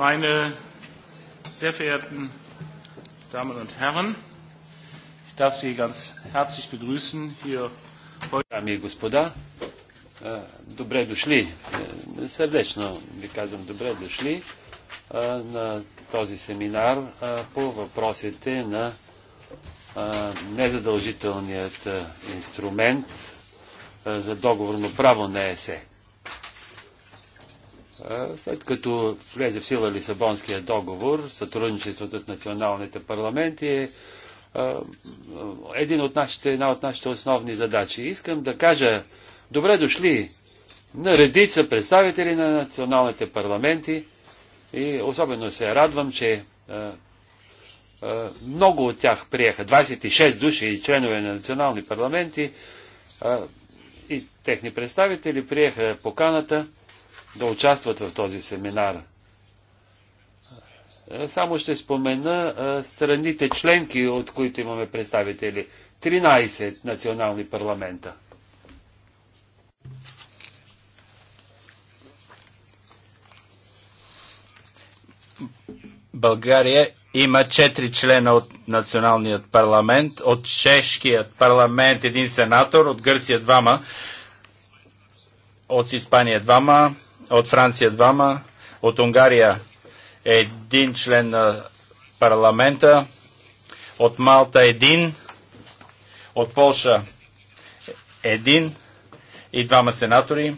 meine sehr verehrten Damen und Herren, ich darf Sie ganz herzlich begrüßen hier heute. Дами и господа, добре дошли. Е, сърдечно ви казвам добре дошли на този семинар по въпросите на незадължителният инструмент за договорно право на ЕСЕ. След като влезе в сила Лисабонския договор, сътрудничеството с националните парламенти е един от нашите, една от нашите основни задачи. Искам да кажа добре дошли на редица представители на националните парламенти и особено се радвам, че много от тях приеха, 26 души и членове на национални парламенти и техни представители приеха поканата да участват в този семинар. Е, само ще спомена е, страните членки, от които имаме представители. 13 национални парламента. България има 4 члена от националният парламент, от чешкият парламент един сенатор, от Гърция двама, от Испания двама, от Франция двама, от Унгария един член на парламента, от Малта един, от Полша един и двама сенатори,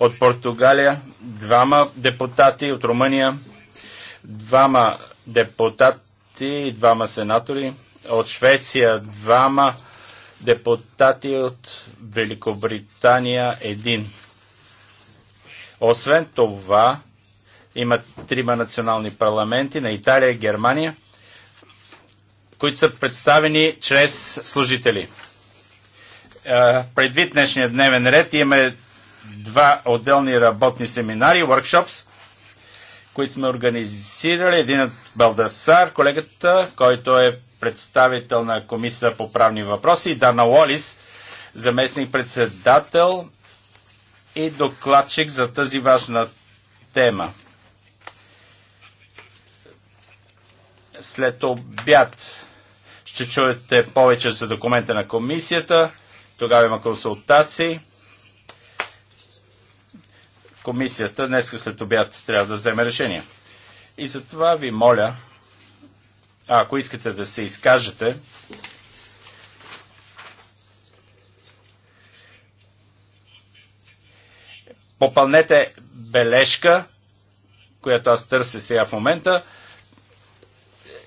от Португалия двама депутати, от Румъния двама депутати и двама сенатори, от Швеция двама депутати, от Великобритания един. Освен това, има трима национални парламенти на Италия и Германия, които са представени чрез служители. Предвид днешния дневен ред имаме два отделни работни семинари, workshops, които сме организирали. Един от Балдасар, колегата, който е представител на Комисията по правни въпроси, и Дана Лолис, заместник-председател и докладчик за тази важна тема. След обяд ще чуете повече за документа на комисията. Тогава има консултации. Комисията днес след обяд трябва да вземе решение. И затова ви моля, ако искате да се изкажете, попълнете бележка, която аз търся сега в момента,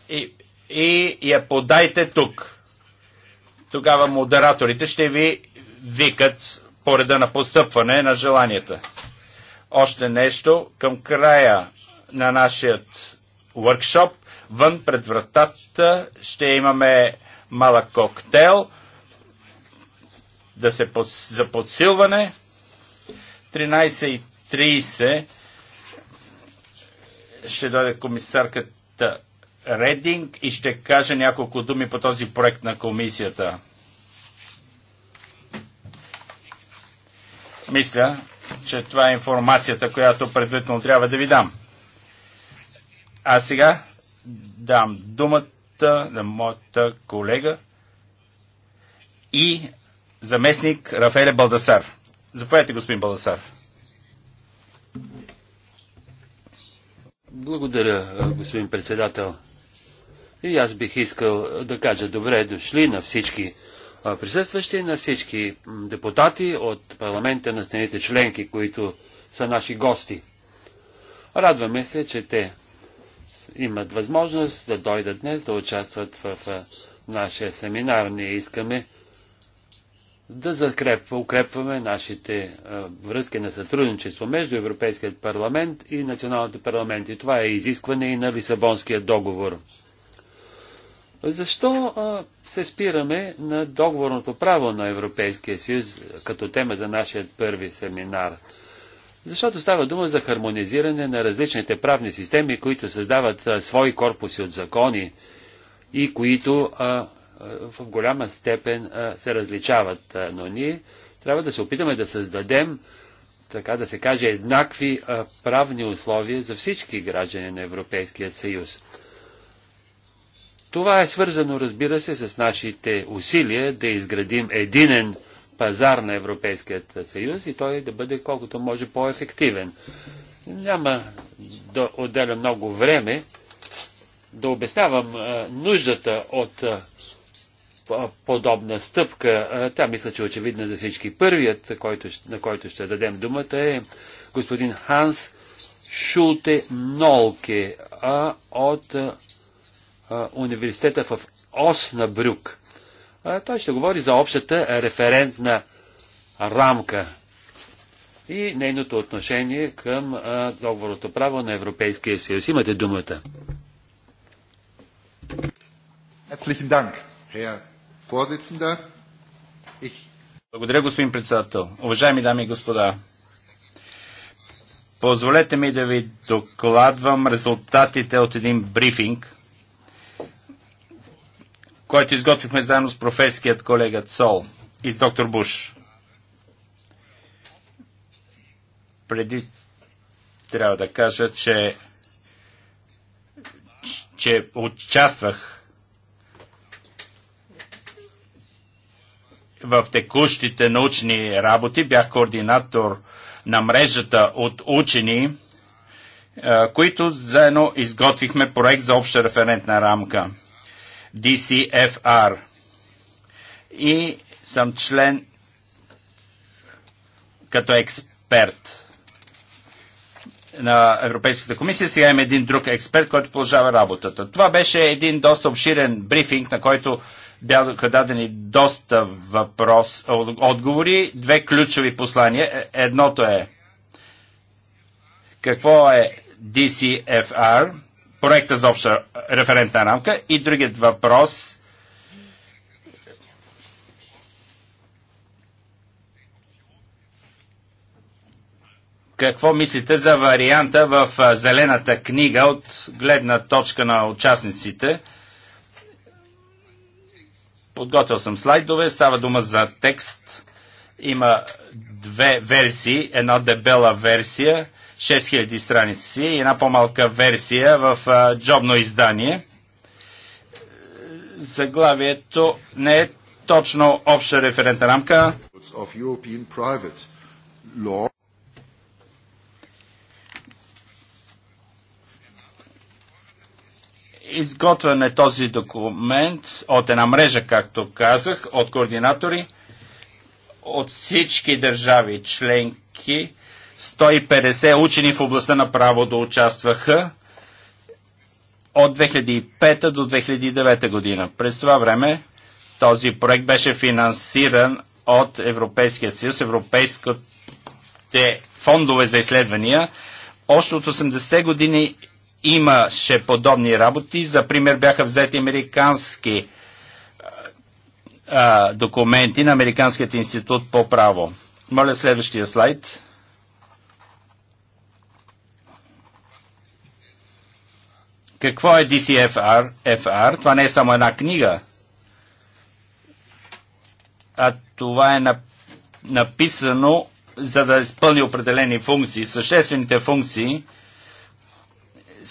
и, и я подайте тук. Тогава модераторите ще ви викат по реда на постъпване на желанията. Още нещо към края на нашият workshop. Вън пред вратата ще имаме малък коктейл да се под, за подсилване – 13.30 ще дойде комисарката Рединг и ще каже няколко думи по този проект на комисията. Мисля, че това е информацията, която предварително трябва да ви дам. А сега дам думата на моята колега и заместник Рафеле Балдасар. Заповядайте, господин Баласар. Благодаря, господин председател. И аз бих искал да кажа добре дошли на всички присъстващи, на всички депутати от парламента на страните членки, които са наши гости. Радваме се, че те имат възможност да дойдат днес да участват в нашия семинар. Ние искаме да закрепва, укрепваме нашите е, връзки на сътрудничество между Европейският парламент и националните парламенти. Това е изискване и на Лисабонския договор. Защо а, е, се спираме на договорното право на Европейския съюз като тема за нашия първи семинар? Защото става дума за хармонизиране на различните правни системи, които създават а, е, свои корпуси от закони и които а, в голяма степен се различават, но ние трябва да се опитаме да създадем, така да се каже, еднакви правни условия за всички граждани на Европейския съюз. Това е свързано, разбира се, с нашите усилия да изградим единен пазар на Европейският съюз и той да бъде колкото може по-ефективен. Няма да отделя много време да обяснявам нуждата от подобна стъпка. Тя мисля, че е очевидна за всички. Първият, на който ще дадем думата е господин Ханс Шулте Нолке от университета в Оснабрюк. Той ще говори за общата референтна рамка и нейното отношение към договорното право на Европейския съюз. Имате думата. Herzlichen Dank, Herr благодаря, господин председател. Уважаеми дами и господа, позволете ми да ви докладвам резултатите от един брифинг, който изготвихме заедно с профеският колега Цол и с доктор Буш. Преди трябва да кажа, че, че участвах в текущите научни работи бях координатор на мрежата от учени, е, които заедно изготвихме проект за обща референтна рамка DCFR. И съм член като експерт на Европейската комисия. Сега има един друг експерт, който продължава работата. Това беше един доста обширен брифинг, на който бяха дадени доста въпрос, отговори, две ключови послания. Е, едното е какво е DCFR, проекта за обща референтна рамка и другият въпрос какво мислите за варианта в зелената книга от гледна точка на участниците – Подготвил съм слайдове, става дума за текст. Има две версии, една дебела версия, 6000 страници и една по-малка версия в а, джобно издание. Заглавието не е точно обща референтна рамка Изготвен е този документ от една мрежа, както казах, от координатори от всички държави членки. 150 учени в областта на право да участваха от 2005 до 2009 година. През това време този проект беше финансиран от Европейския съюз, европейските фондове за изследвания. Още от 80-те години имаше подобни работи. За пример бяха взети американски а, документи на Американският институт по право. Моля следващия слайд. Какво е DCFR? FR? Това не е само една книга, а това е написано за да изпълни определени функции. Съществените функции –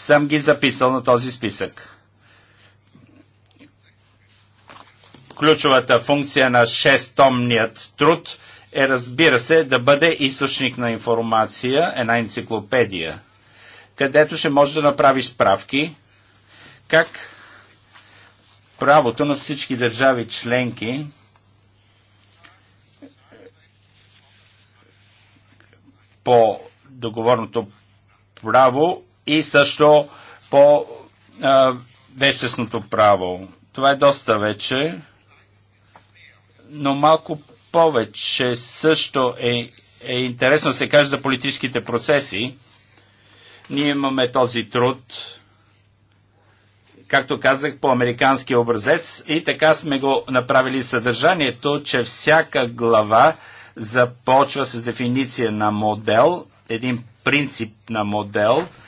съм ги записал на този списък. Ключовата функция на шестомният труд е, разбира се, да бъде източник на информация, една енциклопедия, където ще можеш да направиш справки как правото на всички държави членки по договорното право и също по а, вещественото право. Това е доста вече, но малко повече също е, е интересно се каже за политическите процеси. Ние имаме този труд, както казах, по американски образец и така сме го направили съдържанието, че всяка глава започва с дефиниция на модел, един принцип на модел –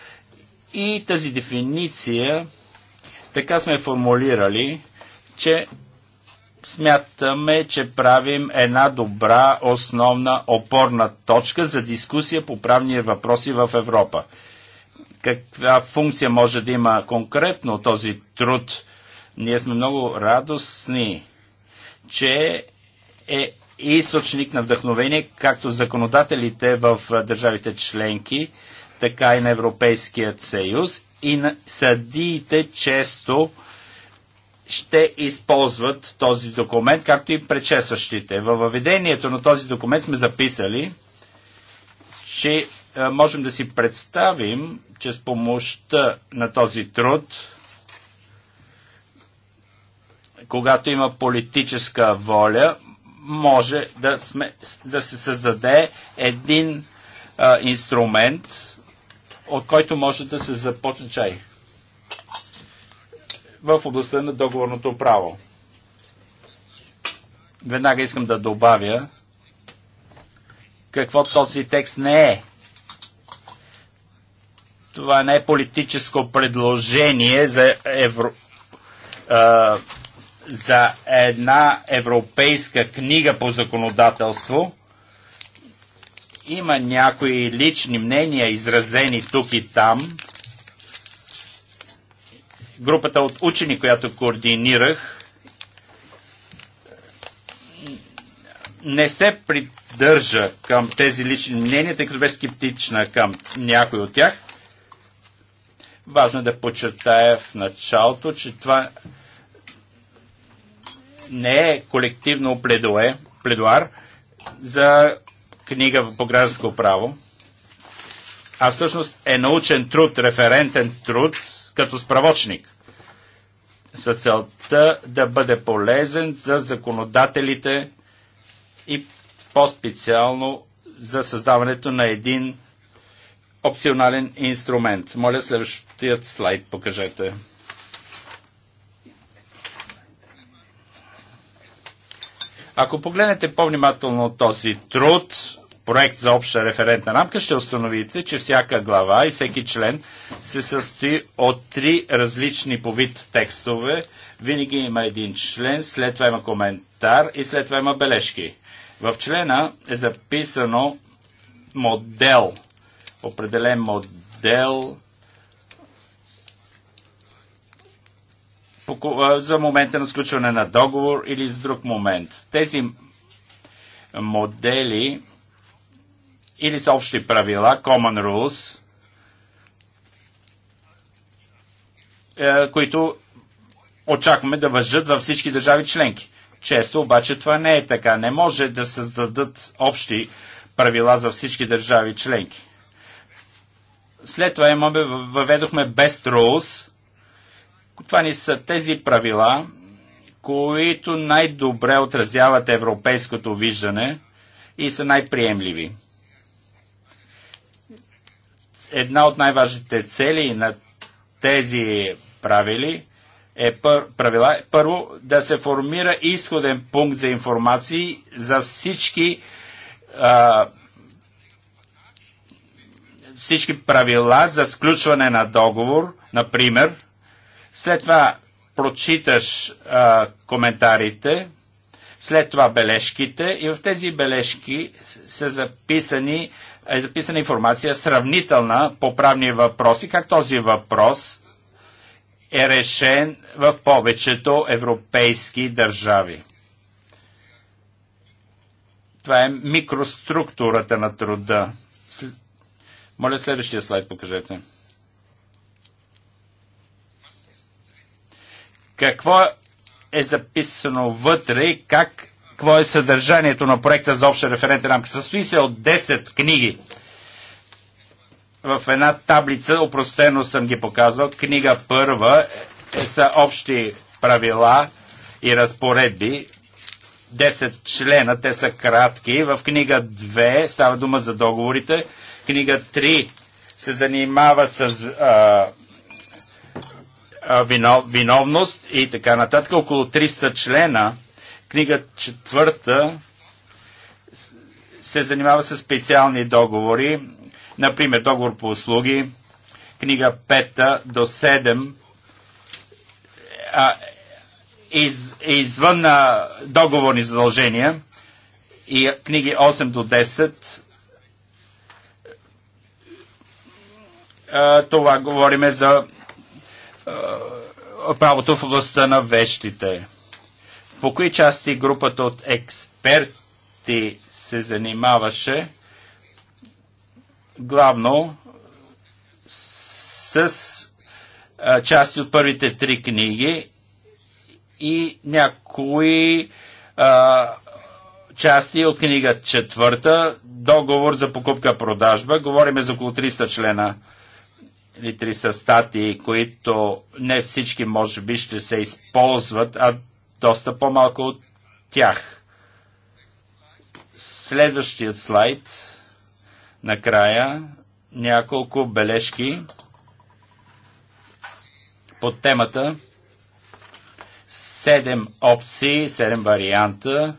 и тази дефиниция така сме формулирали, че смятаме, че правим една добра основна опорна точка за дискусия по правни въпроси в Европа. Каква функция може да има конкретно този труд? Ние сме много радостни, че е източник на вдъхновение както законодателите в държавите членки, така и на Европейският съюз и на съдиите често ще използват този документ, както и предшестващите. Във въведението на този документ сме записали, че можем да си представим, че с помощта на този труд, когато има политическа воля, може да, сме, да се създаде един а, инструмент, от който може да се започне чай в областта на договорното право. Веднага искам да добавя какво този текст не е. Това не е политическо предложение за, евро, а, за една европейска книга по законодателство. Има някои лични мнения, изразени тук и там. Групата от учени, която координирах, не се придържа към тези лични мнения, тъй като бе скептична към някой от тях. Важно е да подчертая в началото, че това не е колективно пледуар за книга по гражданско право, а всъщност е научен труд, референтен труд, като справочник, с целта да бъде полезен за законодателите и по-специално за създаването на един опционален инструмент. Моля, следващият слайд покажете. Ако погледнете по-внимателно този труд, проект за обща референтна рамка, ще установите, че всяка глава и всеки член се състои от три различни по вид текстове. Винаги има един член, след това има коментар и след това има бележки. В члена е записано модел, определен модел за момента на сключване на договор или с друг момент. Тези модели или са общи правила, common rules, е, които очакваме да въжат във всички държави членки. Често обаче това не е така. Не може да създадат общи правила за всички държави членки. След това имаме, въведохме best rules. Това ни са тези правила, които най-добре отразяват европейското виждане и са най-приемливи една от най-важните цели на тези правили е пър, правила е първо да се формира изходен пункт за информации за всички а, всички правила за сключване на договор, например. След това прочиташ а, коментарите, след това бележките и в тези бележки са записани е записана информация сравнителна по правни въпроси, как този въпрос е решен в повечето европейски държави. Това е микроструктурата на труда. Моля следващия слайд покажете. Какво е записано вътре и как какво е съдържанието на проекта за обща референтна рамка. Състои се от 10 книги. В една таблица, опростено съм ги показал, книга първа е, са общи правила и разпоредби. 10 члена, те са кратки. В книга 2 става дума за договорите. Книга 3 се занимава с а, а, вино, виновност и така нататък. Около 300 члена Книга четвърта се занимава с специални договори, например договор по услуги, книга 5 до 7 а, из, извън на договорни задължения и книги 8 до 10 а, това говориме за а, правото в областта на вещите по кои части групата от експерти се занимаваше главно с а, части от първите три книги и някои а, части от книга четвърта, договор за покупка-продажба. Говориме за около 300 члена или 300 статии, които не всички може би ще се използват, а доста по-малко от тях. Следващият слайд. Накрая няколко бележки под темата 7 опции, 7 варианта,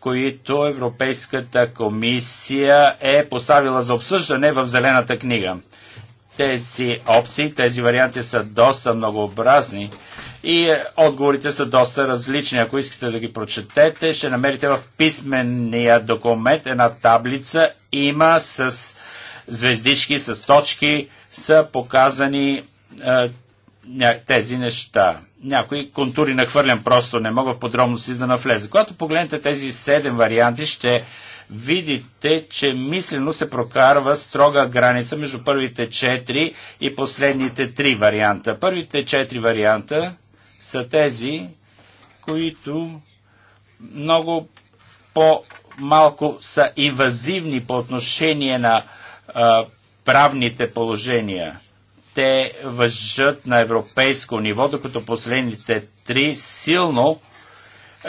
които Европейската комисия е поставила за обсъждане в Зелената книга. Тези опции, тези варианти са доста многообразни и е, отговорите са доста различни. Ако искате да ги прочетете, ще намерите в писменния документ една таблица. Има с звездички, с точки са показани е, тези неща. Някои контури нахвърлям просто, не мога в подробности да навлезе. Когато погледнете тези седем варианти, ще видите, че мислено се прокарва строга граница между първите четири и последните три варианта. Първите четири варианта са тези, които много по-малко са инвазивни по отношение на а, правните положения. Те въжат на европейско ниво, докато последните три силно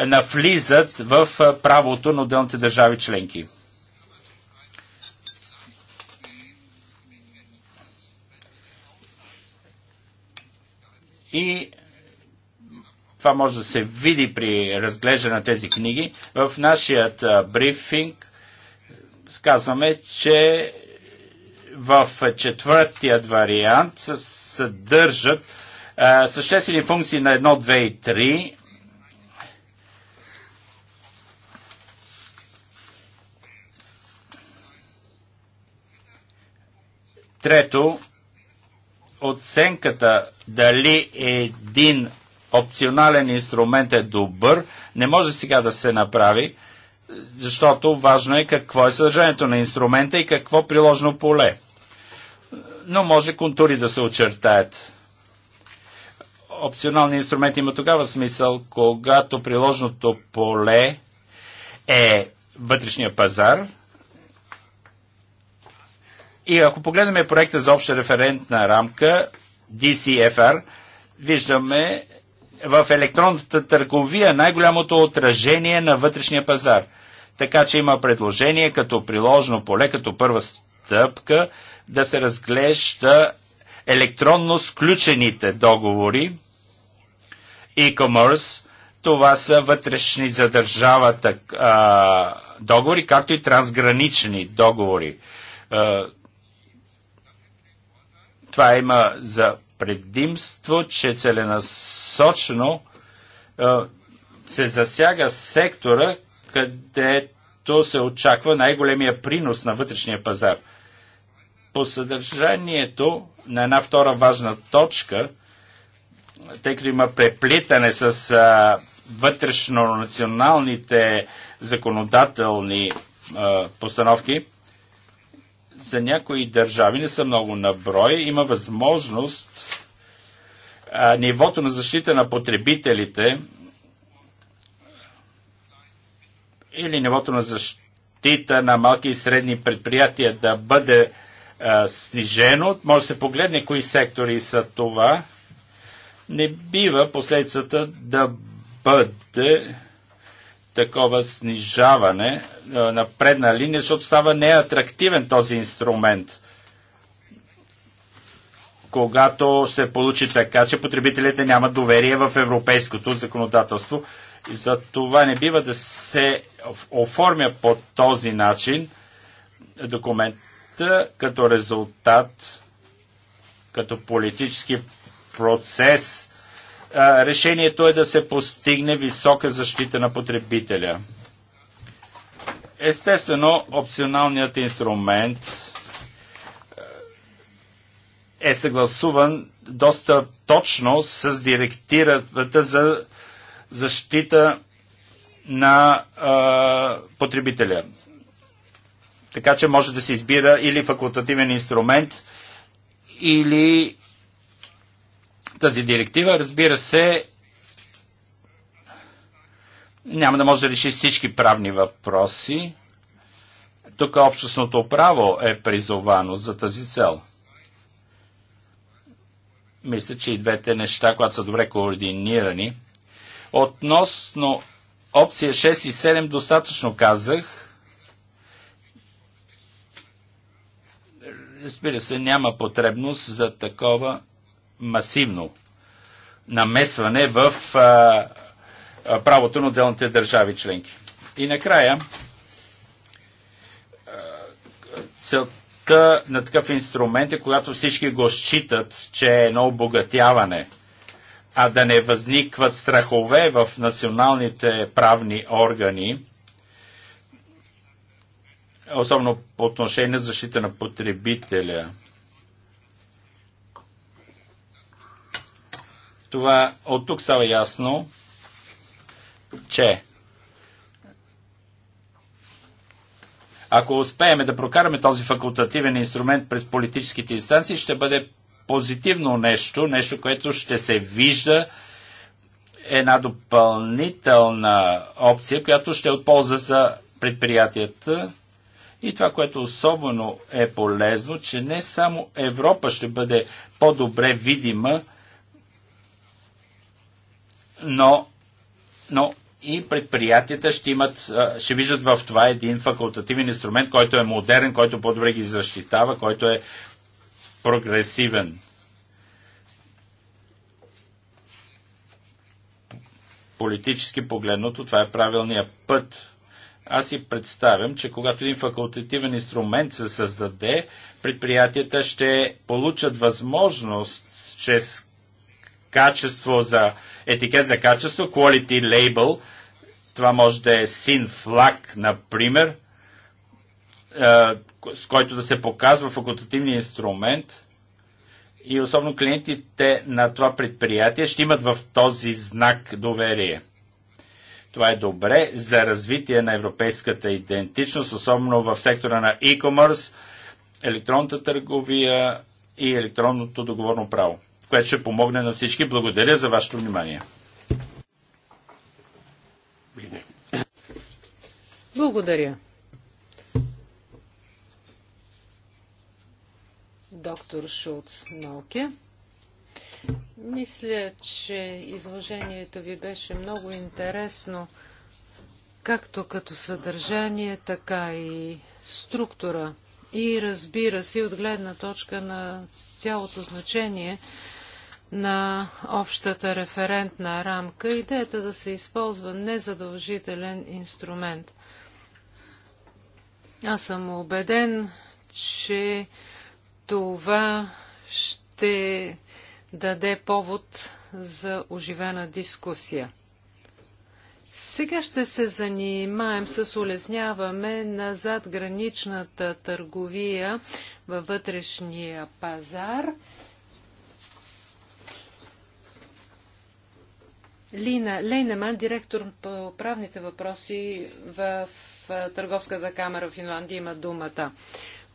навлизат в правото на отделните държави членки. И това може да се види при разглежда на тези книги. В нашият брифинг казваме, че в четвъртият вариант се съдържат съществени функции на 1, 2 и 3. Трето, оценката дали един опционален инструмент е добър, не може сега да се направи, защото важно е какво е съдържанието на инструмента и какво приложно поле. Но може контури да се очертаят. Опционалният инструмент има тогава смисъл, когато приложното поле е вътрешния пазар. И ако погледнем проекта за обща референтна рамка, DCFR, виждаме в електронната търговия най-голямото отражение на вътрешния пазар. Така че има предложение като приложно поле, като първа стъпка да се разглежда електронно сключените договори e-commerce. Това са вътрешни за държавата а, договори, както и трансгранични договори. А, това има за предимство, че целенасочно се засяга сектора, където се очаква най-големия принос на вътрешния пазар. По съдържанието на една втора важна точка, тъй като има преплитане с вътрешно-националните законодателни постановки, за някои държави, не са много на брой, има възможност а, нивото на защита на потребителите или нивото на защита на малки и средни предприятия да бъде а, снижено. Може да се погледне кои сектори са това. Не бива последствата да бъде такова снижаване на предна линия, защото става неатрактивен този инструмент. Когато се получи така, че потребителите нямат доверие в европейското законодателство, и за това не бива да се оформя по този начин документа като резултат, като политически процес решението е да се постигне висока защита на потребителя. Естествено, опционалният инструмент е съгласуван доста точно с директивата за защита на а, потребителя. Така че може да се избира или факултативен инструмент, или тази директива. Разбира се, няма да може да реши всички правни въпроси. Тук общностното право е призовано за тази цел. Мисля, че и двете неща, когато са добре координирани. Относно опция 6 и 7 достатъчно казах. Разбира се, няма потребност за такова масивно намесване в а, правото на отделните държави членки. И накрая, целта на такъв инструмент е, когато всички го считат, че е едно обогатяване, а да не възникват страхове в националните правни органи, особено по отношение на защита на потребителя – Това от тук става ясно, че ако успеем да прокараме този факултативен инструмент през политическите инстанции, ще бъде позитивно нещо, нещо, което ще се вижда една допълнителна опция, която ще е от полза за предприятията. И това, което особено е полезно, че не само Европа ще бъде по-добре видима, но, но и предприятията ще, имат, ще виждат в това един факултативен инструмент, който е модерен, който по-добре ги защитава, който е прогресивен. Политически погледното, това е правилния път. Аз си представям, че когато един факултативен инструмент се създаде, предприятията ще получат възможност чрез качество за етикет за качество, quality label, това може да е син флаг, например, с който да се показва факултативния инструмент и особено клиентите на това предприятие ще имат в този знак доверие. Това е добре за развитие на европейската идентичност, особено в сектора на e-commerce, електронната търговия и електронното договорно право което ще помогне на всички. Благодаря за вашето внимание. Благодаря. Доктор Шулц Науке. Мисля, че изложението ви беше много интересно, както като съдържание, така и структура. И разбира се, от гледна точка на цялото значение – на общата референтна рамка, идеята да се използва незадължителен инструмент. Аз съм убеден, че това ще даде повод за оживена дискусия. Сега ще се занимаем с улесняваме на задграничната търговия във вътрешния пазар. Лина Лейнеман, директор по правните въпроси в Търговската камера в Финландия, има думата.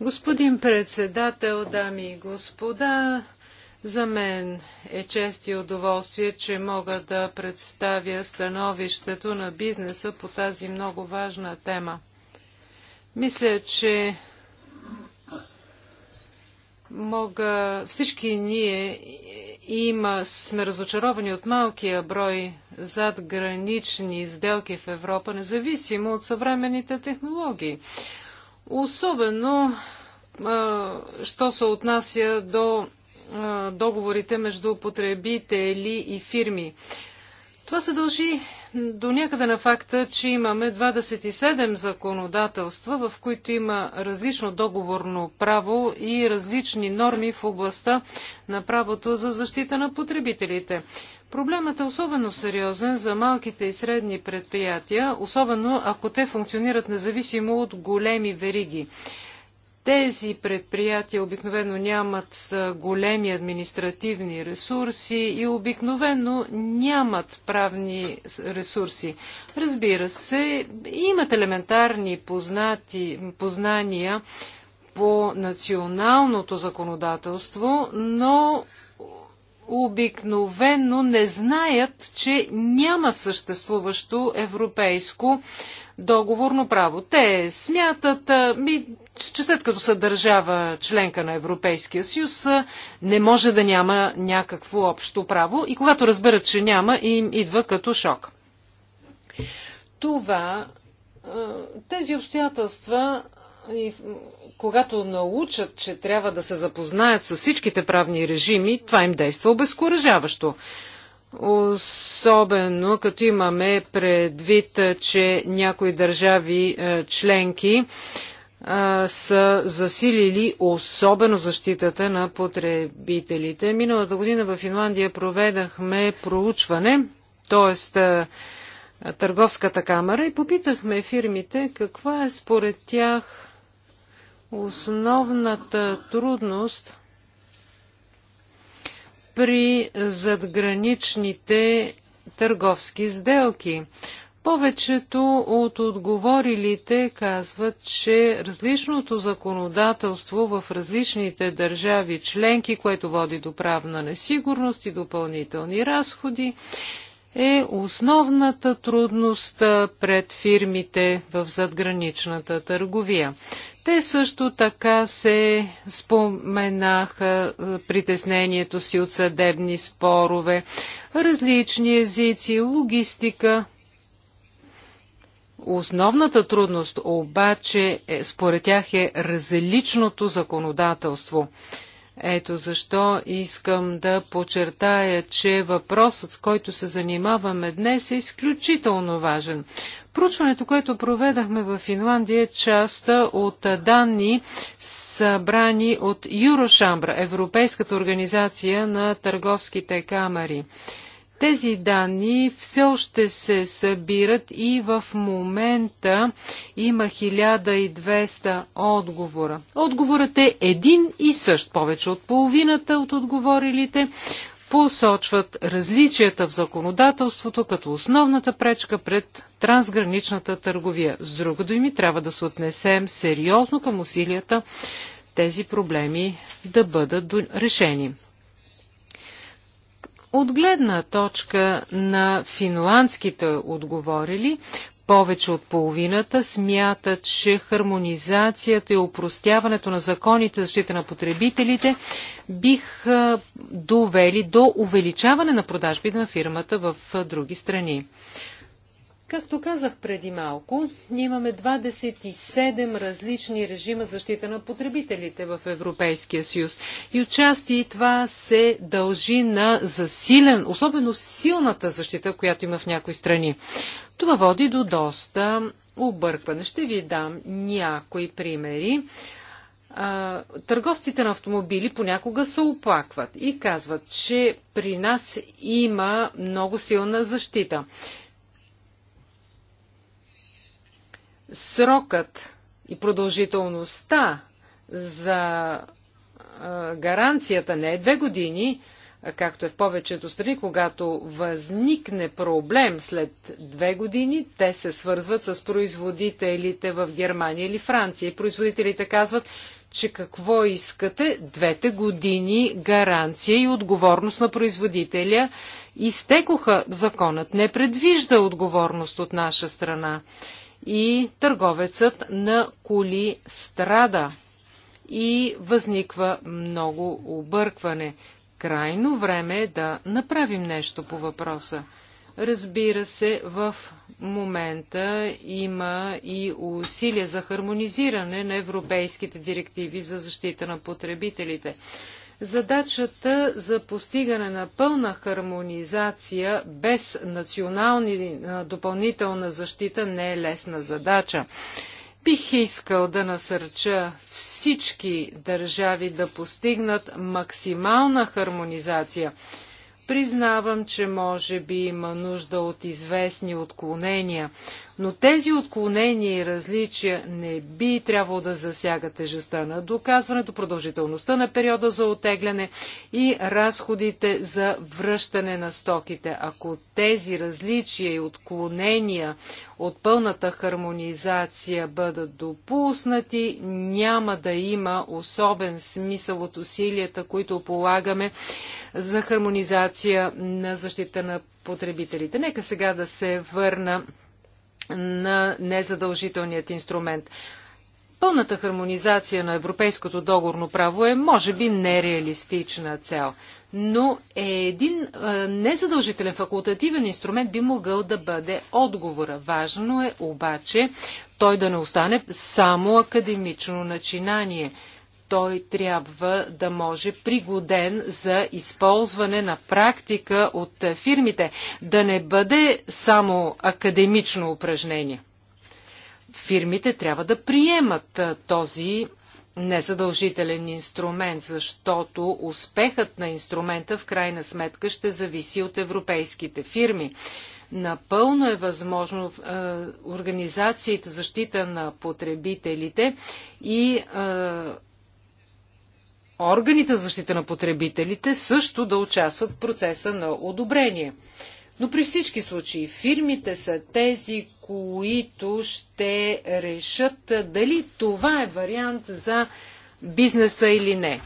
Господин председател, дами и господа, за мен е чест и удоволствие, че мога да представя становището на бизнеса по тази много важна тема. Мисля, че мога всички ние има, сме разочаровани от малкия брой задгранични сделки в Европа, независимо от съвременните технологии. Особено, а, що се отнася до а, договорите между потребители и фирми. Това се дължи до някъде на факта, че имаме 27 законодателства, в които има различно договорно право и различни норми в областта на правото за защита на потребителите. Проблемът е особено сериозен за малките и средни предприятия, особено ако те функционират независимо от големи вериги. Тези предприятия обикновено нямат големи административни ресурси и обикновено нямат правни ресурси. Разбира се, имат елементарни познати, познания по националното законодателство, но обикновено не знаят, че няма съществуващо европейско договорно право. Те смятат, ми, че след като са държава членка на Европейския съюз, не може да няма някакво общо право и когато разберат, че няма, им идва като шок. Това, тези обстоятелства и когато научат, че трябва да се запознаят с всичките правни режими, това им действа обезкуражаващо. Особено като имаме предвид, че някои държави е, членки е, са засилили особено защитата на потребителите. Миналата година в Финландия проведахме проучване, т.е. Търговската камера и попитахме фирмите каква е според тях основната трудност – при задграничните търговски сделки. Повечето от отговорилите казват, че различното законодателство в различните държави членки, което води до правна несигурност и допълнителни разходи, е основната трудност пред фирмите в задграничната търговия. Те също така се споменаха е, притеснението си от съдебни спорове, различни езици, логистика. Основната трудност обаче е, според тях е различното законодателство. Ето защо искам да подчертая, че въпросът, с който се занимаваме днес, е изключително важен. Проучването, което проведахме в Финландия, е част от данни събрани от Юрошамбра, Европейската организация на търговските камери. Тези данни все още се събират и в момента има 1200 отговора. Отговорът е един и същ. Повече от половината от отговорилите посочват различията в законодателството като основната пречка пред трансграничната търговия. С друга думи, трябва да се отнесем сериозно към усилията тези проблеми да бъдат решени. От гледна точка на финландските отговорили, повече от половината смятат, че хармонизацията и упростяването на законите за защита на потребителите бих довели до увеличаване на продажби на фирмата в други страни. Както казах преди малко, ние имаме 27 различни режима защита на потребителите в Европейския съюз. И отчасти това се дължи на засилен, особено силната защита, която има в някои страни. Това води до доста объркване. Ще ви дам някои примери. търговците на автомобили понякога се оплакват и казват, че при нас има много силна защита. срокът и продължителността за гаранцията не е две години, както е в повечето страни, когато възникне проблем след две години, те се свързват с производителите в Германия или Франция. И производителите казват, че какво искате, двете години гаранция и отговорност на производителя изтекоха. Законът не предвижда отговорност от наша страна и търговецът на коли страда и възниква много объркване. Крайно време е да направим нещо по въпроса. Разбира се, в момента има и усилия за хармонизиране на европейските директиви за защита на потребителите. Задачата за постигане на пълна хармонизация без национални допълнителна защита не е лесна задача. Бих искал да насърча всички държави да постигнат максимална хармонизация. Признавам, че може би има нужда от известни отклонения, но тези отклонения и различия не би трябвало да засягат тежестта на доказването, продължителността на периода за отегляне и разходите за връщане на стоките. Ако тези различия и отклонения от пълната хармонизация бъдат допуснати, няма да има особен смисъл от усилията, които полагаме за хармонизация на защита на потребителите. Нека сега да се върна на незадължителният инструмент. Пълната хармонизация на европейското договорно право е, може би, нереалистична цел, но е един е, незадължителен факултативен инструмент би могъл да бъде отговора. Важно е обаче той да не остане само академично начинание – той трябва да може пригоден за използване на практика от фирмите, да не бъде само академично упражнение. Фирмите трябва да приемат този незадължителен инструмент, защото успехът на инструмента в крайна сметка ще зависи от европейските фирми. Напълно е възможно е, организациите защита на потребителите и е, органите за защита на потребителите също да участват в процеса на одобрение. Но при всички случаи фирмите са тези, които ще решат дали това е вариант за бизнеса или не.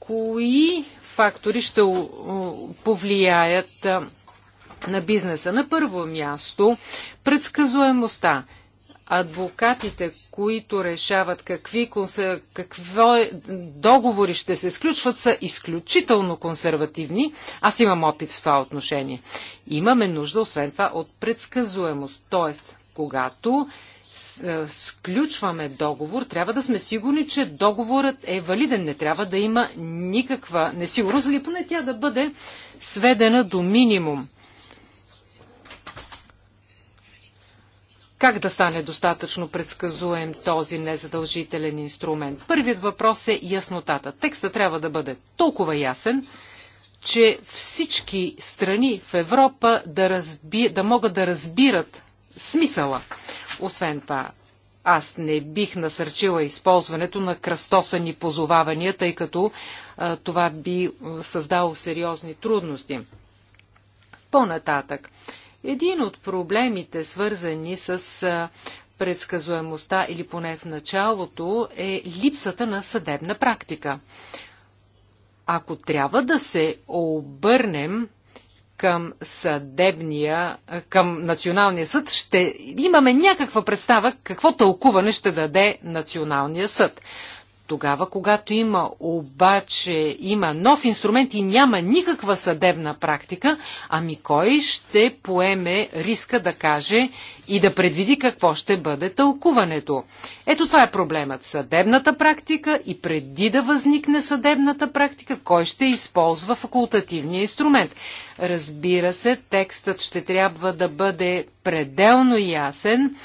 Кои фактори ще повлияят на бизнеса? На първо място предсказуемостта адвокатите, които решават какви, какво е, договори ще се сключват, са изключително консервативни. Аз имам опит в това отношение. Имаме нужда, освен това, от предсказуемост. Тоест, когато е, сключваме договор, трябва да сме сигурни, че договорът е валиден. Не трябва да има никаква несигурност или поне тя да бъде сведена до минимум. Как да стане достатъчно предсказуем този незадължителен инструмент? Първият въпрос е яснотата. Текста трябва да бъде толкова ясен, че всички страни в Европа да, разби... да могат да разбират смисъла. Освен това, аз не бих насърчила използването на кръстосани позовавания, тъй като а, това би създало сериозни трудности. По-нататък, един от проблемите, свързани с предсказуемостта или поне в началото, е липсата на съдебна практика. Ако трябва да се обърнем към съдебния, към Националния съд, ще имаме някаква представа какво тълкуване ще даде Националния съд. Тогава, когато има обаче има нов инструмент и няма никаква съдебна практика, ами кой ще поеме риска да каже и да предвиди какво ще бъде тълкуването? Ето това е проблемът. Съдебната практика и преди да възникне съдебната практика, кой ще използва факултативния инструмент? Разбира се, текстът ще трябва да бъде пределно ясен,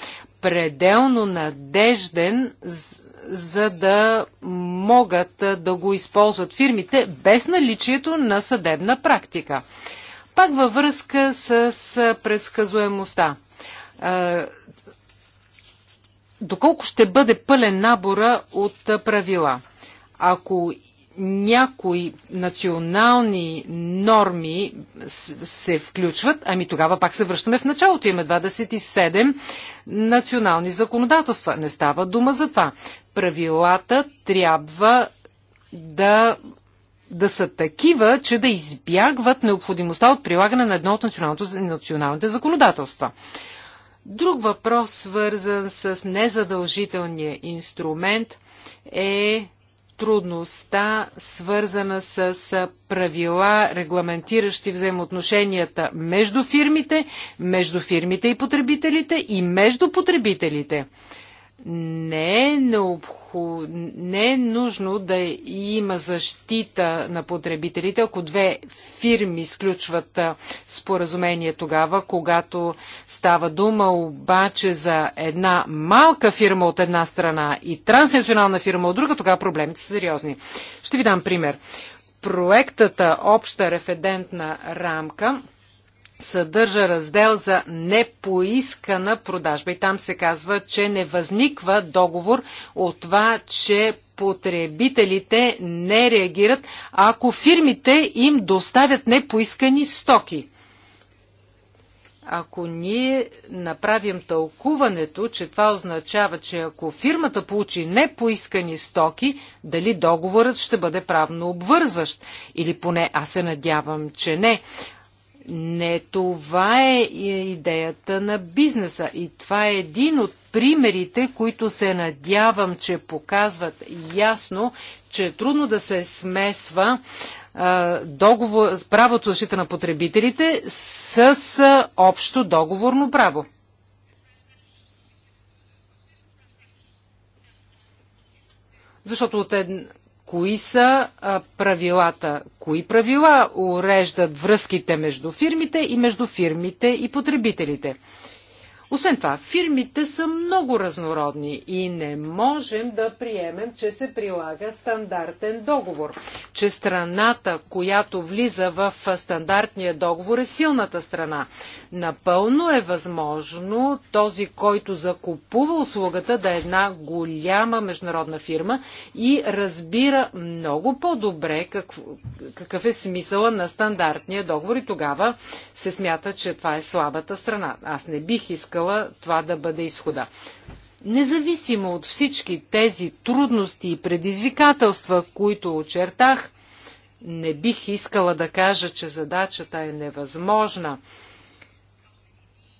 пределно надежден за да могат да го използват фирмите без наличието на съдебна практика. Пак във връзка с предсказуемостта. Доколко ще бъде пълен набора от правила? Ако някои национални норми се включват, ами тогава пак се връщаме в началото. има 27 национални законодателства. Не става дума за това. Правилата трябва да, да са такива, че да избягват необходимостта от прилагане на едно от националните законодателства. Друг въпрос, свързан с незадължителния инструмент, е трудността, свързана с правила, регламентиращи взаимоотношенията между фирмите, между фирмите и потребителите и между потребителите не е, необхо... не е нужно да има защита на потребителите, ако две фирми сключват споразумение тогава, когато става дума обаче за една малка фирма от една страна и транснационална фирма от друга, тогава проблемите са сериозни. Ще ви дам пример. Проектата Обща референтна рамка – съдържа раздел за непоискана продажба и там се казва, че не възниква договор от това, че потребителите не реагират, ако фирмите им доставят непоискани стоки. Ако ние направим тълкуването, че това означава, че ако фирмата получи непоискани стоки, дали договорът ще бъде правно обвързващ? Или поне аз се надявам, че не. Не това е идеята на бизнеса и това е един от примерите, които се надявам, че показват ясно, че е трудно да се смесва договор, правото защита на потребителите с общо договорно право. Защото от една кои са правилата. Кои правила уреждат връзките между фирмите и между фирмите и потребителите? Освен това, фирмите са много разнородни и не можем да приемем, че се прилага стандартен договор, че страната, която влиза в стандартния договор е силната страна. Напълно е възможно този, който закупува услугата да е една голяма международна фирма и разбира много по-добре какво, какъв е смисъла на стандартния договор и тогава се смята, че това е слабата страна. Аз не бих искал искала това да бъде изхода. Независимо от всички тези трудности и предизвикателства, които очертах, не бих искала да кажа, че задачата е невъзможна.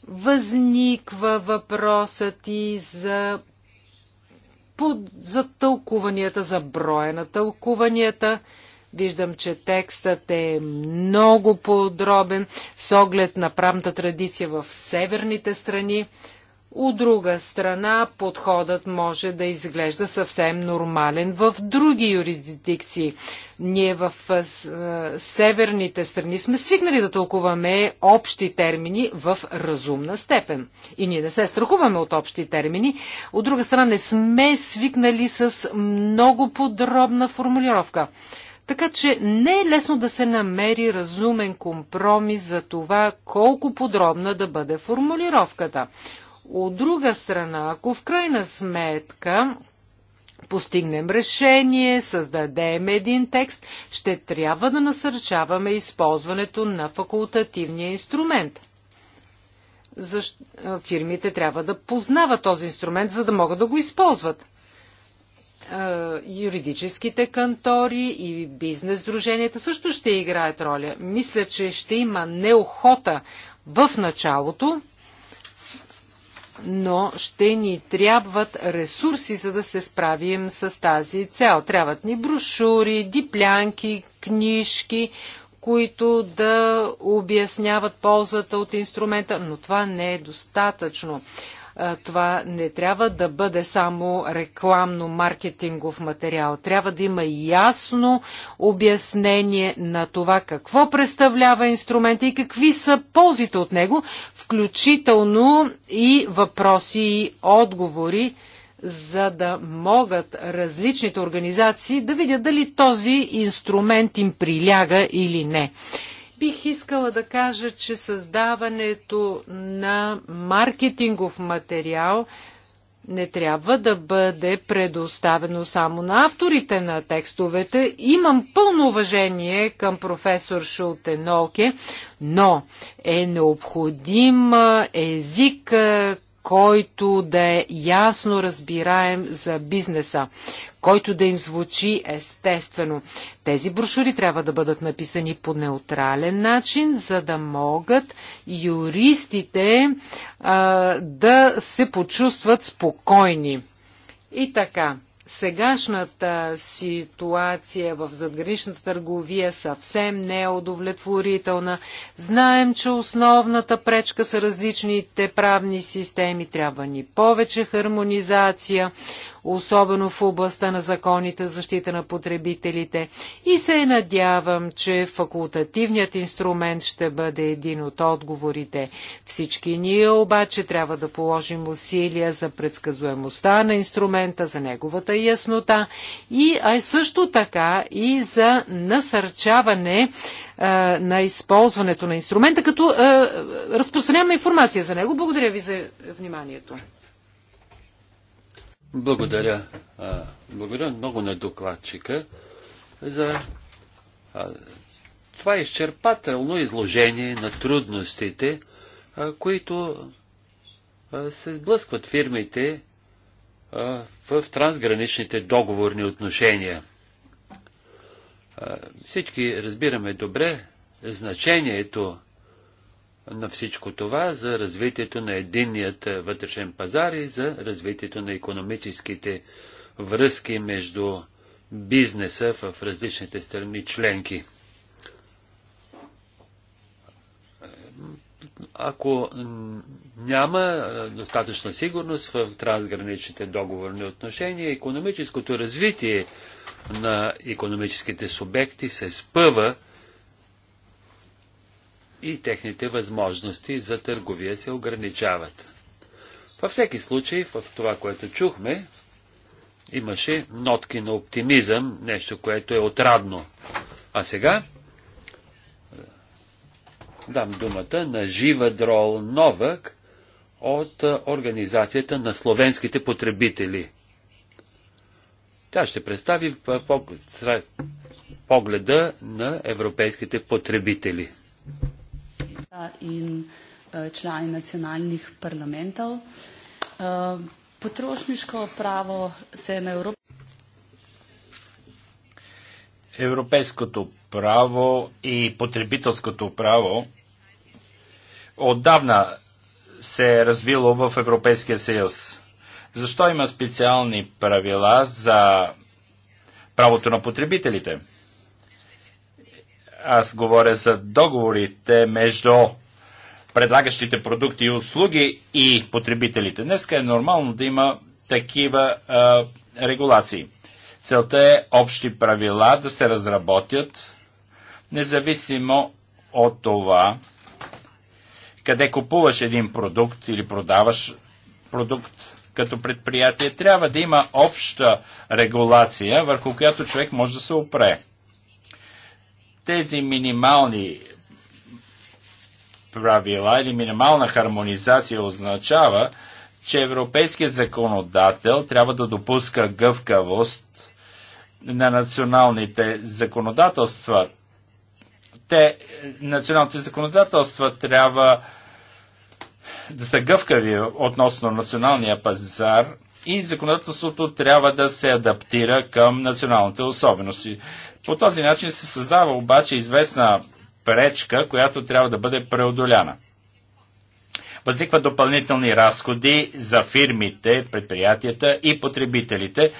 Възниква въпросът и за, под, за тълкуванията, за броя на тълкуванията – Виждам, че текстът е много подробен с оглед на правната традиция в северните страни. От друга страна, подходът може да изглежда съвсем нормален в други юрисдикции. Ние в северните страни сме свикнали да тълкуваме общи термини в разумна степен. И ние не се страхуваме от общи термини. От друга страна, не сме свикнали с много подробна формулировка. Така че не е лесно да се намери разумен компромис за това колко подробна да бъде формулировката. От друга страна, ако в крайна сметка постигнем решение, създадем един текст, ще трябва да насърчаваме използването на факултативния инструмент. Защ... Фирмите трябва да познават този инструмент, за да могат да го използват юридическите кантори и бизнес друженията също ще играят роля. Мисля, че ще има неохота в началото, но ще ни трябват ресурси, за да се справим с тази цел. Трябват ни брошури, диплянки, книжки, които да обясняват ползата от инструмента, но това не е достатъчно това не трябва да бъде само рекламно-маркетингов материал. Трябва да има ясно обяснение на това какво представлява инструмента и какви са ползите от него, включително и въпроси и отговори за да могат различните организации да видят дали този инструмент им приляга или не. Бих искала да кажа, че създаването на маркетингов материал не трябва да бъде предоставено само на авторите на текстовете. Имам пълно уважение към професор Шултеноке, но е необходим език, който да е ясно разбираем за бизнеса, който да им звучи естествено. Тези брошури трябва да бъдат написани по неутрален начин, за да могат юристите а, да се почувстват спокойни. И така сегашната ситуация в задграничната търговия съвсем не е удовлетворителна. Знаем, че основната пречка са различните правни системи. Трябва ни повече хармонизация, особено в областта на законите за защита на потребителите. И се надявам, че факултативният инструмент ще бъде един от отговорите. Всички ние обаче трябва да положим усилия за предсказуемостта на инструмента, за неговата яснота и а също така и за насърчаване на използването на инструмента, като разпространяваме информация за него. Благодаря ви за вниманието. Благодаря. Благодаря много на докладчика за това изчерпателно изложение на трудностите, които се сблъскват фирмите в трансграничните договорни отношения. Всички разбираме добре значението на всичко това за развитието на единният е, вътрешен пазар и за развитието на економическите връзки между бизнеса в различните страни членки. Ако няма е, достатъчна сигурност в трансграничните договорни отношения, економическото развитие на економическите субекти се спъва и техните възможности за търговия се ограничават. Във всеки случай, в това, което чухме, имаше нотки на оптимизъм, нещо, което е отрадно. А сега е, дам думата на Жива Дрол Новък от е, Организацията на словенските потребители. Тя ще представи погледа на европейските потребители in eh, člani nacionalnih parlamentov. Eh, potrošniško pravo se na Европа. Европейското право и потребителското право отдавна се е развило в Европейския съюз. Защо има специални правила за правото на потребителите? Аз говоря за договорите между предлагащите продукти и услуги и потребителите. Днеска е нормално да има такива а, регулации. Целта е общи правила да се разработят, независимо от това, къде купуваш един продукт или продаваш продукт като предприятие, трябва да има обща регулация, върху която човек може да се опре. Тези минимални правила или минимална хармонизация означава, че европейският законодател трябва да допуска гъвкавост на националните законодателства. Те, националните законодателства трябва да са гъвкави относно националния пазар и законодателството трябва да се адаптира към националните особености. По този начин се създава обаче известна пречка, която трябва да бъде преодоляна. Възникват допълнителни разходи за фирмите, предприятията и потребителите.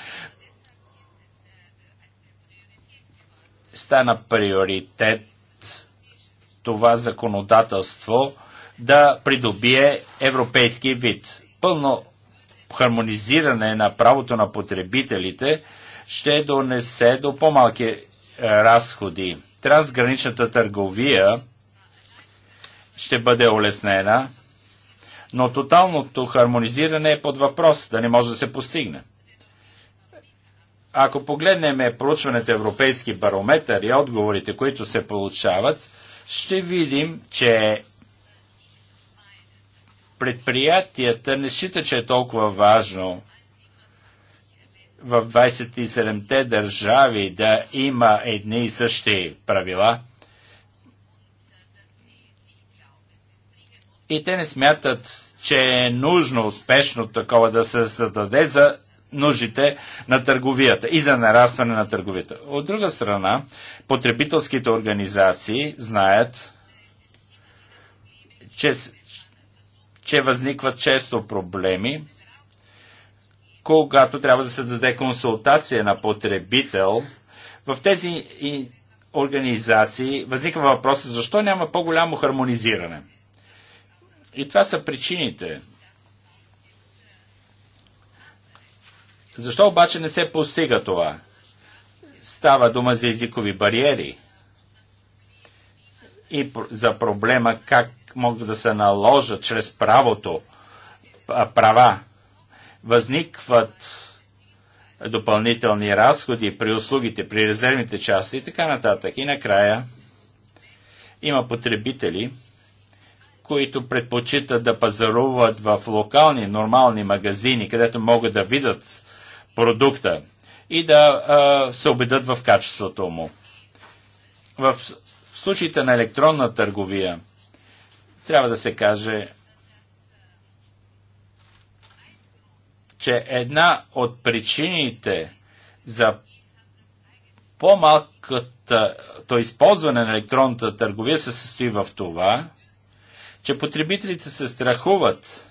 Стана приоритет това законодателство да придобие европейски вид. Пълно хармонизиране на правото на потребителите ще донесе до по-малки е, разходи. Трансграничната търговия ще бъде улеснена, но тоталното хармонизиране е под въпрос, да не може да се постигне. Ако погледнем проучването Европейски барометър и отговорите, които се получават, ще видим, че предприятията не считат, че е толкова важно в 27-те държави да има едни и същи правила. И те не смятат, че е нужно успешно такова да се създаде за нуждите на търговията и за нарастване на търговията. От друга страна, потребителските организации знаят, че, че възникват често проблеми когато трябва да се даде консултация на потребител, в тези организации възниква въпрос защо няма по-голямо хармонизиране. И това са причините. Защо обаче не се постига това? Става дума за езикови бариери и за проблема как могат да се наложат чрез правото права възникват допълнителни разходи при услугите, при резервните части и така нататък. И накрая има потребители, които предпочитат да пазаруват в локални, нормални магазини, където могат да видят продукта и да а, се убедат в качеството му. В случаите на електронна търговия трябва да се каже, че една от причините за по-малкото използване на електронната търговия се състои в това, че потребителите се страхуват,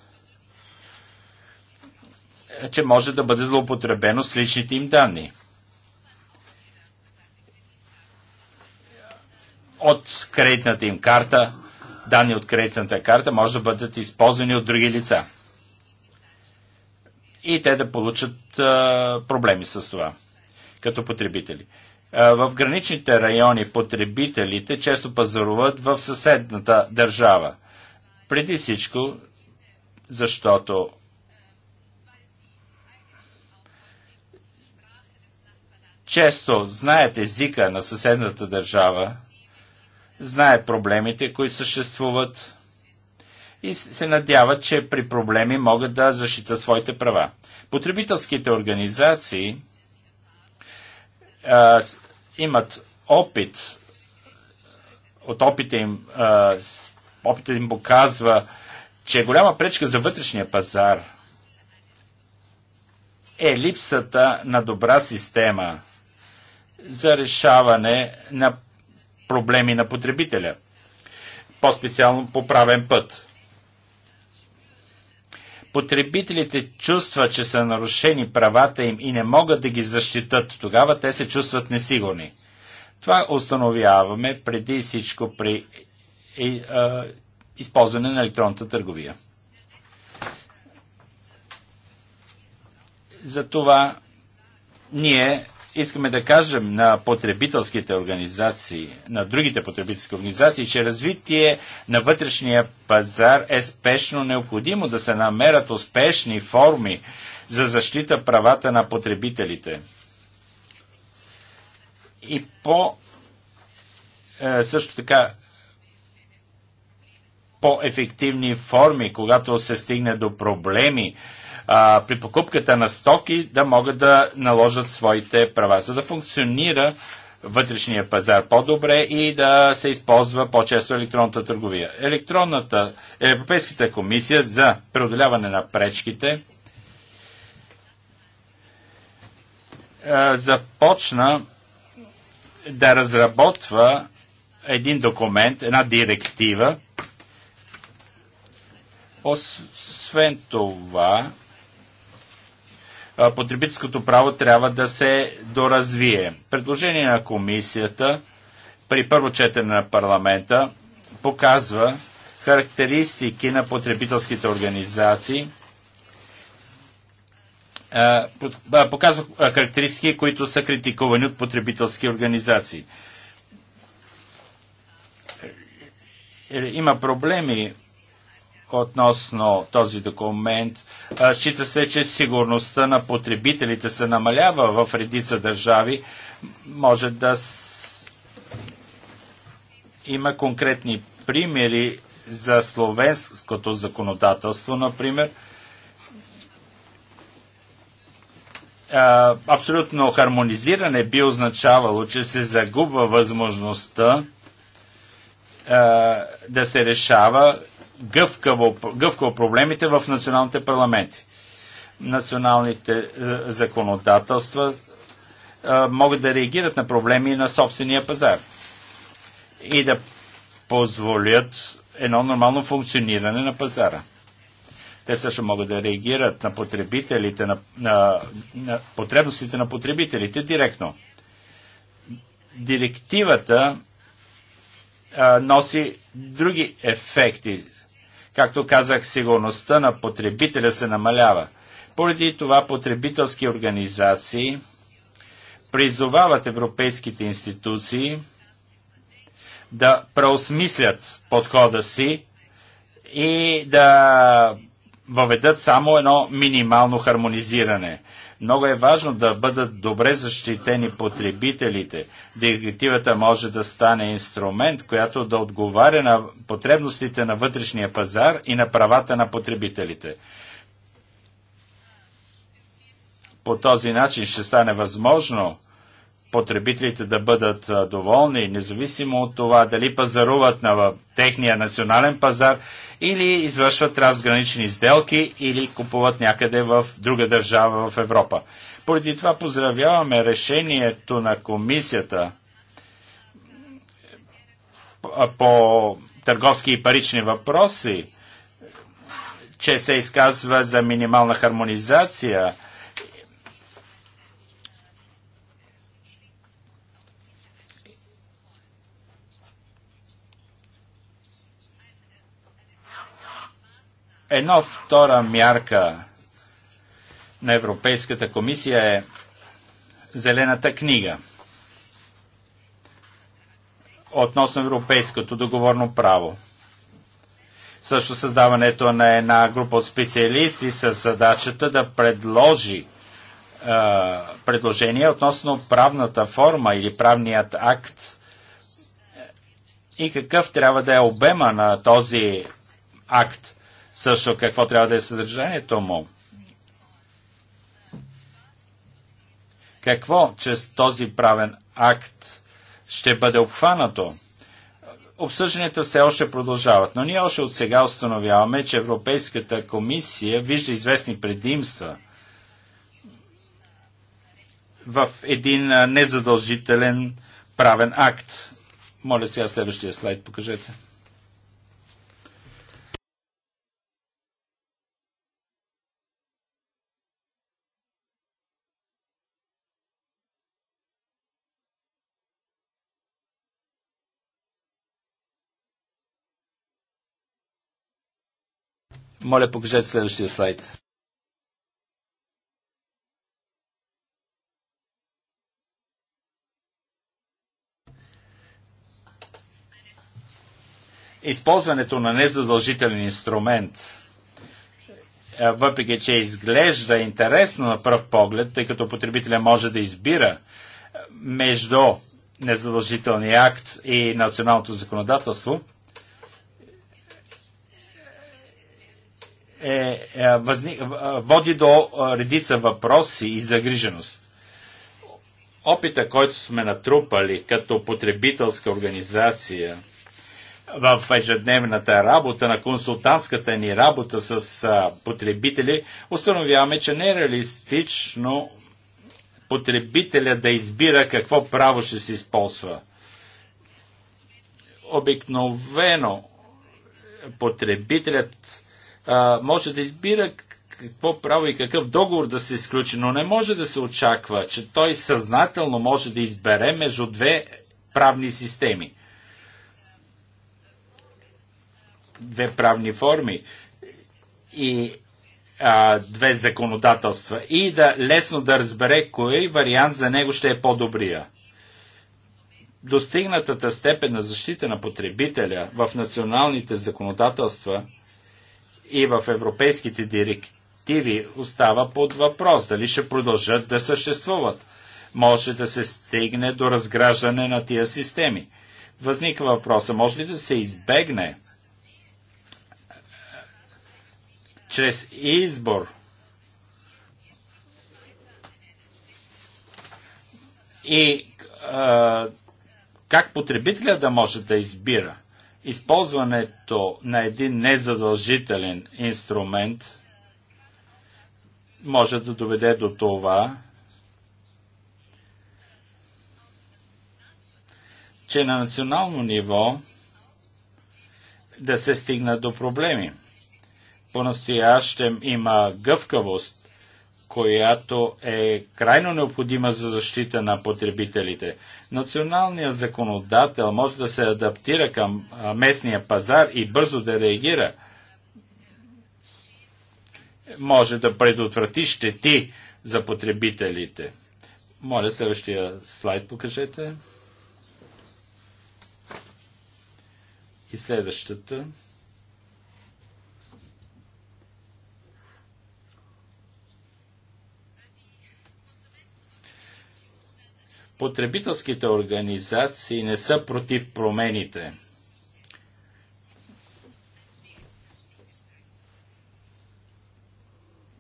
че може да бъде злоупотребено с личните им данни. От кредитната им карта, данни от кредитната карта може да бъдат използвани от други лица и те да получат а, проблеми с това като потребители. А, в граничните райони потребителите често пазаруват в съседната държава. Преди всичко, защото често знаят езика на съседната държава, знаят проблемите, които съществуват и се надяват, че при проблеми могат да защитат своите права. Потребителските организации а, имат опит, от опита им, а, опита им показва, че голяма пречка за вътрешния пазар е липсата на добра система за решаване на проблеми на потребителя. По-специално по правен път потребителите чувстват, че са нарушени правата им и не могат да ги защитат, тогава те се чувстват несигурни. Това установяваме преди всичко при е, е, използване на електронната търговия. Затова ние искаме да кажем на потребителските организации, на другите потребителски организации, че развитие на вътрешния пазар е спешно необходимо да се намерят успешни форми за защита правата на потребителите. И по е, също така по-ефективни форми, когато се стигне до проблеми, а, при покупката на стоки да могат да наложат своите права, за да функционира вътрешния пазар по-добре и да се използва по-често електронната търговия. Електронната Европейската комисия за преодоляване на пречките започна да разработва един документ, една директива. Освен това, потребителското право трябва да се доразвие. Предложение на комисията при първо четене на парламента показва характеристики на потребителските организации, показва характеристики, които са критикувани от потребителски организации. Е, е, има проблеми относно този документ. Счита се, че сигурността на потребителите се намалява в редица държави. Може да с... има конкретни примери за словенското законодателство, например. Абсолютно хармонизиране би означавало, че се загубва възможността да се решава гъвкаво, гъвкаво проблемите в националните парламенти. Националните е, законодателства е, могат да реагират на проблеми на собствения пазар и да позволят едно нормално функциониране на пазара. Те също могат да реагират на потребителите, на, на, на потребностите на потребителите директно. Директивата а, носи други ефекти. Както казах, сигурността на потребителя се намалява. Поради това потребителски организации призовават европейските институции да преосмислят подхода си и да въведат само едно минимално хармонизиране – много е важно да бъдат добре защитени потребителите. Директивата може да стане инструмент, която да отговаря на потребностите на вътрешния пазар и на правата на потребителите. По този начин ще стане възможно потребителите да бъдат доволни, независимо от това дали пазаруват на техния национален пазар или извършват разгранични сделки или купуват някъде в друга държава в Европа. Поради това поздравяваме решението на комисията по търговски и парични въпроси, че се изказва за минимална хармонизация – Едно втора мярка на Европейската комисия е Зелената книга относно европейското договорно право. Също създаването на една група от специалисти с задачата да предложи е, предложение относно правната форма или правният акт и какъв трябва да е обема на този акт също какво трябва да е съдържанието му. Какво чрез този правен акт ще бъде обхванато? Обсъжданията все още продължават, но ние още от сега установяваме, че Европейската комисия вижда известни предимства в един незадължителен правен акт. Моля сега следващия слайд, покажете. Моля, покажете следващия слайд. Използването на незадължителен инструмент, въпреки че изглежда интересно на пръв поглед, тъй като потребителя може да избира между незадължителния акт и националното законодателство – е, е, възни, е, води до е, редица въпроси и загриженост. Опита, който сме натрупали като потребителска организация в ежедневната работа, на консултантската ни работа с е, потребители, установяваме, че не е реалистично потребителя да избира какво право ще се използва. Обикновено потребителят а, може да избира какво право и какъв договор да се изключи, но не може да се очаква, че той съзнателно може да избере между две правни системи. Две правни форми и а, две законодателства. И да лесно да разбере кой вариант за него ще е по-добрия. Достигнатата степен на защита на потребителя в националните законодателства – и в европейските директиви остава под въпрос дали ще продължат да съществуват. Може да се стигне до разграждане на тия системи. Възниква въпроса, може ли да се избегне чрез избор и а, как потребителя да може да избира – използването на един незадължителен инструмент може да доведе до това, че на национално ниво да се стигна до проблеми. По-настоящем има гъвкавост, която е крайно необходима за защита на потребителите. Националният законодател може да се адаптира към местния пазар и бързо да реагира. Може да предотврати щети за потребителите. Моля, следващия слайд покажете. И следващата. Потребителските организации не са против промените.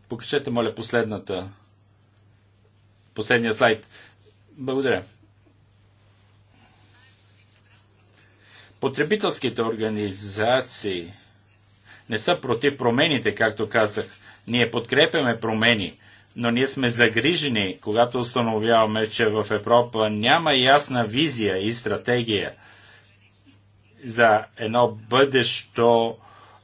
Покачете, моля, последната. Последния слайд. Благодаря. Потребителските организации не са против промените, както казах. Ние подкрепяме промени, но ние сме загрижени, когато установяваме, че в Европа няма ясна визия и стратегия за едно бъдещо,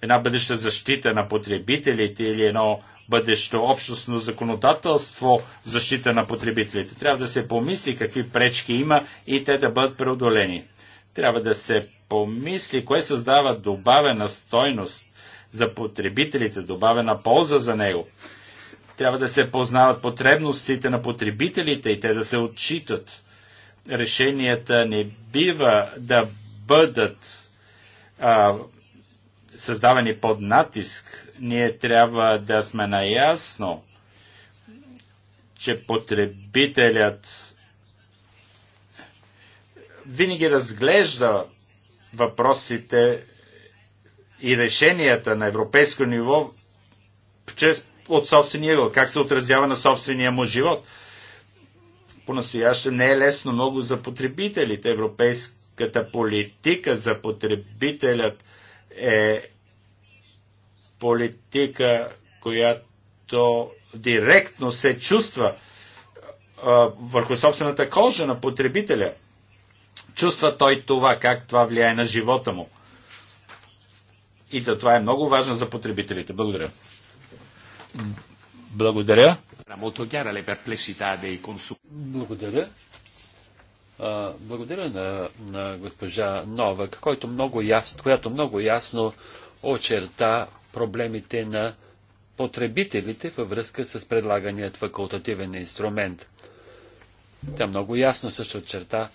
една бъдеща защита на потребителите или едно бъдещо общностно законодателство в защита на потребителите. Трябва да се помисли какви пречки има и те да бъдат преодолени. Трябва да се помисли кое създава добавена стойност за потребителите, добавена полза за него. Трябва да се познават потребностите на потребителите и те да се отчитат. Решенията не бива да бъдат а, създавани под натиск. Ние трябва да сме наясно, че потребителят винаги разглежда въпросите и решенията на европейско ниво чрез от собствения го, как се отразява на собствения му живот. По-настояще не е лесно много за потребителите. Европейската политика за потребителят е политика, която директно се чувства а, върху собствената кожа на потребителя. Чувства той това, как това влияе на живота му. И затова е много важно за потребителите. Благодаря. Благодаря. Благодаря. Благодаря на, на госпожа Новак, който много ясно, която много ясно очерта проблемите на потребителите във връзка с предлаганият факултативен инструмент. Тя много ясно също черта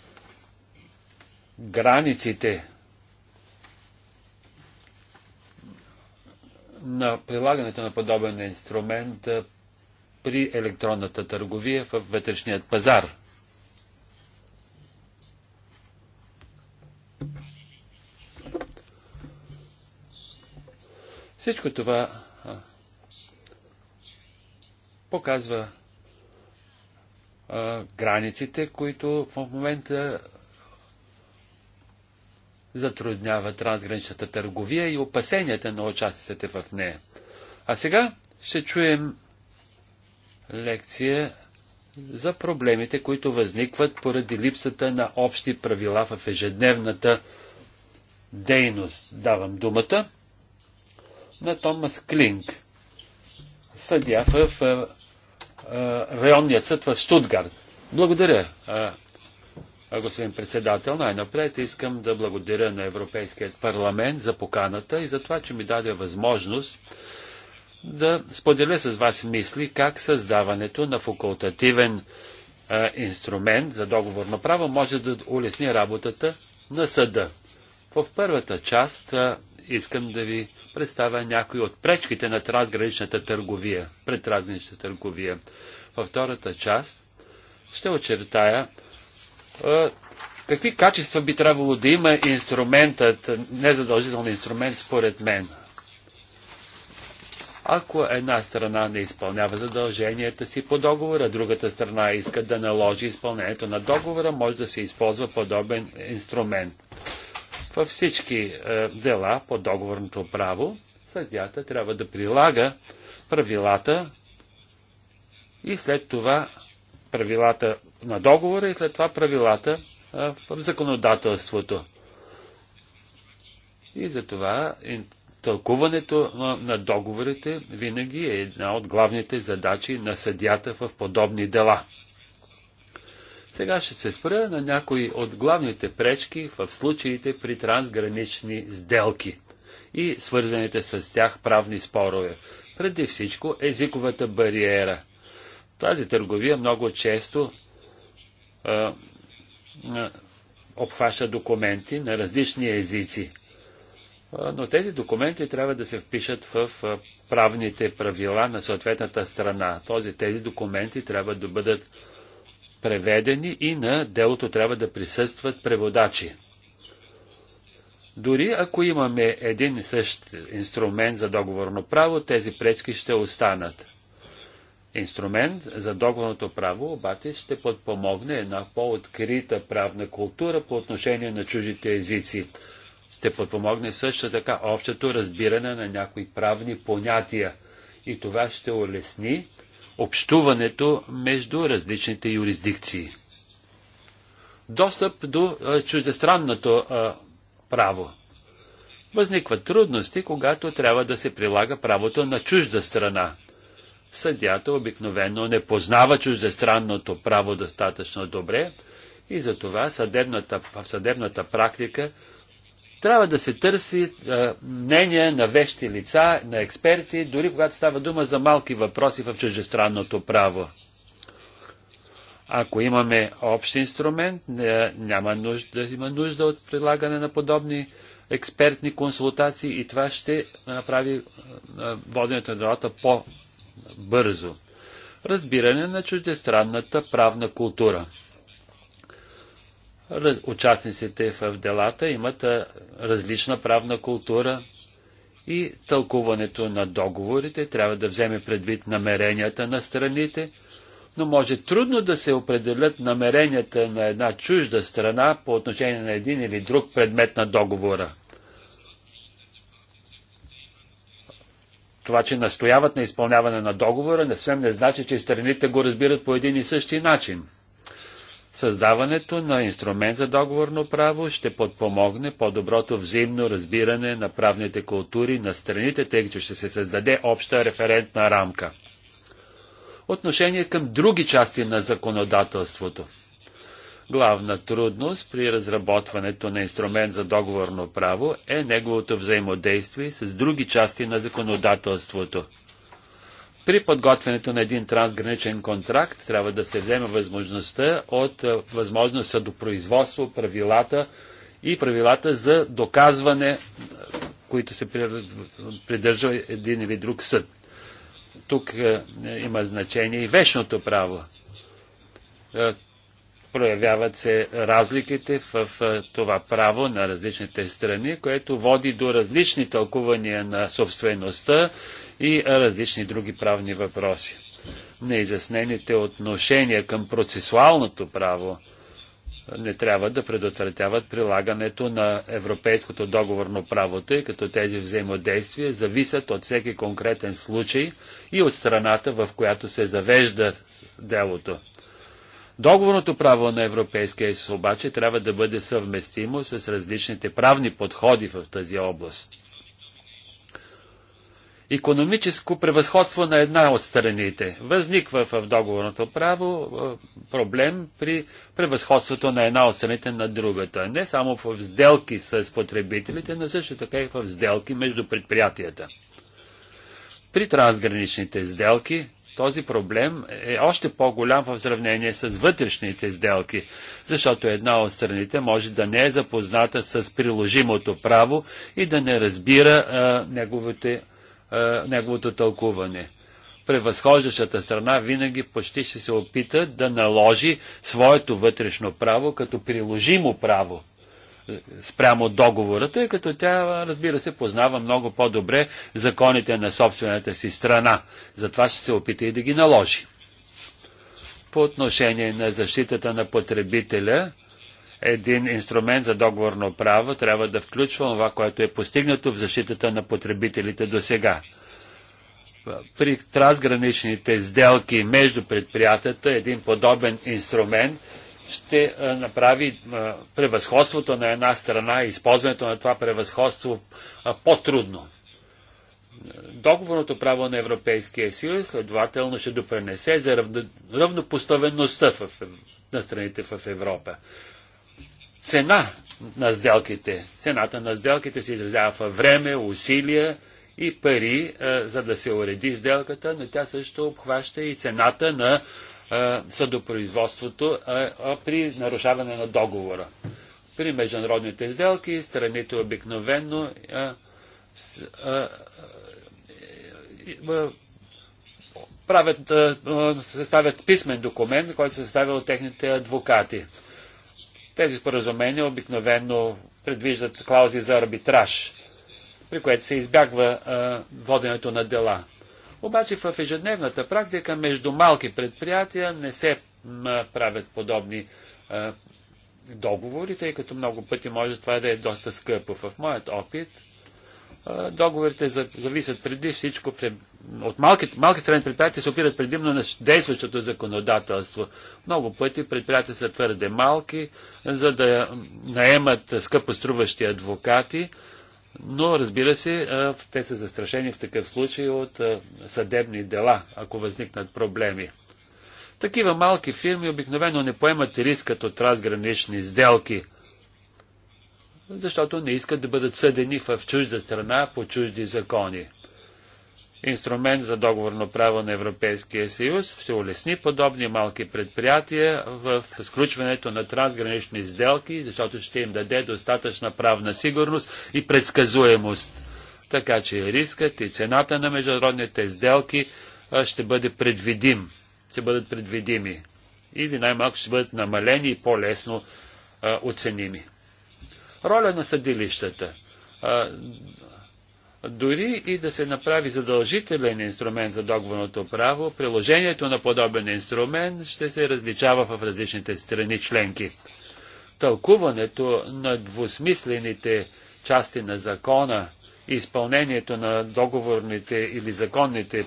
границите на прилагането на подобен инструмент при електронната търговия в вътрешният пазар. Всичко това а, показва а, границите, които в момента затруднява трансграничната търговия и опасенията на участниците в нея. А сега ще чуем лекция за проблемите, които възникват поради липсата на общи правила в ежедневната дейност. Давам думата на Томас Клинг, съдя в районният съд в Штутгарт. Благодаря, господин председател. Най-напред искам да благодаря на Европейският парламент за поканата и за това, че ми даде възможност да споделя с вас мисли как създаването на факултативен а, инструмент за договорно право може да улесни работата на съда. В първата част а, искам да ви представя някои от пречките на трансграничната търговия, предтрансграничната търговия. Във втората част ще очертая какви качества би трябвало да има инструментът, незадължителен инструмент според мен? Ако една страна не изпълнява задълженията си по договора, другата страна иска да наложи изпълнението на договора, може да се използва подобен инструмент. Във всички е, дела по договорното право, съдята трябва да прилага правилата и след това правилата на договора и след това правилата а, в законодателството. И затова тълкуването на, на договорите винаги е една от главните задачи на съдята в подобни дела. Сега ще се спра на някои от главните пречки в случаите при трансгранични сделки и свързаните с тях правни спорове. Преди всичко езиковата бариера. Тази търговия много често обхваща документи на различни езици. Но тези документи трябва да се впишат в правните правила на съответната страна. Този, тези документи трябва да бъдат преведени и на делото трябва да присъстват преводачи. Дори ако имаме един и същ инструмент за договорно право, тези пречки ще останат инструмент за договорното право обаче ще подпомогне една по-открита правна култура по отношение на чужите езици. Ще подпомогне също така общото разбиране на някои правни понятия и това ще улесни общуването между различните юрисдикции. Достъп до чуждестранното право. Възникват трудности, когато трябва да се прилага правото на чужда страна – съдята обикновено не познава чуждестранното право достатъчно добре и затова съдебната, в съдебната практика трябва да се търси е, мнение на вещи лица, на експерти, дори когато става дума за малки въпроси в чуждестранното право. Ако имаме общ инструмент, не, няма нужда, има нужда от прилагане на подобни експертни консултации и това ще направи воденето на делата по бързо. Разбиране на чуждестранната правна култура. Участниците в делата имат различна правна култура и тълкуването на договорите трябва да вземе предвид намеренията на страните, но може трудно да се определят намеренията на една чужда страна по отношение на един или друг предмет на договора. Това, че настояват на изпълняване на договора, не съвсем не значи, че страните го разбират по един и същи начин. Създаването на инструмент за договорно право ще подпомогне по-доброто взаимно разбиране на правните култури на страните, тъй като ще се създаде обща референтна рамка. Отношение към други части на законодателството – Главна трудност при разработването на инструмент за договорно право е неговото взаимодействие с други части на законодателството. При подготвянето на един трансграничен контракт трябва да се вземе възможността от е, възможност производство, правилата и правилата за доказване, е, които се придържа един или друг съд. Тук е, има значение и вечното право проявяват се разликите в това право на различните страни, което води до различни тълкувания на собствеността и различни други правни въпроси. Неизяснените отношения към процесуалното право не трябва да предотвратяват прилагането на европейското договорно право, тъй като тези взаимодействия зависят от всеки конкретен случай и от страната, в която се завежда делото. Договорното право на Европейския съюз обаче трябва да бъде съвместимо с различните правни подходи в тази област. Економическо превъзходство на една от страните. Възниква в договорното право е, проблем при превъзходството на една от страните на другата. Не само в сделки с потребителите, но също така и в сделки между предприятията. При трансграничните сделки този проблем е още по-голям в сравнение с вътрешните сделки, защото една от страните може да не е запозната с приложимото право и да не разбира а, неговите, а, неговото тълкуване. Превъзхождащата страна винаги почти ще се опита да наложи своето вътрешно право като приложимо право спрямо договора, тъй като тя, разбира се, познава много по-добре законите на собствената си страна. Затова ще се опита и да ги наложи. По отношение на защитата на потребителя, един инструмент за договорно право трябва да включва това, което е постигнато в защитата на потребителите до сега. При трансграничните сделки между предприятията един подобен инструмент ще направи превъзходството на една страна и използването на това превъзходство по-трудно. Договорното право на Европейския съюз следователно ще допренесе за равнопоставеността в, на страните в Европа. Цена на сделките. Цената на сделките се изразява във време, усилия и пари, за да се уреди сделката, но тя също обхваща и цената на съдопроизводството при нарушаване на договора. При международните сделки страните обикновено правят, съставят писмен документ, който се съставя от техните адвокати. Тези споразумения обикновено предвиждат клаузи за арбитраж, при което се избягва воденето на дела. Обаче в ежедневната практика между малки предприятия не се правят подобни а, договори, тъй като много пъти може това да е доста скъпо. В моят опит а, договорите зависят преди всичко пред... от малките, малки средни предприятия се опират предимно на действащото законодателство. Много пъти предприятия са твърде малки, за да наемат скъпо струващи адвокати, но, разбира се, те са застрашени в такъв случай от съдебни дела, ако възникнат проблеми. Такива малки фирми обикновено не поемат рискът от разгранични сделки, защото не искат да бъдат съдени в чужда страна по чужди закони инструмент за договорно право на Европейския съюз ще улесни подобни малки предприятия в сключването на трансгранични сделки, защото ще им даде достатъчна правна сигурност и предсказуемост. Така че рискът и цената на международните сделки ще бъде предвидим, ще бъдат предвидими или най-малко ще бъдат намалени и по-лесно оценими. Роля на съдилищата. Дори и да се направи задължителен инструмент за договорното право, приложението на подобен инструмент ще се различава в различните страни членки. Тълкуването на двусмислените части на закона и изпълнението на договорните или законните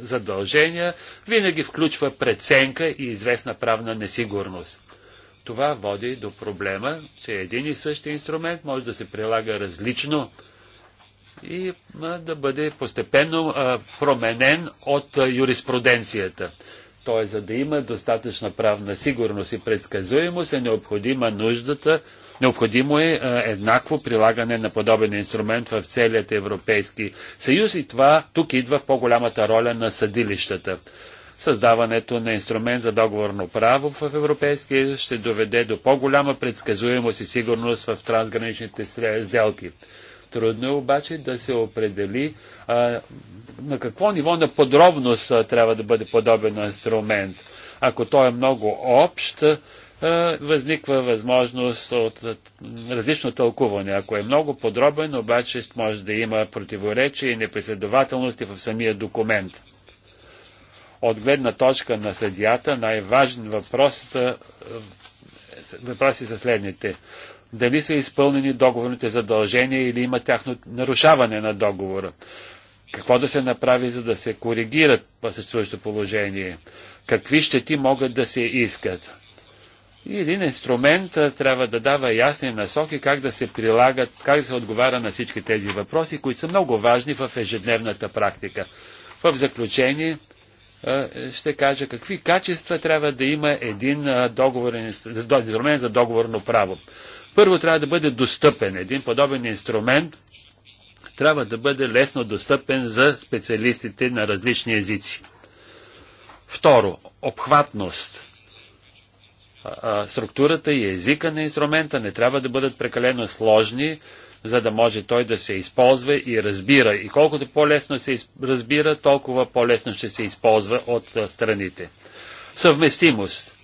задължения винаги включва преценка и известна правна несигурност. Това води до проблема, че един и същи инструмент може да се прилага различно и да бъде постепенно променен от юриспруденцията. Т.е. за да има достатъчна правна сигурност и предсказуемост е необходима нуждата, необходимо е еднакво прилагане на подобен инструмент в целият Европейски съюз и това тук идва по-голямата роля на съдилищата. Създаването на инструмент за договорно право в Европейския ще доведе до по-голяма предсказуемост и сигурност в трансграничните сделки. Трудно е обаче да се определи а, на какво ниво на подробност а, трябва да бъде подобен инструмент. Ако той е много общ, а, възниква възможност от различно тълкуване. Ако е много подробен, обаче може да има противоречие и непоследователности в самия документ. От гледна точка на съдията най-важен въпрос въпроси са следните дали са изпълнени договорните задължения или има тяхно нарушаване на договора. Какво да се направи, за да се коригират съществуващото положение? Какви щети могат да се искат? И един инструмент трябва да дава ясни насоки как да се прилагат, как да се отговаря на всички тези въпроси, които са много важни в ежедневната практика. В заключение ще кажа какви качества трябва да има един договорен инструмент за договорно право. Първо трябва да бъде достъпен. Един подобен инструмент трябва да бъде лесно достъпен за специалистите на различни езици. Второ, обхватност. Структурата и езика на инструмента не трябва да бъдат прекалено сложни, за да може той да се използва и разбира. И колкото по-лесно се разбира, толкова по-лесно ще се използва от страните. Съвместимост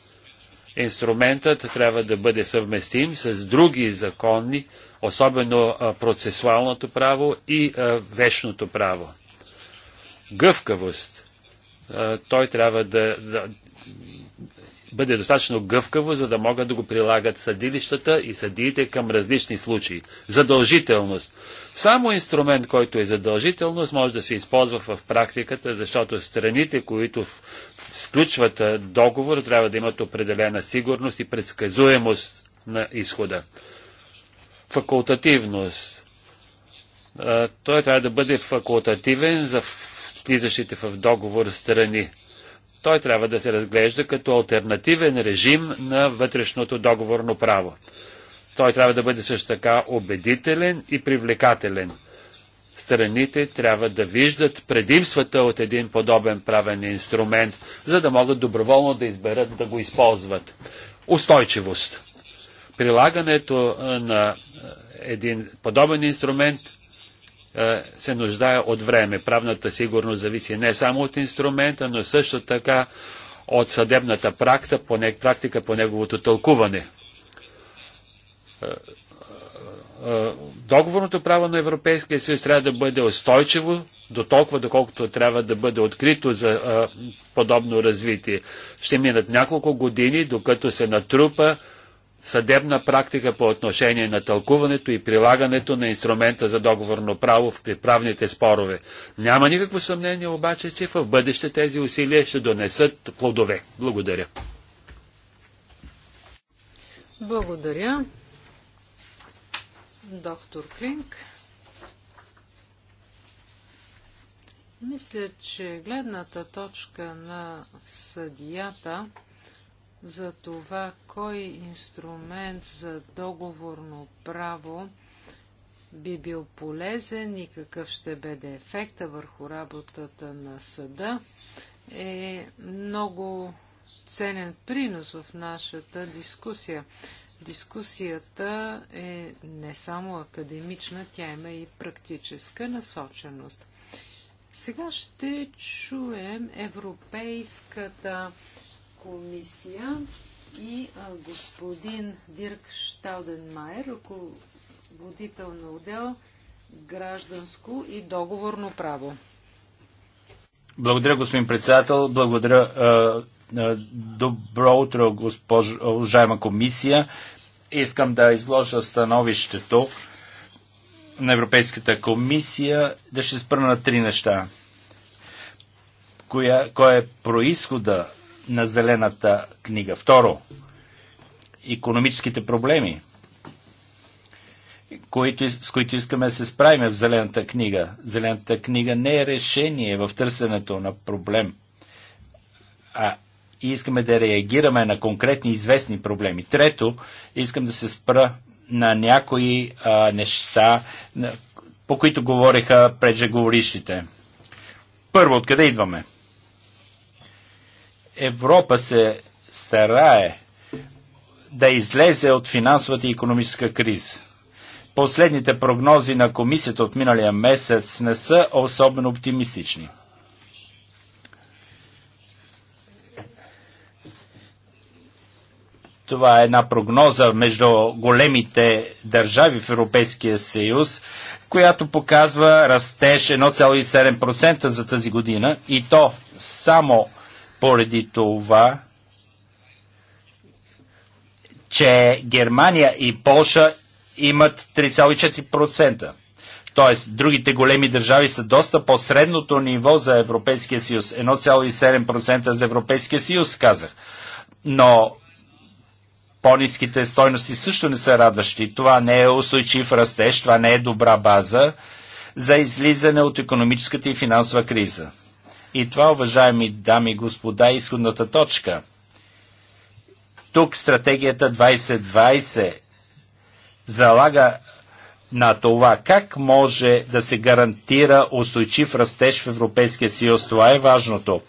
инструментът трябва да бъде съвместим с други законни, особено процесуалното право и вечното право. Гъвкавост. Той трябва да, да бъде достатъчно гъвкаво, за да могат да го прилагат съдилищата и съдиите към различни случаи. Задължителност. Само инструмент, който е задължителност, може да се използва в практиката, защото страните, които сключват договор, трябва да имат определена сигурност и предсказуемост на изхода. Факултативност. Той трябва да бъде факултативен за влизащите в договор страни. Той трябва да се разглежда като альтернативен режим на вътрешното договорно право. Той трябва да бъде също така убедителен и привлекателен страните трябва да виждат предимствата от един подобен правен инструмент, за да могат доброволно да изберат да го използват. Устойчивост. Прилагането на един подобен инструмент се нуждае от време. Правната сигурност зависи не само от инструмента, но също така от съдебната практика по, практика по неговото тълкуване договорното право на Европейския съюз трябва да бъде устойчиво, до толкова, доколкото трябва да бъде открито за а, подобно развитие. Ще минат няколко години, докато се натрупа съдебна практика по отношение на тълкуването и прилагането на инструмента за договорно право в приправните спорове. Няма никакво съмнение обаче, че в бъдеще тези усилия ще донесат плодове. Благодаря. Благодаря доктор Клинк. Мисля, че гледната точка на съдията за това, кой инструмент за договорно право би бил полезен и какъв ще бъде ефекта върху работата на съда, е много ценен принос в нашата дискусия. Дискусията е не само академична, тя има и практическа насоченост. Сега ще чуем Европейската комисия и господин Дирк Штауденмайер, ръководител на отдел гражданско и договорно право. Благодаря, господин председател. Благодаря е, добро утро, госпожо, уважаема комисия. Искам да изложа становището на Европейската комисия, да ще спра на три неща. Коя, кой е происхода на зелената книга? Второ, економическите проблеми, които, с които искаме да се справим в Зелената книга. Зелената книга не е решение в търсенето на проблем, а и искаме да реагираме на конкретни известни проблеми. Трето, искам да се спра на някои а, неща, по които говориха преджеговорищите. Първо, откъде идваме? Европа се старае да излезе от финансовата и економическа криза. Последните прогнози на комисията от миналия месец не са особено оптимистични. Това е една прогноза между големите държави в Европейския съюз, която показва растеж 1,7% за тази година и то само поради това, че Германия и Полша имат 3,4%. Тоест, другите големи държави са доста по средното ниво за Европейския съюз. 1,7% за Европейския съюз, казах. Но по-низките стойности също не са радващи. Това не е устойчив растеж, това не е добра база за излизане от економическата и финансова криза. И това, уважаеми дами и господа, е изходната точка. Тук стратегията 2020 залага на това как може да се гарантира устойчив растеж в Европейския съюз. Това е важното.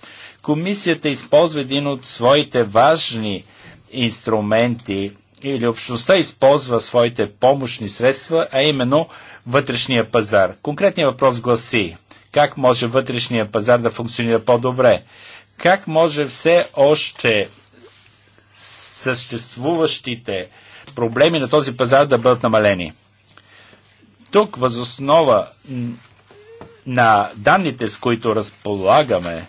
Комисията използва един от своите важни инструменти или общността използва своите помощни средства, а именно вътрешния пазар. Конкретният въпрос гласи как може вътрешния пазар да функционира по-добре? Как може все още съществуващите проблеми на този пазар да бъдат намалени? Тук възоснова на данните, с които разполагаме,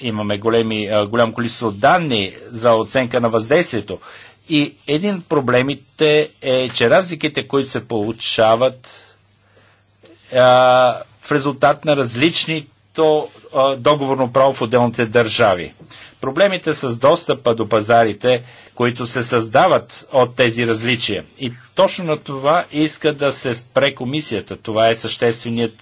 имаме големи, голямо количество данни за оценка на въздействието. И един от проблемите е, че разликите, които се получават а, в резултат на различното договорно право в отделните държави. Проблемите с достъпа до пазарите, които се създават от тези различия. И точно на това иска да се спре комисията. Това е същественият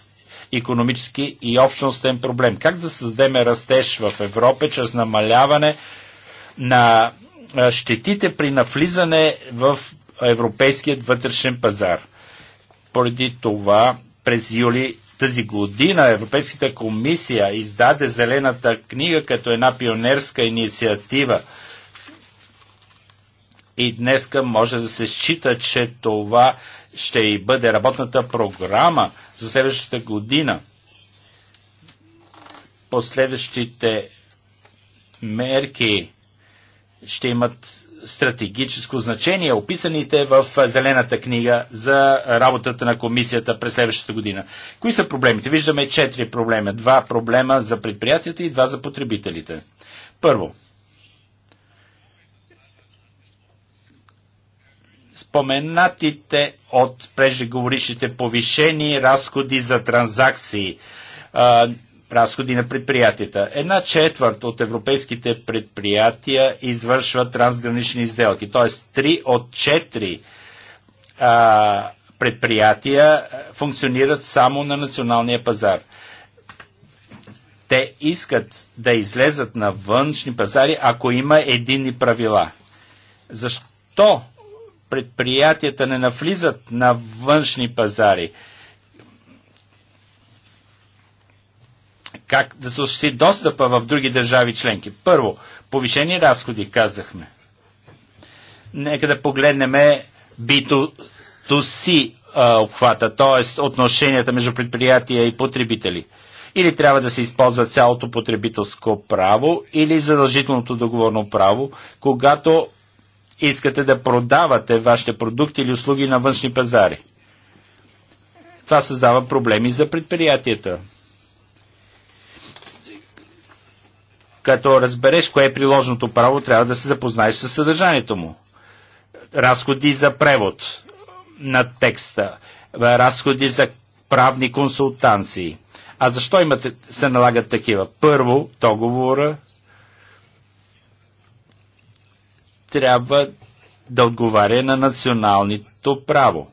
економически и общностен проблем. Как да създадем растеж в Европа чрез намаляване на щетите при навлизане в европейският вътрешен пазар? Поради това през юли тази година Европейската комисия издаде Зелената книга като една пионерска инициатива. И днеска може да се счита, че това ще и бъде работната програма за следващата година последващите мерки ще имат стратегическо значение, описаните в Зелената книга за работата на комисията през следващата година. Кои са проблемите? Виждаме четири проблема. Два проблема за предприятията и два за потребителите. Първо, споменатите от преждеговорившите повишени разходи за транзакции, а, разходи на предприятията. Една четвърт от европейските предприятия извършват трансгранични сделки, т.е. 3 от 4 а, предприятия функционират само на националния пазар. Те искат да излезат на външни пазари, ако има единни правила. Защо предприятията не навлизат на външни пазари. Как да се осъществи достъпа в други държави членки? Първо, повишени разходи, казахме. Нека да погледнем b си обхвата, т.е. отношенията между предприятия и потребители. Или трябва да се използва цялото потребителско право, или задължителното договорно право, когато искате да продавате вашите продукти или услуги на външни пазари. Това създава проблеми за предприятията. Като разбереш кое е приложното право, трябва да се запознаеш с съдържанието му. Разходи за превод на текста, разходи за правни консултанции. А защо имате, се налагат такива? Първо, договора трябва да отговаря на националното право.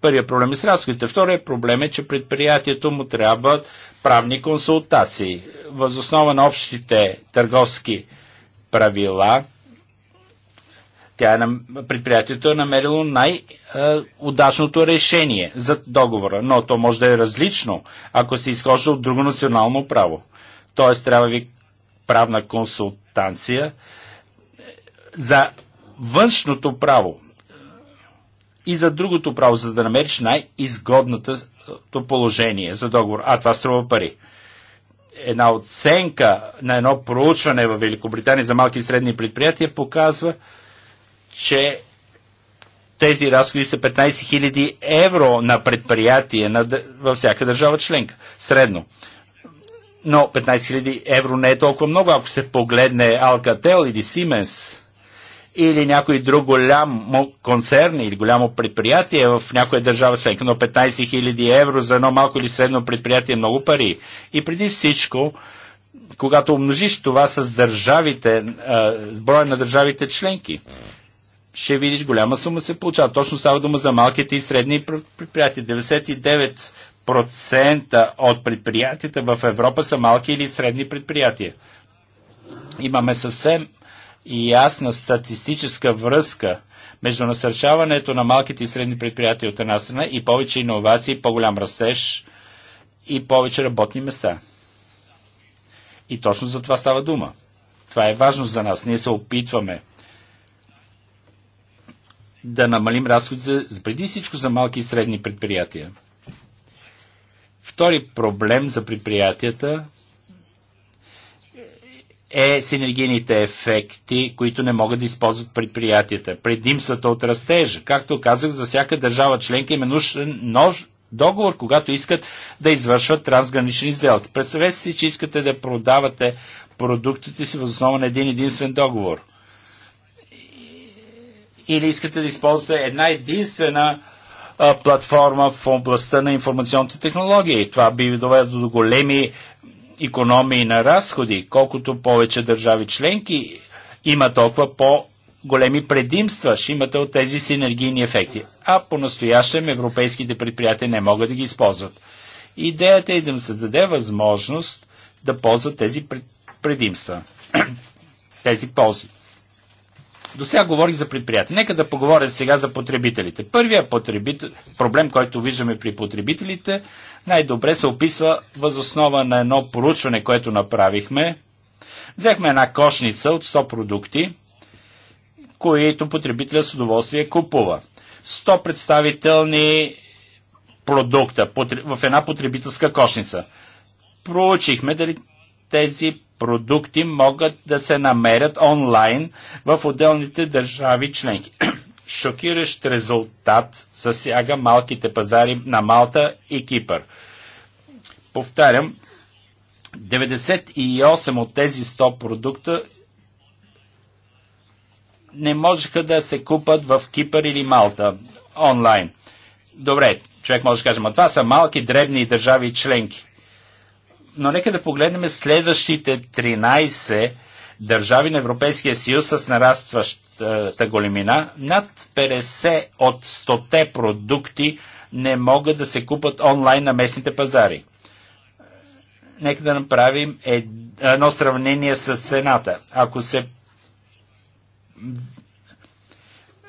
Първият проблем е с разходите. Вторият проблем е, че предприятието му трябва правни консултации. Възоснова на общите търговски правила, тя е, предприятието е намерило най-удачното решение за договора, но то може да е различно, ако се изхожда от друго национално право. Тоест трябва ви правна консултация, за външното право и за другото право, за да намериш най-изгодното положение за договор. А, това струва пари. Една оценка на едно проучване в Великобритания за малки и средни предприятия показва, че тези разходи са 15 000 евро на предприятие на, във всяка държава членка. Средно. Но 15 000 евро не е толкова много, ако се погледне Алкател или Сименс или някой друг голям концерн или голямо предприятие в някоя държава членка, но 15 000 евро за едно малко или средно предприятие е много пари. И преди всичко, когато умножиш това с държавите, с броя на държавите членки, ще видиш голяма сума се получава. Точно става дума за малките и средни предприятия. 99% от предприятията в Европа са малки или средни предприятия. Имаме съвсем и ясна статистическа връзка между насърчаването на малките и средни предприятия от една страна и повече иновации, по-голям растеж и повече работни места. И точно за това става дума. Това е важно за нас. Ние се опитваме да намалим разходите преди всичко за малки и средни предприятия. Втори проблем за предприятията е синергийните ефекти, които не могат да използват предприятията. Предимствата от растежа. Както казах, за всяка държава членка има нужен нож, договор, когато искат да извършват трансгранични сделки. Представете си, че искате да продавате продуктите си въз основа на един единствен договор. Или искате да използвате една единствена платформа в областта на информационните технологии. Това би довело до големи економии на разходи. Колкото повече държави членки има толкова по големи предимства ще имате от тези синергийни ефекти, а по-настоящем европейските предприятия не могат да ги използват. Идеята е да им се даде възможност да ползват тези предимства, тези ползи. До сега говорих за предприятия. Нека да поговоря сега за потребителите. Първият потребител, проблем, който виждаме при потребителите, най-добре се описва възоснова на едно поручване, което направихме. Взехме една кошница от 100 продукти, които потребителя с удоволствие купува. 100 представителни продукта в една потребителска кошница. Проучихме дали тези продукти могат да се намерят онлайн в отделните държави членки. Шокиращ резултат засяга малките пазари на Малта и Кипър. Повтарям, 98 от тези 100 продукта не можеха да се купат в Кипър или Малта онлайн. Добре, човек може да каже, но това са малки, дребни държави членки но нека да погледнем следващите 13 държави на Европейския съюз с нарастващата големина. Над 50 от 100 продукти не могат да се купат онлайн на местните пазари. Нека да направим едно сравнение с цената. Ако се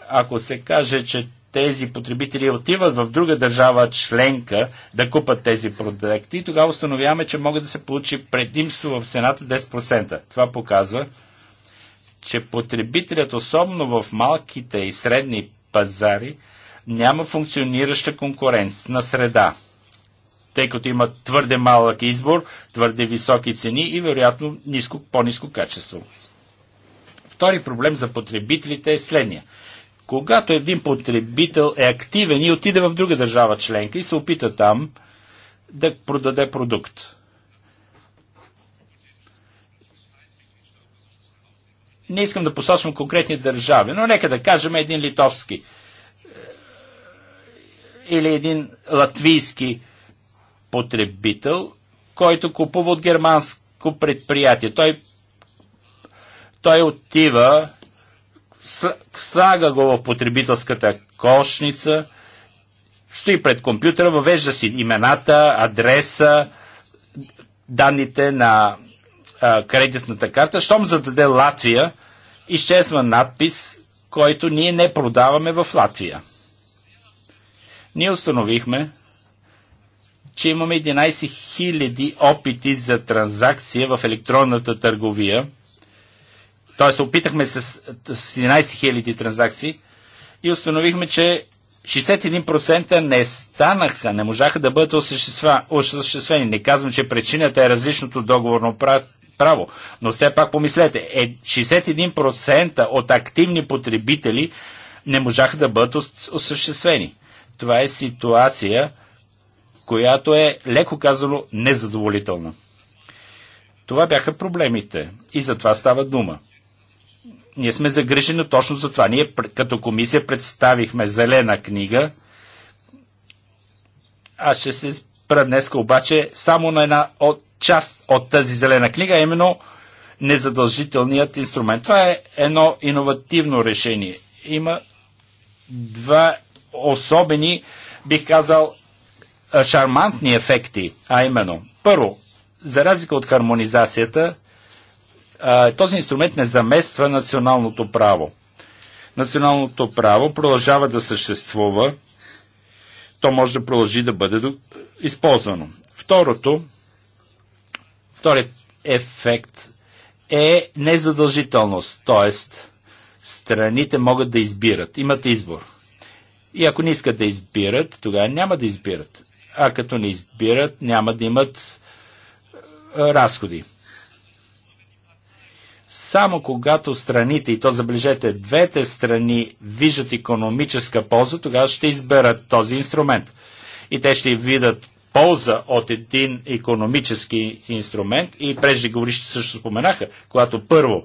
ако се каже, че тези потребители отиват в друга държава членка да купат тези продукти и тогава установяваме, че могат да се получи предимство в цената 10%. Това показва, че потребителят, особено в малките и средни пазари, няма функционираща конкурентна среда, тъй като има твърде малък избор, твърде високи цени и вероятно ниско, по низко качество. Втори проблем за потребителите е следния – когато един потребител е активен и отиде в друга държава членка и се опита там да продаде продукт. Не искам да посочвам конкретни държави, но нека да кажем един литовски е, или един латвийски потребител, който купува от германско предприятие. Той, той отива слага го в потребителската кошница, стои пред компютъра, въвежда си имената, адреса, данните на а, кредитната карта. Щом зададе Латвия, изчезва надпис, който ние не продаваме в Латвия. Ние установихме, че имаме 11 000 опити за транзакция в електронната търговия – Тоест, опитахме с, с 11 000 транзакции и установихме, че 61% не станаха, не можаха да бъдат осъществени. Не казвам, че причината е различното договорно право, но все пак помислете, е 61% от активни потребители не можаха да бъдат осъществени. Това е ситуация, която е, леко казано, незадоволителна. Това бяха проблемите и за това става дума ние сме загрижени точно за това. Ние като комисия представихме зелена книга. Аз ще се спра днес обаче само на една от част от тази зелена книга, именно незадължителният инструмент. Това е едно иновативно решение. Има два особени, бих казал, шармантни ефекти, а именно. Първо, за разлика от хармонизацията, този инструмент не замества националното право. Националното право продължава да съществува, то може да продължи да бъде използвано. Второто, вторият ефект е незадължителност, т.е. страните могат да избират, имат избор. И ако не искат да избират, тогава няма да избират. А като не избират, няма да имат разходи. Само когато страните, и то забележете, двете страни виждат економическа полза, тогава ще изберат този инструмент. И те ще видят полза от един економически инструмент и преждеговорище също споменаха, когато първо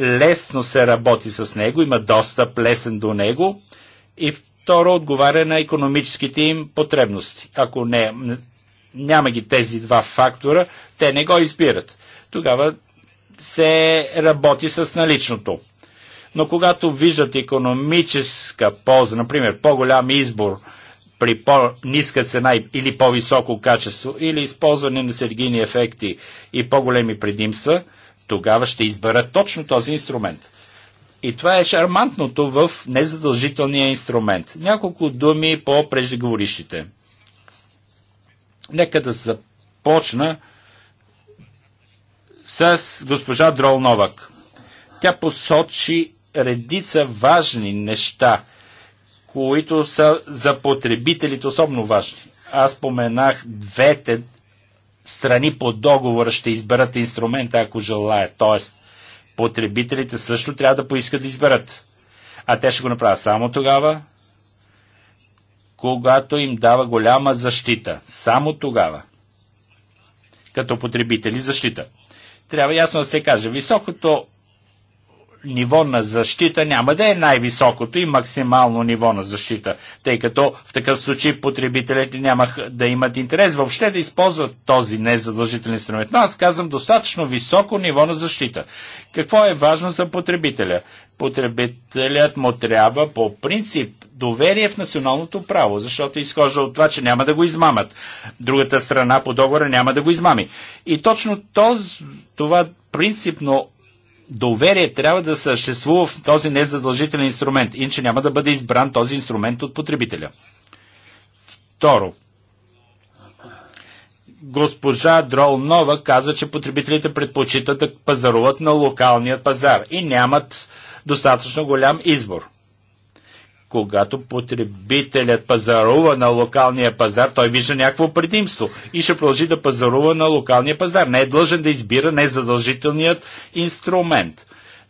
лесно се работи с него, има достъп лесен до него и второ отговаря на економическите им потребности. Ако не, няма ги тези два фактора, те не го избират. Тогава се работи с наличното. Но когато виждат економическа полза, например по-голям избор при по-ниска цена или по-високо качество, или използване на сергийни ефекти и по-големи предимства, тогава ще изберат точно този инструмент. И това е шармантното в незадължителния инструмент. Няколко думи по преждеговорищите. Нека да започна с госпожа Дрол Новак. Тя посочи редица важни неща, които са за потребителите особено важни. Аз споменах двете страни по договора ще изберат инструмента, ако желаят. Тоест, потребителите също трябва да поискат да изберат. А те ще го направят само тогава, когато им дава голяма защита. Само тогава. Като потребители защита трябва ясно да се каже. Високото ниво на защита няма да е най-високото и максимално ниво на защита, тъй като в такъв случай потребителите няма да имат интерес въобще да използват този незадължителен инструмент. Но аз казвам достатъчно високо ниво на защита. Какво е важно за потребителя? Потребителят му трябва по принцип доверие в националното право, защото изхожда от това, че няма да го измамат. Другата страна по договора няма да го измами. И точно този това принципно доверие трябва да съществува в този незадължителен инструмент, иначе няма да бъде избран този инструмент от потребителя. Второ, госпожа Дролнова казва, че потребителите предпочитат да пазаруват на локалния пазар и нямат достатъчно голям избор. Когато потребителят пазарува на локалния пазар, той вижда някакво предимство и ще продължи да пазарува на локалния пазар. Не е длъжен да избира незадължителният е инструмент.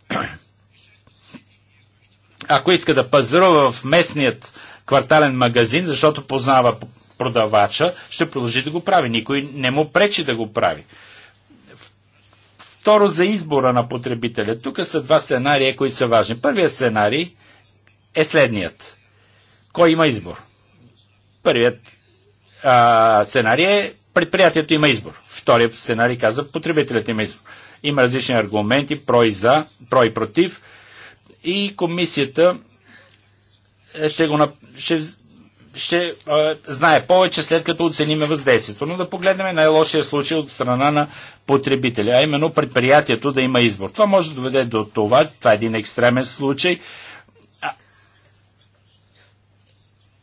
Ако иска да пазарува в местният квартален магазин, защото познава продавача, ще продължи да го прави. Никой не му пречи да го прави. Второ, за избора на потребителя. Тук са два сценария, които са важни. Първият сценарий – е следният. Кой има избор? Първият а, сценарий е предприятието има избор. Вторият сценарий казва, потребителят има избор. Има различни аргументи, про и за, про и против. И комисията е, ще го ще, ще а, знае повече след като оцениме въздействието. Но да погледнем най-лошия случай от страна на потребителя, а именно предприятието да има избор. Това може да доведе до това, това е един екстремен случай,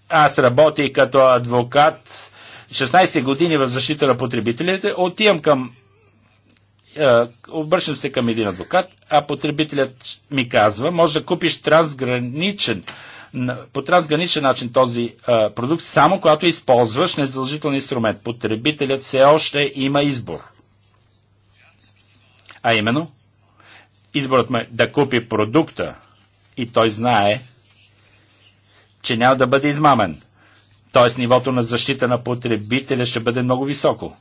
Аз работя като адвокат 16 години в защита на потребителите. Отивам към е, обръщам се към един адвокат, а потребителят ми казва, може да купиш трансграничен, по трансграничен начин този а, е, продукт, само когато използваш незадължителен инструмент. Потребителят все още има избор. А именно, изборът ме да купи продукта и той знае, че няма да бъде измамен. Т.е. нивото на защита на потребителя ще бъде много високо.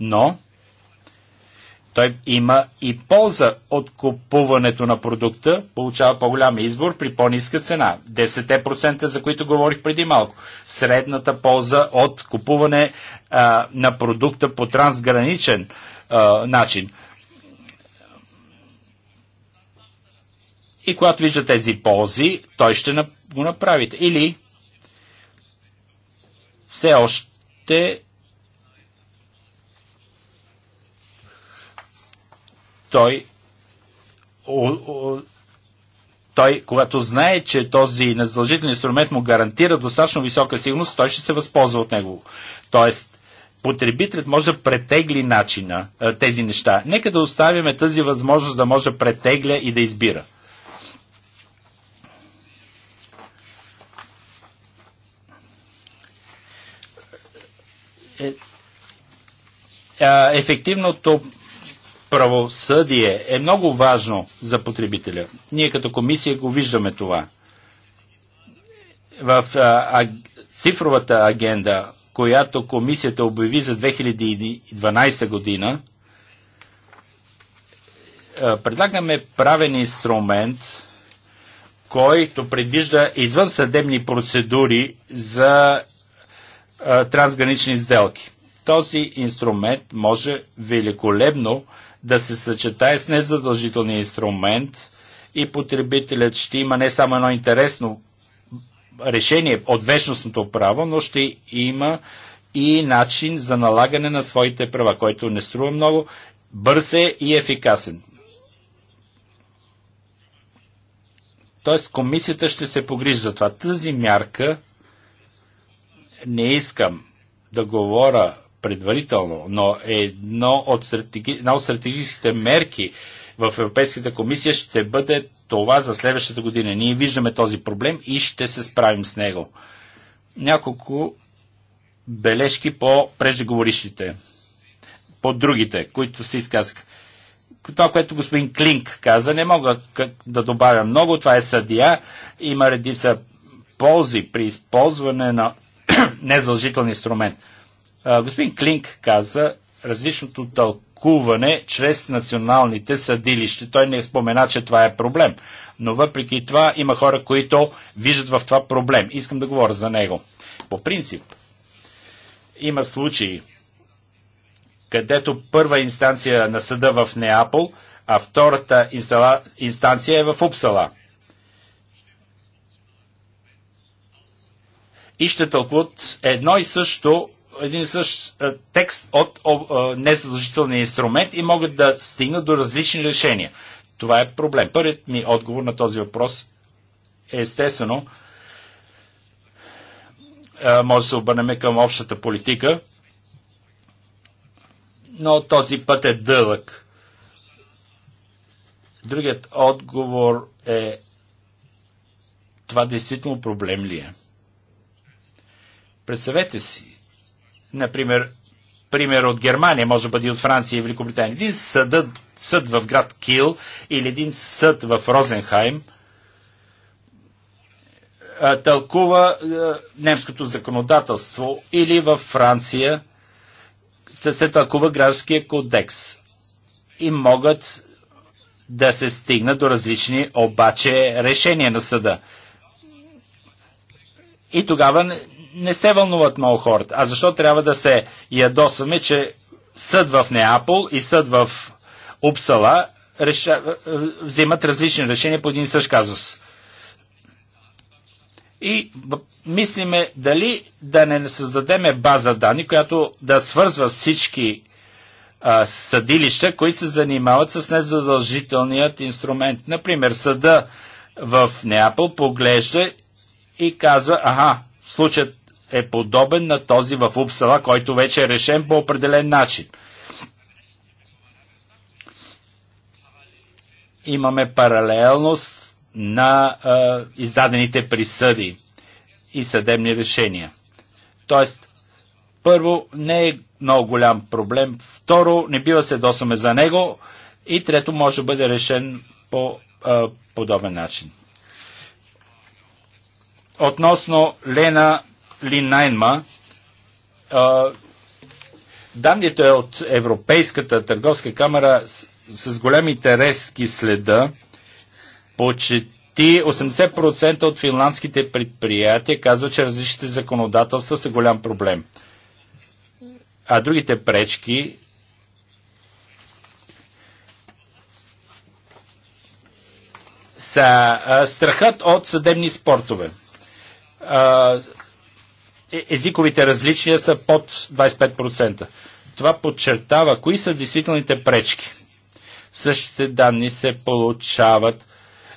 Но той има и полза от купуването на продукта, получава по-голям избор при по-ниска цена. 10% за които говорих преди малко. Средната полза от купуване а, на продукта по трансграничен а, начин И когато вижда тези ползи, той ще го направи. Или все още той, о, о, той, когато знае, че този незадължителен инструмент му гарантира достатъчно висока сигурност, той ще се възползва от него. Тоест, потребителят може да претегли начина, тези неща. Нека да оставяме тази възможност да може да претегля и да избира. Е, ефективното правосъдие е много важно за потребителя. Ние като комисия го виждаме това. В а, а, цифровата агенда, която комисията обяви за 2012 година, предлагаме правен инструмент, който предвижда извънсъдебни процедури за трансгранични сделки. Този инструмент може великолепно да се съчетае с незадължителния инструмент и потребителят ще има не само едно интересно решение от вечностното право, но ще има и начин за налагане на своите права, който не струва много, бърз е и ефикасен. Тоест комисията ще се погрижи за това. Тази мярка не искам да говоря предварително, но едно от стратеги... една от стратегическите мерки в Европейската комисия ще бъде това за следващата година. Ние виждаме този проблем и ще се справим с него. Няколко бележки по преждеговорищите, по другите, които се изказаха. Това, което господин Клинк каза, не мога да добавя много. Това е съдия. Има редица ползи при използване на незължителен инструмент. Господин Клинк каза различното тълкуване чрез националните съдилища. Той не спомена, че това е проблем. Но въпреки това има хора, които виждат в това проблем. Искам да говоря за него. По принцип, има случаи, където първа инстанция на съда в Неапол, а втората инстанция е в Упсала. и ще тълкуват едно и също един и същ е, текст от е, незадължителния инструмент и могат да стигнат до различни решения. Това е проблем. Първият ми отговор на този въпрос е естествено е, може да се обърнем към общата политика, но този път е дълъг. Другият отговор е това действително проблем ли е? Представете си, например, пример от Германия, може да бъде от Франция и Великобритания. Един съд, съд в град Кил или един съд в Розенхайм тълкува немското законодателство или във Франция да се тълкува гражданския кодекс. И могат да се стигна до различни обаче решения на съда. И тогава не се вълнуват много хората. А защо трябва да се ядосваме, че съд в Неапол и съд в Упсала реша... Е, е, взимат различни решения по един и същ казус? И мислиме дали да не създадеме база данни, която да свързва всички а, съдилища, които се занимават с незадължителният инструмент. Например, съда в Неапол поглежда и казва, ага, случат е подобен на този в Упсала, който вече е решен по определен начин. Имаме паралелност на а, издадените присъди и съдебни решения. Тоест, първо, не е много голям проблем. Второ, не бива се досваме за него. И трето, може да бъде решен по а, подобен начин. Относно Лена ли Найнма, данните от Европейската търговска камера с, с голям интерес ги следа. Почти 80% от финландските предприятия казват, че различните законодателства са голям проблем. А другите пречки са а, страхът от съдебни спортове. А, езиковите различия са под 25%. Това подчертава кои са действителните пречки. Същите данни се получават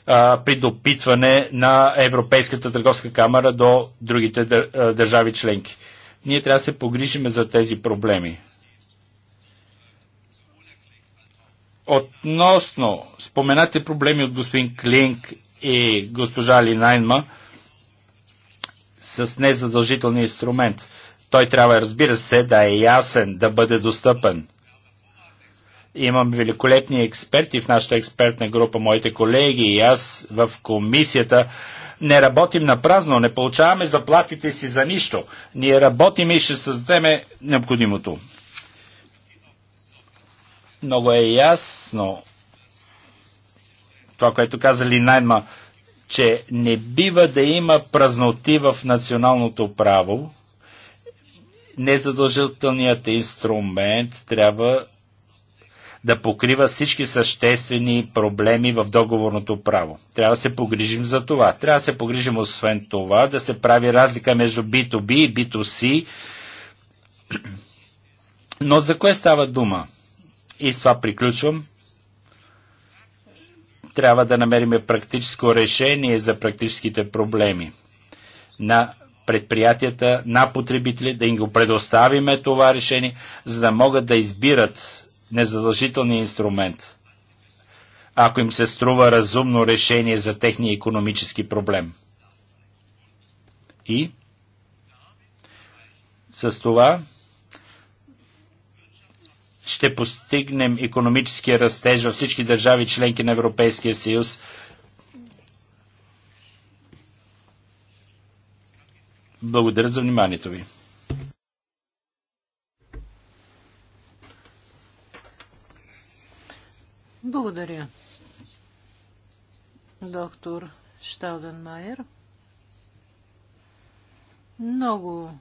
а, при допитване на Европейската търговска камера до другите държави членки. Ние трябва да се погрижиме за тези проблеми. Относно споменате проблеми от господин Клинк и госпожа Линайнма, с незадължителни инструмент. Той трябва, разбира се, да е ясен, да бъде достъпен. Имам великолепни експерти в нашата експертна група, моите колеги и аз в комисията. Не работим на празно, не получаваме заплатите си за нищо. Ние работим и ще създадем необходимото. Много е ясно това, което каза Линайма. Найма че не бива да има празноти в националното право. Незадължителният инструмент трябва да покрива всички съществени проблеми в договорното право. Трябва да се погрижим за това. Трябва да се погрижим освен това да се прави разлика между B2B и B2C. Но за кое става дума? И с това приключвам трябва да намериме практическо решение за практическите проблеми на предприятията, на потребители, да им го предоставиме това решение, за да могат да избират незадължителния инструмент, ако им се струва разумно решение за техния економически проблем. И с това ще постигнем економическия растеж във всички държави членки на Европейския съюз. Благодаря за вниманието ви. Благодаря. Доктор Штауденмайер. Много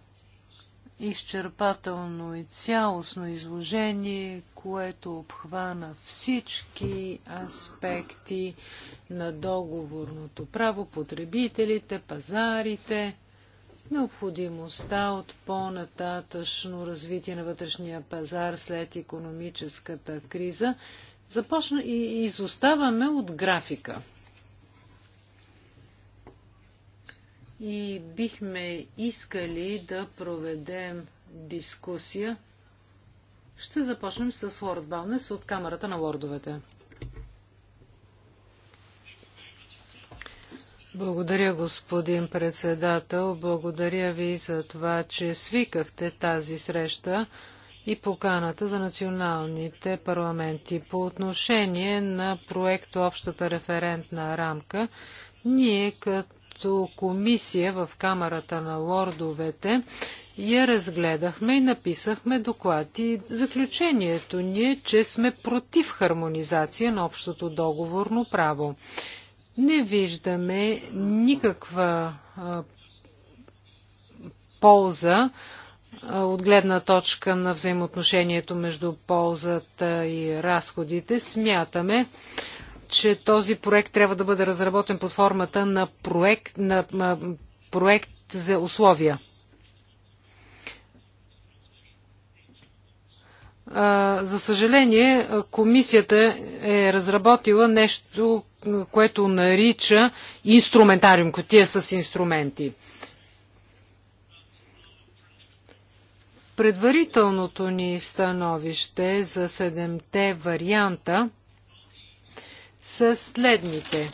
изчерпателно и цялостно изложение, което обхвана всички аспекти на договорното право, потребителите, пазарите, необходимостта от по-нататъчно развитие на вътрешния пазар след економическата криза. Започна и изоставаме от графика. и бихме искали да проведем дискусия. Ще започнем с Лорд Балнес от Камерата на лордовете. Благодаря, господин председател. Благодаря ви за това, че свикахте тази среща и поканата за националните парламенти. По отношение на проекта Общата референтна рамка, ние като като комисия в Камерата на лордовете я разгледахме и написахме доклад. И заключението ни е, че сме против хармонизация на общото договорно право. Не виждаме никаква а, полза от гледна точка на взаимоотношението между ползата и разходите, смятаме, че този проект трябва да бъде разработен под формата на проект, на, на проект за условия. За съжаление, комисията е разработила нещо, което нарича инструментариум, котия с инструменти. Предварителното ни становище за седемте варианта – са следните.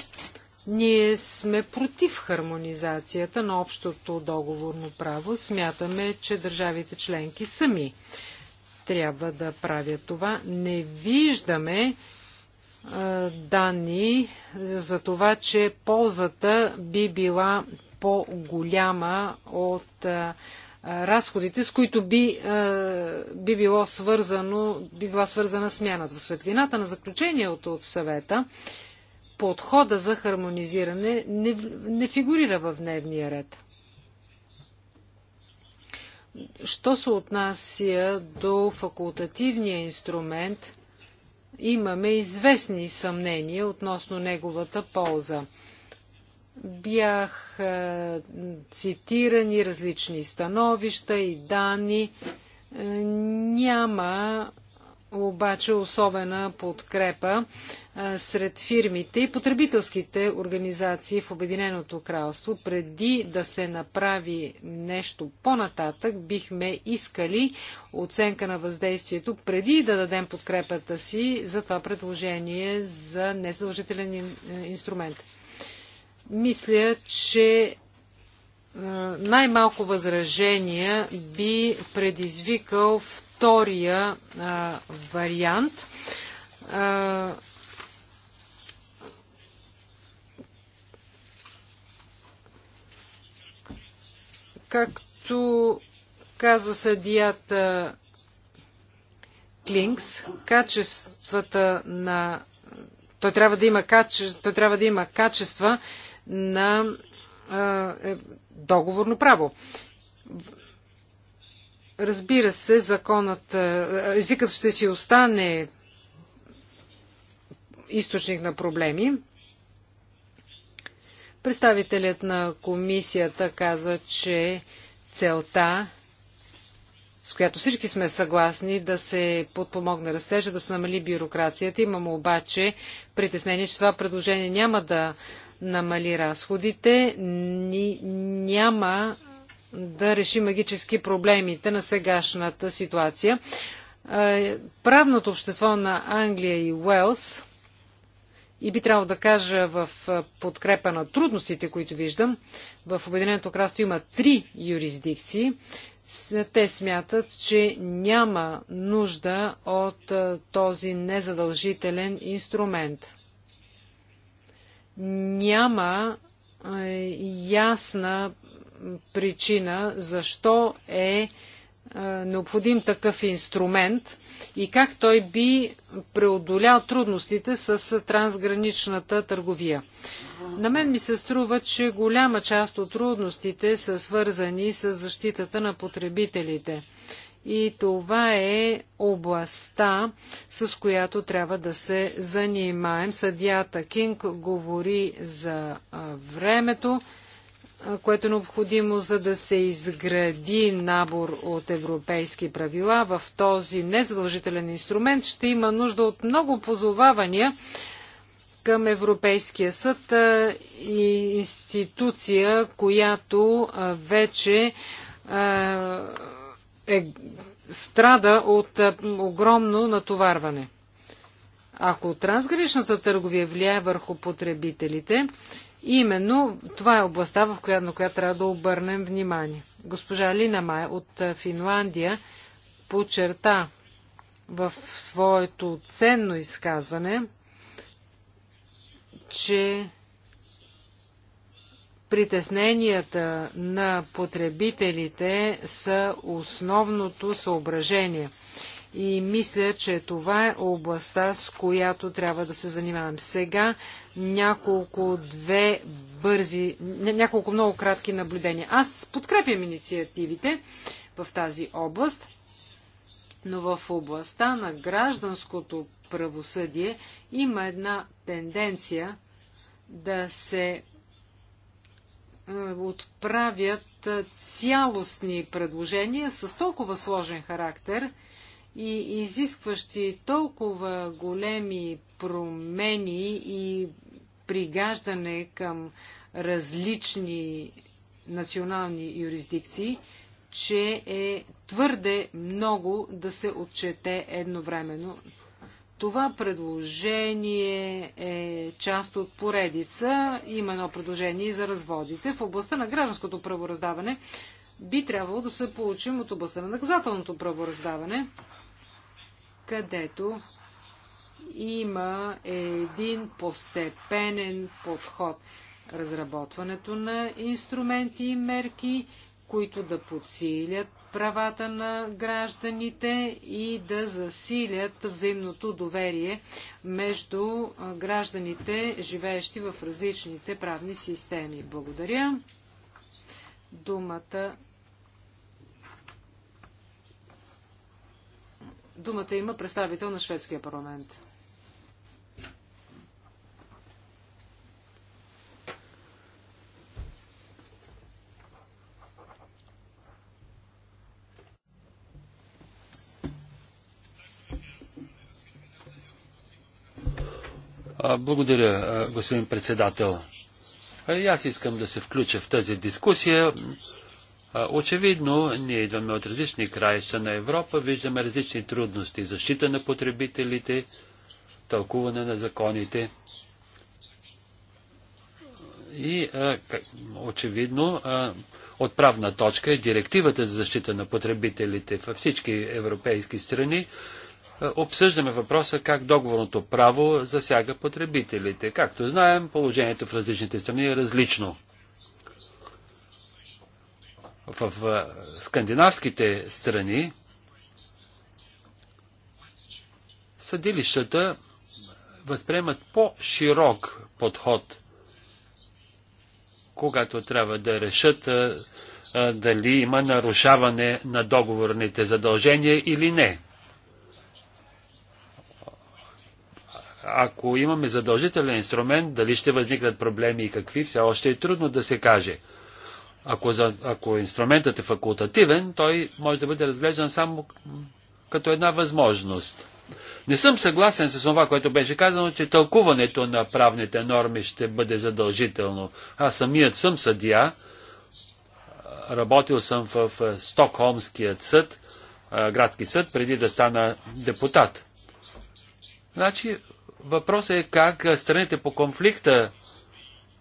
Ние сме против хармонизацията на общото договорно право. Смятаме, че държавите членки сами трябва да правят това. Не виждаме а, данни за това, че ползата би била по-голяма от а, разходите, с които би, би, било свързано, би била свързана смяната. В светлината на заключението от съвета, подхода за хармонизиране не, не фигурира в дневния ред. Що се отнася до факултативния инструмент, имаме известни съмнения относно неговата полза – бях е, цитирани различни становища и данни. Е, няма обаче особена подкрепа е, сред фирмите и потребителските организации в Обединеното кралство. Преди да се направи нещо по-нататък, бихме искали оценка на въздействието, преди да дадем подкрепата си за това предложение за незадължителен инструмент. Мисля, че най-малко възражения би предизвикал втория а, вариант. А, както каза съдията Клинкс, качествата на... Той трябва да има, каче... Той трябва да има качества, на е, договорно право. Разбира се, законът, езикът ще си остане източник на проблеми. Представителят на комисията каза, че целта, с която всички сме съгласни, да се подпомогне растежа, да се намали бюрокрацията. Имам обаче притеснение, че това предложение няма да намали разходите, ни, няма да реши магически проблемите на сегашната ситуация. Е, правното общество на Англия и Уелс и би трябвало да кажа в подкрепа на трудностите, които виждам, в Обединеното кралство има три юрисдикции. Те смятат, че няма нужда от е, този незадължителен инструмент няма ясна причина защо е необходим такъв инструмент и как той би преодолял трудностите с трансграничната търговия. На мен ми се струва, че голяма част от трудностите са свързани с защитата на потребителите и това е областта, с която трябва да се занимаем. Съдията Кинг говори за времето, което е необходимо, за да се изгради набор от европейски правила. В този незадължителен инструмент ще има нужда от много позовавания към Европейския съд и институция, която вече е, страда от е, огромно натоварване. Ако трансграничната търговия влияе върху потребителите, именно това е областта, в която, на която трябва да обърнем внимание. Госпожа Лина Май от е, Финландия подчерта в своето ценно изказване, че Притесненията на потребителите са основното съображение. И мисля, че това е областта, с която трябва да се занимавам. Сега няколко две бързи, няколко много кратки наблюдения. Аз подкрепям инициативите в тази област, но в областта на гражданското правосъдие има една тенденция да се е, отправят е, цялостни предложения с толкова сложен характер и изискващи толкова големи промени и пригаждане към различни национални юрисдикции, че е твърде много да се отчете едновременно. Това предложение е част от поредица. Има едно предложение и за разводите. В областта на гражданското правораздаване би трябвало да се получим от областта на наказателното правораздаване, където има един постепенен подход. Разработването на инструменти и мерки, които да подсилят правата на гражданите и да засилят взаимното доверие между гражданите, живеещи в различните правни системи. Благодаря. Думата Думата има представител на шведския парламент. Благодаря, господин председател. И аз искам да се включа в тази дискусия. Очевидно, ние идваме от различни краища на Европа, виждаме различни трудности. Защита на потребителите, тълкуване на законите. И очевидно, отправна точка е директивата за защита на потребителите във всички европейски страни е, обсъждаме въпроса как договорното право засяга потребителите. Както знаем, положението в различните страни е различно. В е, скандинавските страни съдилищата възприемат по-широк подход, когато трябва да решат е, дали има нарушаване на договорните задължения или не. ако имаме задължителен инструмент, дали ще възникнат проблеми и какви, все още е трудно да се каже. Ако, за, ако инструментът е факултативен, той може да бъде разглеждан само като една възможност. Не съм съгласен с това, което беше казано, че тълкуването на правните норми ще бъде задължително. Аз самият съм съдия, работил съм в Стокхолмският съд, градски съд, преди да стана депутат. Значи, Въпросът е как страните по конфликта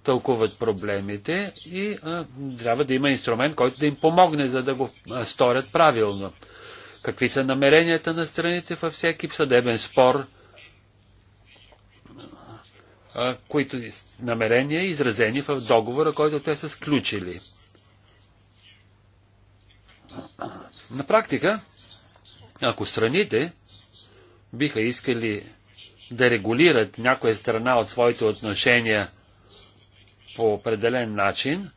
тълкуват проблемите и а, трябва да има инструмент, който да им помогне, за да го а, сторят правилно. Какви са намеренията на страните във всеки съдебен спор, а, които намерения изразени в договора, който те са сключили. На практика, ако страните биха искали да регулират някоя страна от своите отношения по определен начин,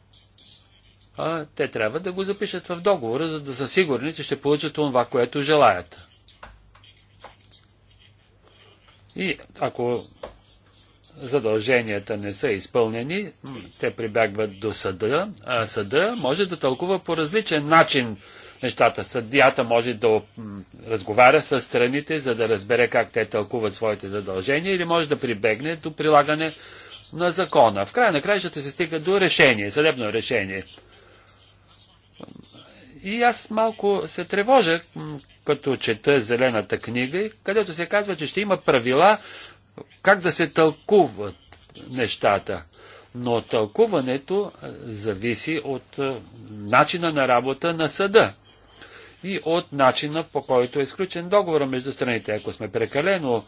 а те трябва да го запишат в договора, за да са сигурни, че ще получат това, което желаят. И ако задълженията не са изпълнени, те прибягват до съда, а съда може да тълкува по различен начин нещата. Съдията може да разговаря с страните, за да разбере как те тълкуват своите задължения или може да прибегне до прилагане на закона. В края на краищата се стига до решение, съдебно решение. И аз малко се тревожа, като чета Зелената книга, където се казва, че ще има правила как да се тълкуват нещата. Но тълкуването зависи от начина на работа на съда и от начина по който е изключен договор между страните. Ако сме прекалено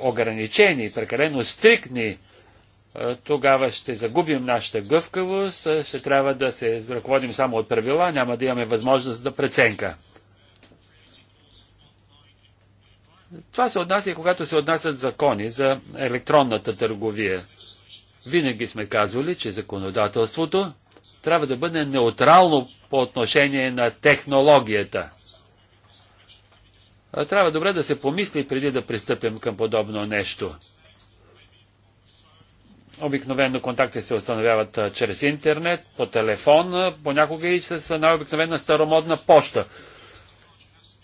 ограничени, прекалено стрикни, тогава ще загубим нашата гъвкавост, ще трябва да се ръководим само от правила, няма да имаме възможност да преценка. Това се отнася и когато се отнасят закони за електронната търговия. Винаги сме казвали, че законодателството трябва да бъде неутрално по отношение на технологията. Трябва добре да се помисли преди да пристъпим към подобно нещо. Обикновено контакти се установяват чрез интернет, по телефон, понякога и с най-обикновена старомодна поща.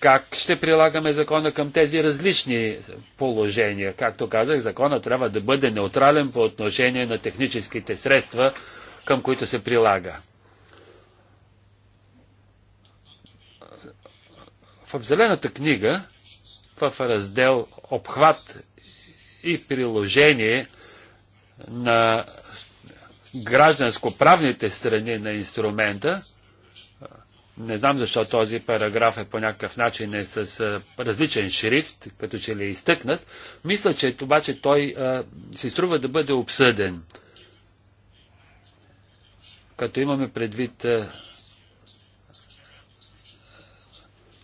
Как ще прилагаме закона към тези различни положения? Както казах, закона трябва да бъде неутрален по отношение на техническите средства, към които се прилага. В Зелената книга, в раздел обхват и приложение на гражданско-правните страни на инструмента, не знам защо този параграф е по някакъв начин е с различен шрифт, като че ли е изтъкнат. Мисля, че обаче той а, си струва да бъде обсъден като имаме предвид, е,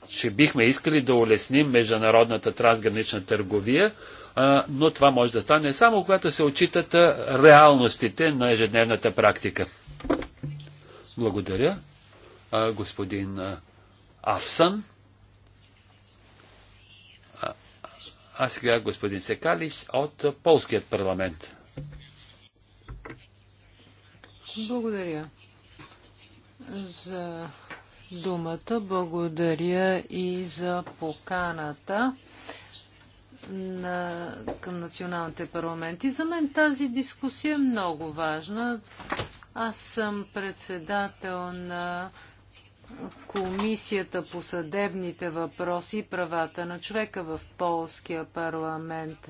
че бихме искали да улесним международната трансгранична търговия, е, но това може да стане само когато се отчитат е, реалностите на ежедневната практика. Благодаря, господин Афсан. А сега господин Секалиш от Полският парламент. Благодаря за думата. Благодаря и за поканата на, към националните парламенти. За мен тази дискусия е много важна. Аз съм председател на Комисията по съдебните въпроси и правата на човека в Полския парламент.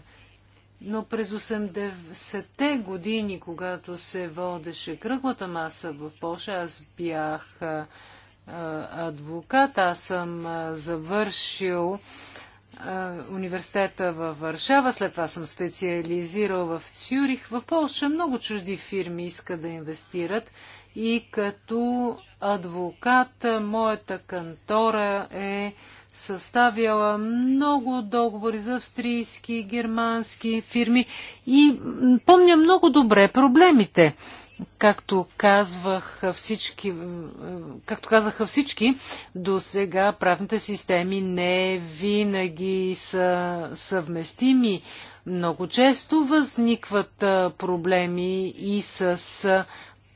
Но през 80-те години, когато се водеше кръглата маса в Польша, аз бях а, адвокат, аз съм а, завършил а, университета във Варшава, след това съм специализирал в Цюрих. В Польша много чужди фирми искат да инвестират и като адвокат моята кантора е съставяла много договори за австрийски, германски фирми и помня много добре проблемите. Както, казвах всички, както казаха всички, до сега правните системи не винаги са съвместими. Много често възникват проблеми и с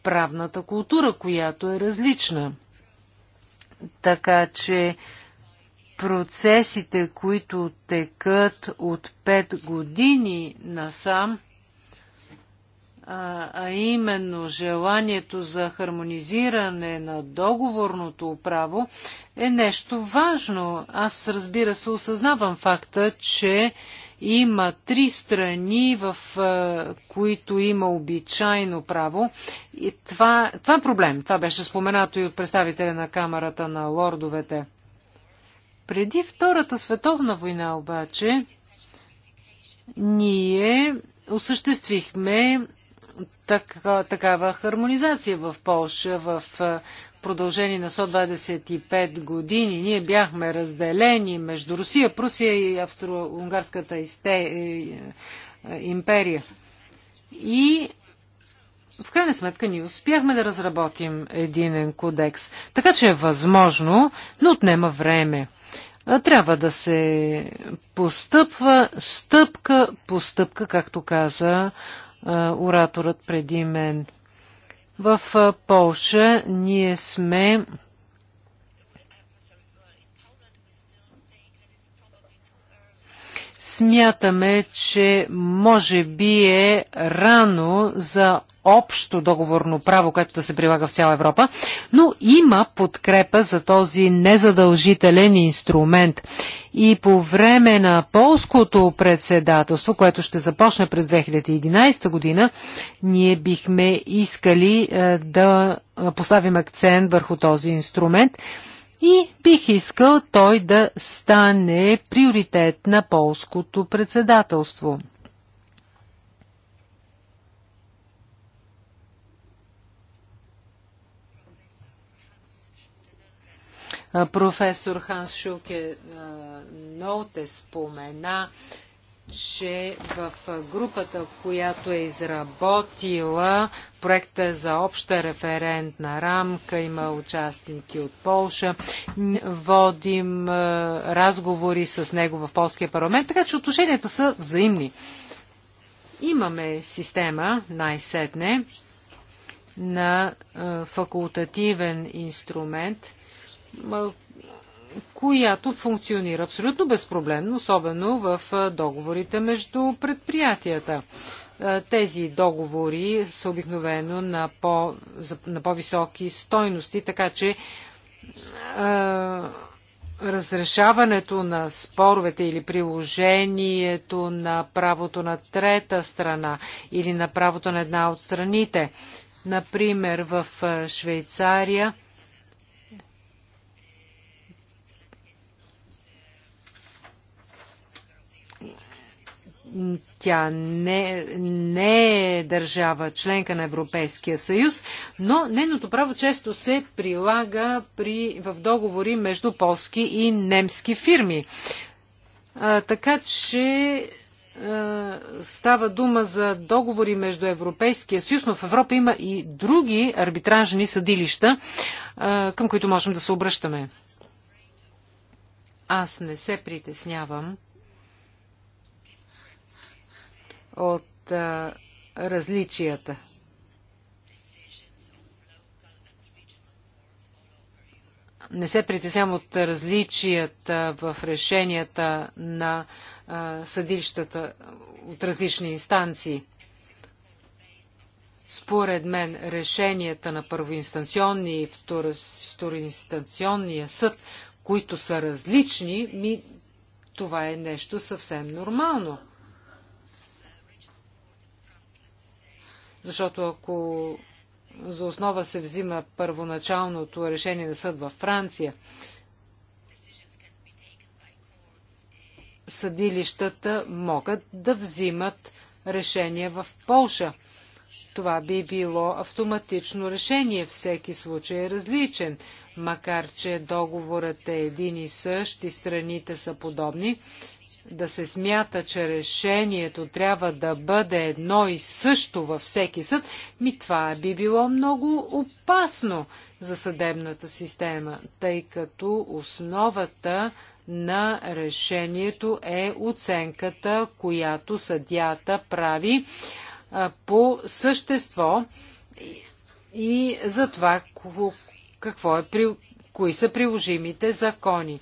правната култура, която е различна. Така че процесите, които текат от 5 години насам, а именно желанието за хармонизиране на договорното право, е нещо важно. Аз разбира се осъзнавам факта, че има три страни, в които има обичайно право. И това, това е проблем. Това беше споменато и от представителя на Камерата на лордовете – преди Втората световна война обаче ние осъществихме така, такава хармонизация в Польша в продължение на 125 години. Ние бяхме разделени между Русия, Прусия и Австро-Унгарската империя. И в крайна сметка ние успяхме да разработим единен кодекс. Така че е възможно, но отнема време. Трябва да се постъпва стъпка по стъпка, както каза ораторът преди мен. В Полша ние сме Смятаме, че може би е рано за общо договорно право, което да се прилага в цяла Европа, но има подкрепа за този незадължителен инструмент. И по време на полското председателство, което ще започне през 2011 година, ние бихме искали е, да е, поставим акцент върху този инструмент и бих искал той да стане приоритет на полското председателство. Професор Ханс Шуке Ноте спомена че в групата, която е изработила проекта за обща референтна рамка, има участники от Полша, водим е, разговори с него в Полския парламент, така че отношенията са взаимни. Имаме система, най-сетне, на е, факултативен инструмент, която функционира абсолютно безпроблемно, особено в договорите между предприятията. Тези договори са обикновено на, по, на по-високи стойности, така че разрешаването на споровете или приложението на правото на трета страна или на правото на една от страните. Например, в Швейцария Тя не, не е държава членка на Европейския съюз, но нейното право често се прилага при, в договори между полски и немски фирми. А, така че става дума за договори между Европейския съюз, но в Европа има и други арбитражни съдилища, към които можем да се обръщаме. Аз не се притеснявам от а, различията. Не се притеснявам от различията в решенията на а, съдилищата от различни инстанции. Според мен решенията на първоинстанционния и второинстанционния съд, които са различни, ми това е нещо съвсем нормално. Защото ако за основа се взима първоначалното решение на съд във Франция, съдилищата могат да взимат решения в Полша. Това би било автоматично решение. Всеки случай е различен. Макар, че договорът е един и същ и страните са подобни, да се смята, че решението трябва да бъде едно и също във всеки съд, ми това би било много опасно за съдебната система, тъй като основата на решението е оценката, която съдята прави по същество и за това какво е, кои са приложимите закони.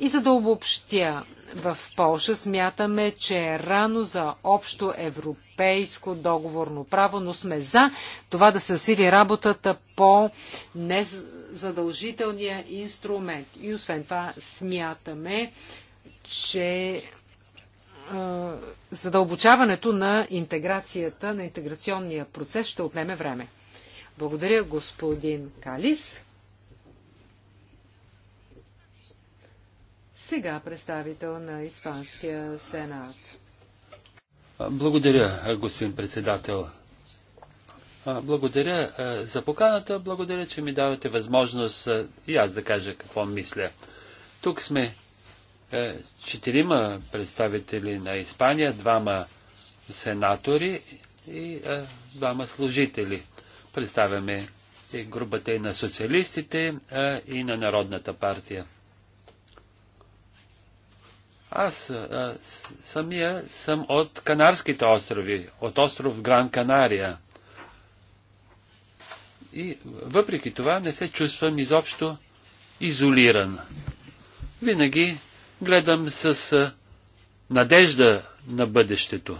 И за да обобщя, в Польша смятаме, че е рано за общо европейско договорно право, но сме за това да се сили работата по незадължителния инструмент. И освен това смятаме, че задълбочаването на интеграцията, на интеграционния процес ще отнеме време. Благодаря, господин Калис. Сега представител на Испанския сенат. Благодаря, господин председател. Благодаря за поканата, благодаря, че ми давате възможност и аз да кажа какво мисля. Тук сме четирима представители на Испания, двама сенатори и двама служители. Представяме и групата и на социалистите, и на Народната партия. Аз а, самия съм от Канарските острови, от остров Гран Канария. И въпреки това не се чувствам изобщо изолиран. Винаги гледам с а, надежда на бъдещето.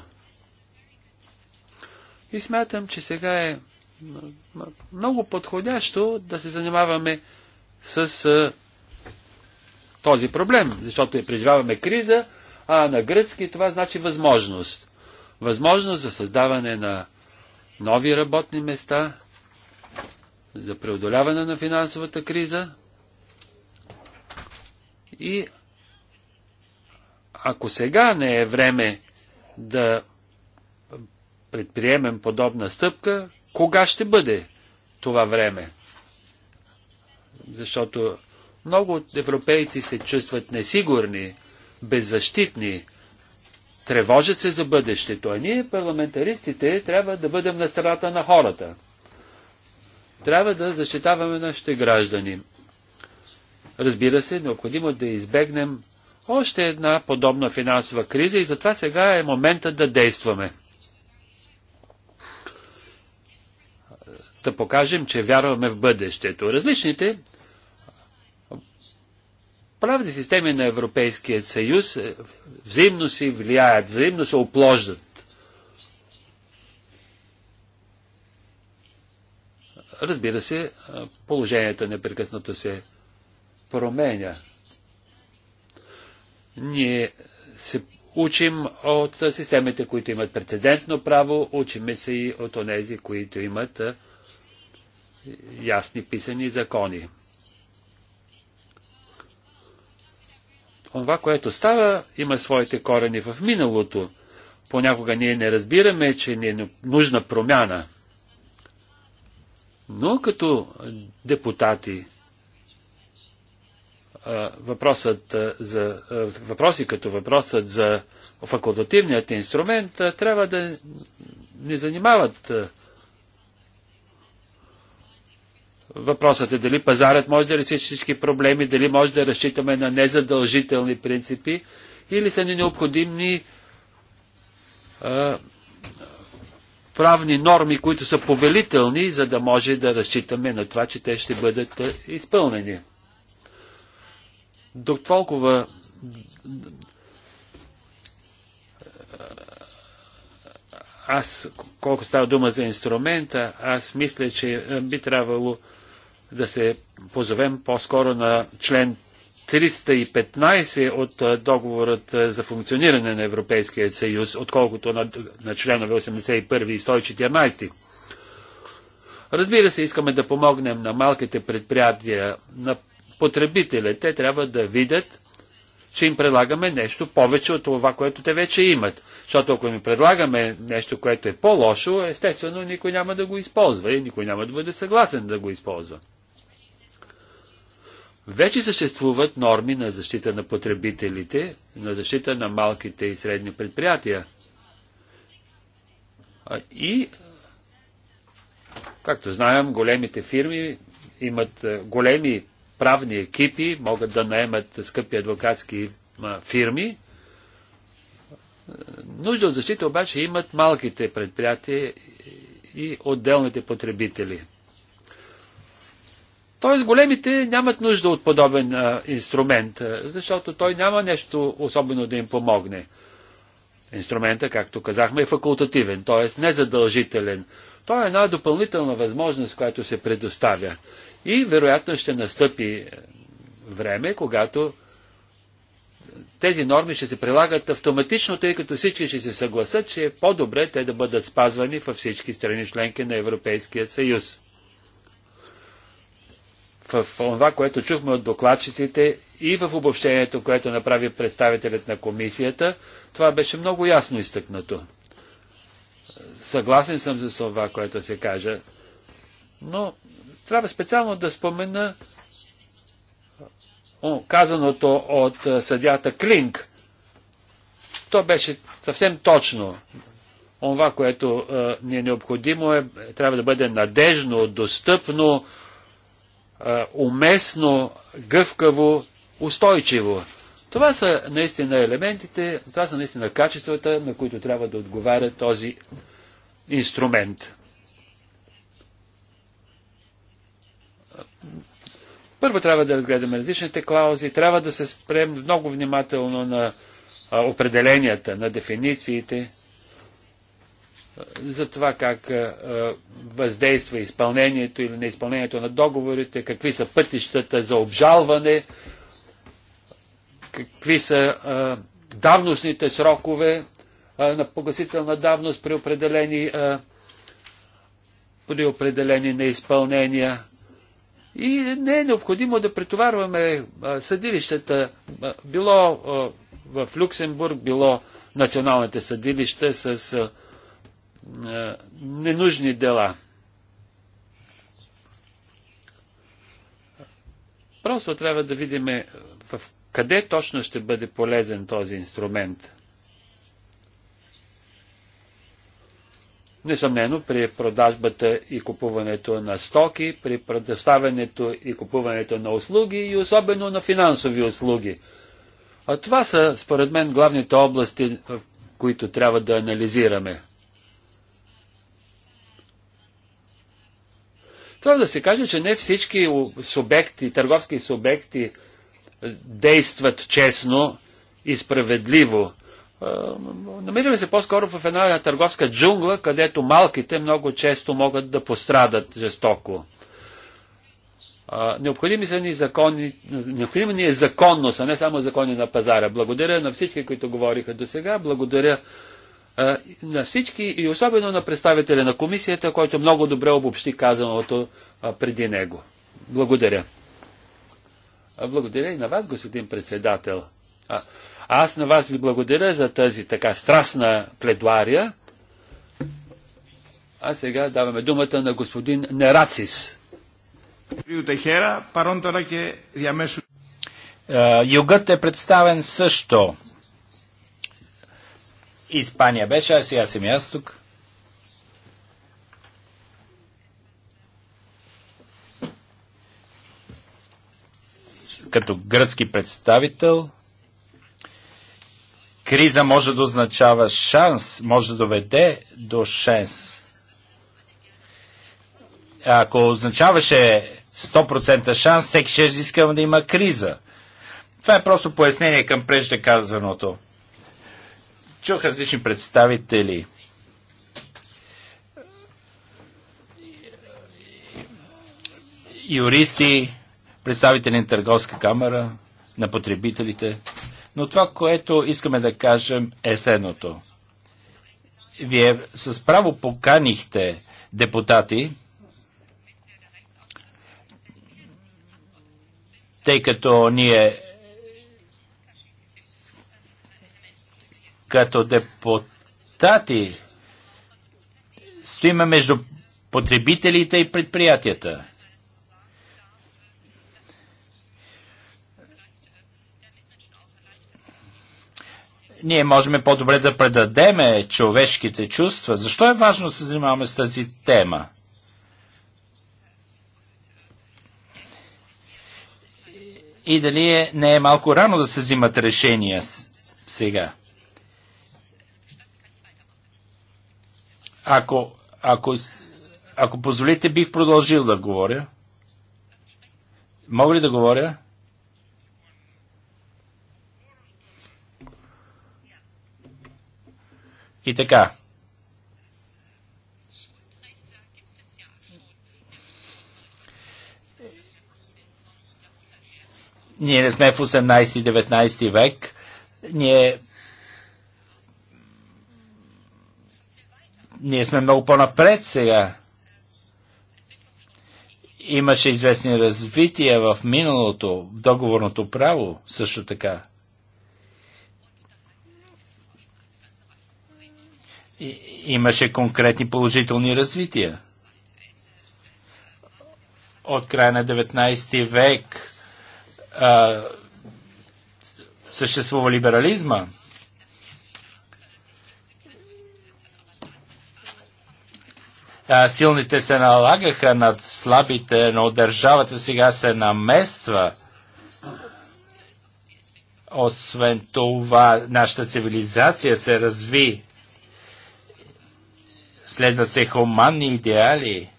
И смятам, че сега е много подходящо да се занимаваме с а, този проблем, защото преживяваме криза, а на гръцки това значи възможност. Възможност за създаване на нови работни места, за преодоляване на финансовата криза и ако сега не е време да предприемем подобна стъпка, кога ще бъде това време? Защото много от европейци се чувстват несигурни, беззащитни, тревожат се за бъдещето, а ние, парламентаристите, трябва да бъдем на страната на хората. Трябва да защитаваме нашите граждани. Разбира се, необходимо е да избегнем още една подобна финансова криза и затова сега е момента да действаме. Да покажем, че вярваме в бъдещето. Различните правните системи на Европейския съюз е, взаимно си влияят, взаимно се оплождат. Разбира се, е, положението непрекъснато се променя. Ние се учим от системите, които имат прецедентно право, учиме се и от онези, които имат е, ясни писани закони. това, което става, има своите корени в миналото. Понякога ние не разбираме, че ни е нужна промяна. Но като депутати, въпросът за, въпроси като въпросът за факултативният инструмент трябва да не занимават Въпросът е дали пазарът може да реши всички проблеми, дали може да разчитаме на незадължителни принципи или са ни необходими а, правни норми, които са повелителни, за да може да разчитаме на това, че те ще бъдат изпълнени. До толкова аз, колко става дума за инструмента, аз мисля, че би трябвало да се позовем по-скоро на член 315 от договорът за функциониране на Европейския съюз, отколкото на, на членове 81 и 114. Разбира се, искаме да помогнем на малките предприятия, на потребителите. Те трябва да видят, че им предлагаме нещо повече от това, което те вече имат. Защото ако им предлагаме нещо, което е по-лошо, естествено никой няма да го използва и никой няма да бъде съгласен да го използва. Вече съществуват норми на защита на потребителите, на защита на малките и средни предприятия. И, както знаем, големите фирми имат е, големи правни екипи, могат да наемат скъпи адвокатски фирми. Нужда от защита обаче имат малките предприятия и отделните потребители. Тоест големите нямат нужда от подобен а, инструмент, защото той няма нещо особено да им помогне. Инструмента, както казахме, е факултативен, т.е. незадължителен. Той е една допълнителна възможност, която се предоставя. И вероятно ще настъпи е, време, когато тези норми ще се прилагат автоматично, тъй като всички ще се съгласат, че е по-добре те да бъдат спазвани във всички страни членки на Европейския съюз. В това, което чухме от докладчиците и в обобщението, което направи представителят на комисията, това беше много ясно изтъкнато. Съгласен съм с това, което се каже, но трябва специално да спомена казаното от съдята Клинк. То беше съвсем точно. Онова, което ни е необходимо, е, трябва да бъде надежно, достъпно, уместно, гъвкаво, устойчиво. Това са наистина елементите, това са наистина качествата, на които трябва да отговаря този инструмент. Първо трябва да разгледаме различните клаузи, трябва да се спрем много внимателно на а, определенията, на дефинициите, за това как а, въздейства изпълнението или неизпълнението на договорите, какви са пътищата за обжалване, какви са а, давностните срокове на погасителна давност при определени, при определени неизпълнения и не е необходимо да претоварваме съдилищата, било в Люксембург, било националните съдилища с ненужни дела. Просто трябва да видим в къде точно ще бъде полезен този инструмент. Несъмнено, при продажбата и купуването на стоки, при предоставянето и купуването на услуги и особено на финансови услуги. А това са, според мен, главните области, които трябва да анализираме. Трябва да се каже, че не всички субекти, търговски субекти е, действат честно и справедливо е, намираме се по-скоро в една търговска джунгла, където малките много често могат да пострадат жестоко. Е, необходими са ни закони, необходима ни е законност, а не само закони на пазара. Благодаря на всички, които говориха до сега. Благодаря е, на всички и особено на представителя на комисията, който много добре обобщи казаното преди него. Благодаря. благодаря и на вас, господин председател. Аз на вас ви благодаря за тази така страстна пледуария. А сега даваме думата на господин Нерацис. Е, югът е представен също. Испания беше, а сега съм аз тук. Като гръцки представител Криза може да означава шанс, може да доведе до шанс. Ако означаваше 100% шанс, всеки ще е искам да има криза. Това е просто пояснение към прежде казаното. Чух различни представители. Юристи, представители на Търговска камера, на потребителите – но това, което искаме да кажем е следното. Вие с право поканихте депутати, тъй като ние като депутати стоиме между потребителите и предприятията. ние можем по-добре да предадеме човешките чувства. Защо е важно да се занимаваме с тази тема? И дали е, не е малко рано да се взимат решения сега? Ако, ако, ако позволите, бих продължил да говоря. Мога ли да говоря? И така. Ние не сме в 18-19 век. Ние ние сме много по-напред сега. Имаше известни развития в миналото, в договорното право също така. и, имаше конкретни положителни развития. От края на 19 век а, съществува либерализма. А, силните се налагаха над слабите, но държавата сега се намества. Освен това, нашата цивилизация се разви следват се хуманни идеали.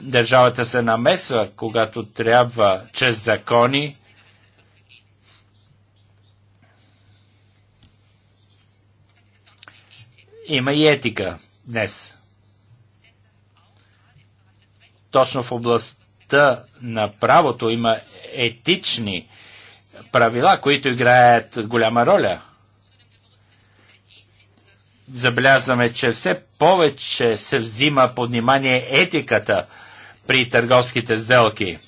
Държавата се намесва, когато трябва, чрез закони, има и етика днес. Точно в областта на правото има етични правила, които играят голяма роля. Забелязваме, че все повече се взима под внимание етиката при търговските сделки.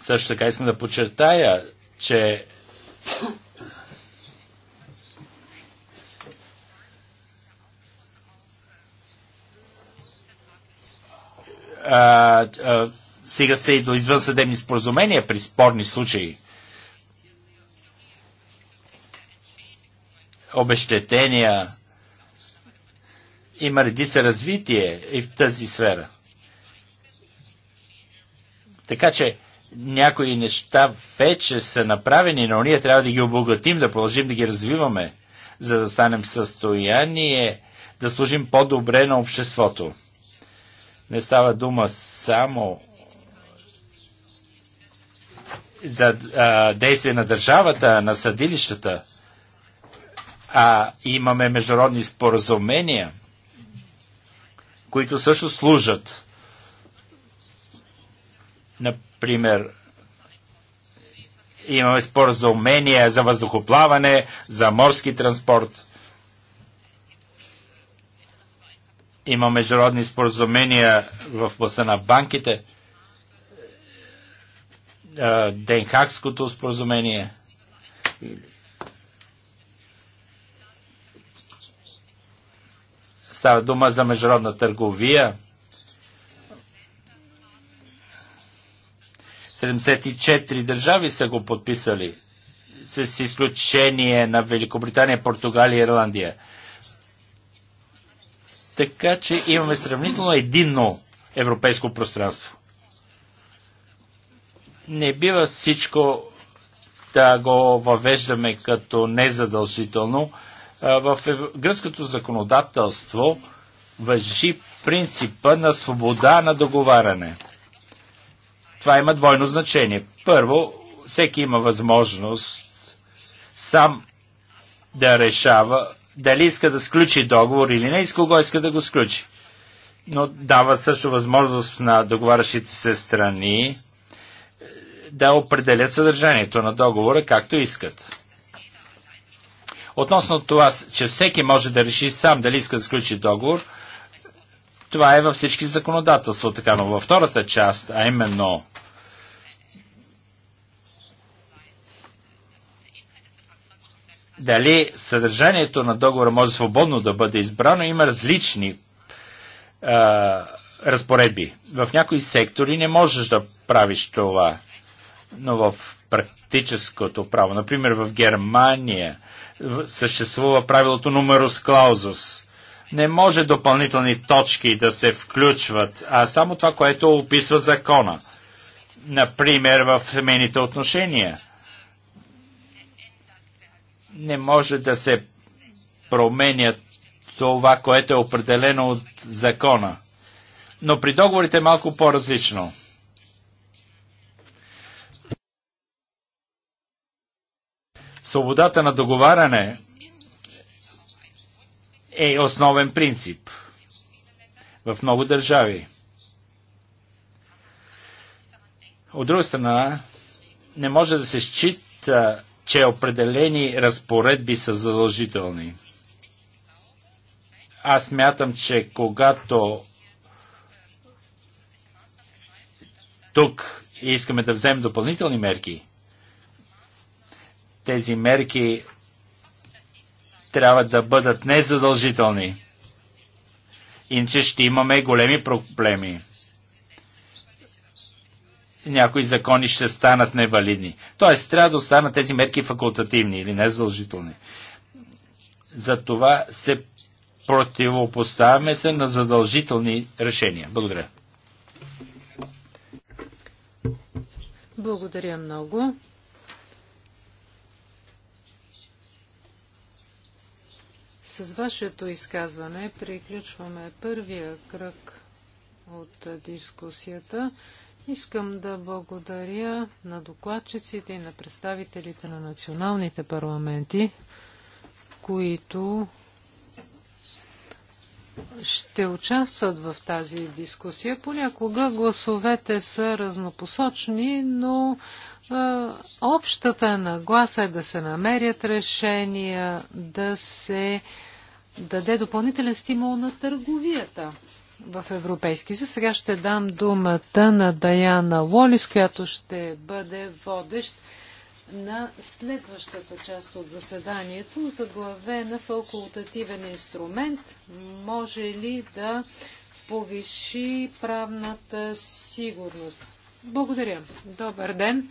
Също така искам да подчертая, че а, а, Стигат се и до извънсъдебни споразумения при спорни случаи. Обещетения. Има редица развитие и в тази сфера. Така че някои неща вече са направени, но ние трябва да ги обогатим, да продължим да ги развиваме, за да станем в състояние да служим по-добре на обществото. Не става дума само за а, действие на държавата, на съдилищата, а имаме международни споразумения, които също служат. Например, имаме споразумения за въздухоплаване, за морски транспорт. Има международни споразумения в областта на банките – Денхакското споразумение. Става дума за международна търговия. 74 държави са го подписали, с изключение на Великобритания, Португалия и Ирландия. Така че имаме сравнително единно европейско пространство. Не бива всичко да го въвеждаме като незадължително. В гръцкото законодателство въжи принципа на свобода на договаряне. Това има двойно значение. Първо, всеки има възможност сам да решава дали иска да сключи договор или не и с кого иска да го сключи. Но дава също възможност на договарящите се страни да определят съдържанието на договора както искат. Относно това, че всеки може да реши сам дали иска да сключи договор, това е във всички законодателства, така, но във втората част, а именно дали съдържанието на договора може свободно да бъде избрано, има различни а, разпоредби. В някои сектори не можеш да правиш това но в практическото право, например в Германия, съществува правилото numerus clausus. Не може допълнителни точки да се включват, а само това, което описва закона. Например, в семейните отношения. Не може да се променя това, което е определено от закона. Но при договорите е малко по-различно. Свободата на договаране е основен принцип в много държави. От друга страна, не може да се счита, че определени разпоредби са задължителни. Аз мятам, че когато тук искаме да вземем допълнителни мерки, тези мерки трябва да бъдат незадължителни. Иначе ще имаме големи проблеми. Някои закони ще станат невалидни. Тоест, трябва да останат тези мерки факултативни или незадължителни. Затова се противопоставяме се на задължителни решения. Благодаря. Благодаря много. С вашето изказване приключваме първия кръг от дискусията. Искам да благодаря на докладчиците и на представителите на националните парламенти, които ще участват в тази дискусия. Понякога гласовете са разнопосочни, но общата нагласа е да се намерят решения, да се даде допълнителен стимул на търговията в Европейски съюз. Сега ще дам думата на Даяна Лолис, която ще бъде водещ на следващата част от заседанието, заглавена факултативен инструмент. Може ли да повиши правната сигурност? Благодаря. Добър ден.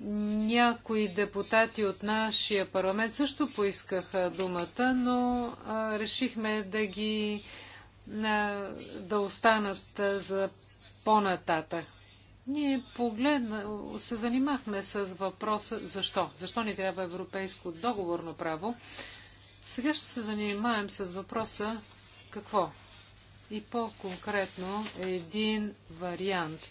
Някои депутати от нашия парламент също поискаха думата, но решихме да ги да останат за по-нататък. Ние погледна, се занимахме с въпроса защо? Защо ни трябва европейско договорно право? Сега ще се занимаем с въпроса какво? И по-конкретно един вариант –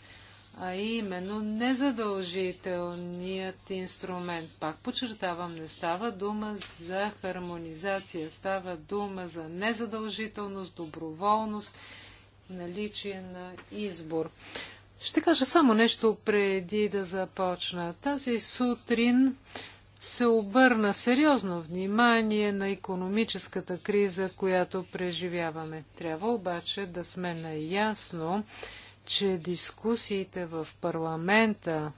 а именно незадължителният инструмент. Пак подчертавам, не става дума за хармонизация, става дума за незадължителност, доброволност, наличие на избор. Ще кажа само нещо преди да започна. Тази сутрин се обърна сериозно внимание на економическата криза, която преживяваме. Трябва обаче да сме наясно, че дискусиите в парламента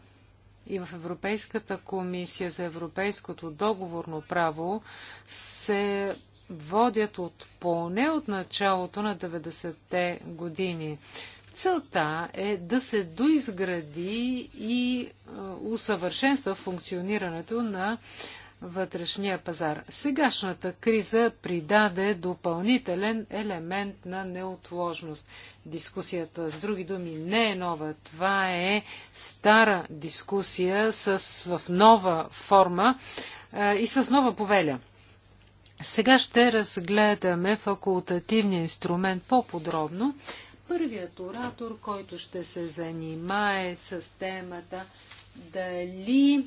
и в Европейската комисия за европейското договорно право се водят от поне от началото на 90-те години. Целта е да се доизгради и е, усъвършенства функционирането на е, вътрешния пазар. Сегашната криза придаде допълнителен елемент на неотложност. Дискусията, с други думи, не е нова. Това е стара дискусия с, в нова форма а, е, и с нова повеля. Сега ще разгледаме факултативния инструмент по-подробно. Първият оратор, който ще се занимае с темата дали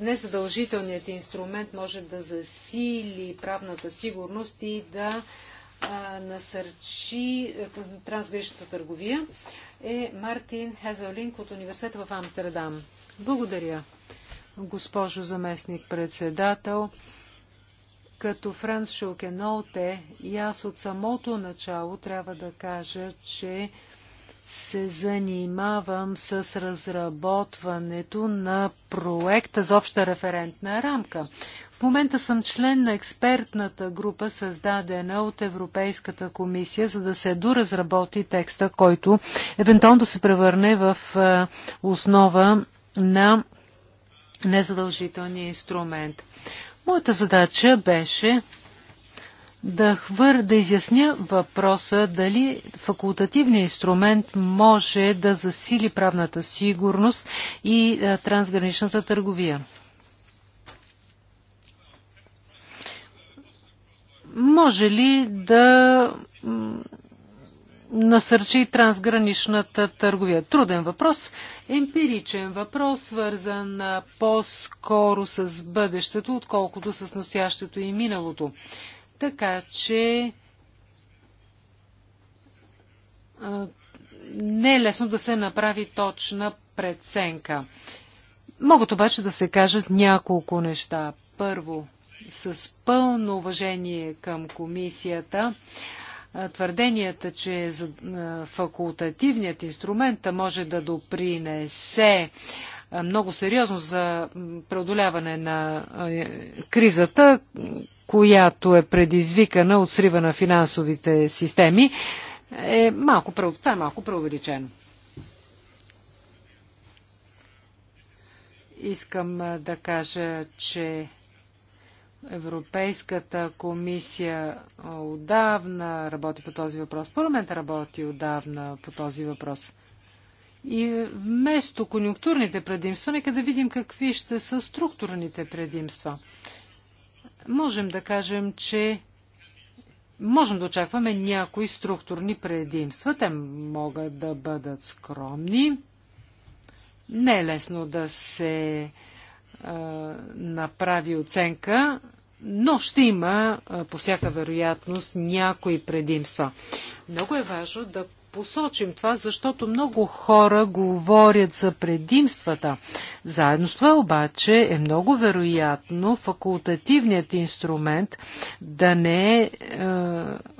незадължителният инструмент може да засили правната сигурност и да насърчи е, трансграничната търговия е Мартин Хезелинг от университета в Амстердам. Благодаря, госпожо заместник председател. Като Франц Шокенолте и аз от самото начало трябва да кажа, че се занимавам с разработването на проекта за обща референтна рамка. В момента съм член на експертната група, създадена от Европейската комисия, за да се доразработи текста, който евентуално да се превърне в е, основа на незадължителния инструмент. Моята задача беше да хвър, да изясня въпроса дали факултативният инструмент може да засили правната сигурност и а, трансграничната търговия. Може ли да насърчи трансграничната търговия? Труден въпрос, емпиричен въпрос, свързан по-скоро с бъдещето, отколкото с настоящето и миналото. Така че не е лесно да се направи точна преценка. Могат обаче да се кажат няколко неща. Първо, с пълно уважение към комисията, твърденията, че е факултативният инструмент може да допринесе много сериозно за преодоляване на е, кризата, която е предизвикана от срива на финансовите системи, е малко, това е малко преувеличено. Искам да кажа, че Европейската комисия отдавна работи по този въпрос. парламентът работи отдавна по този въпрос. И вместо конюнктурните предимства, нека да видим какви ще са структурните предимства можем да кажем, че можем да очакваме някои структурни предимства. Те могат да бъдат скромни. Не е лесно да се а, направи оценка, но ще има а, по всяка вероятност някои предимства. Много е важно да посочим това, защото много хора говорят за предимствата. Заедно с това обаче е много вероятно факултативният инструмент да не е, е,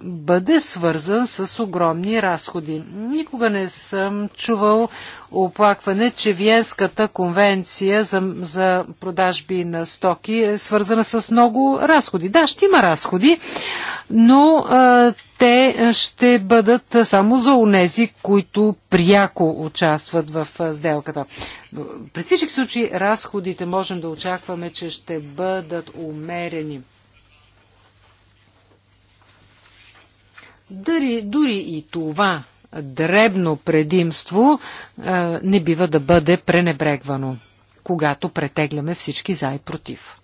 бъде свързан с огромни разходи. Никога не съм чувал оплакване, че Виенската конвенция за, за продажби на стоки е свързана с много разходи. Да, ще има разходи, но а, те ще бъдат само за унези, които пряко участват в а, сделката. При всички случаи разходите можем да очакваме, че ще бъдат умерени. Дори, дори и това дребно предимство а, не бива да бъде пренебрегвано, когато претегляме всички за и против.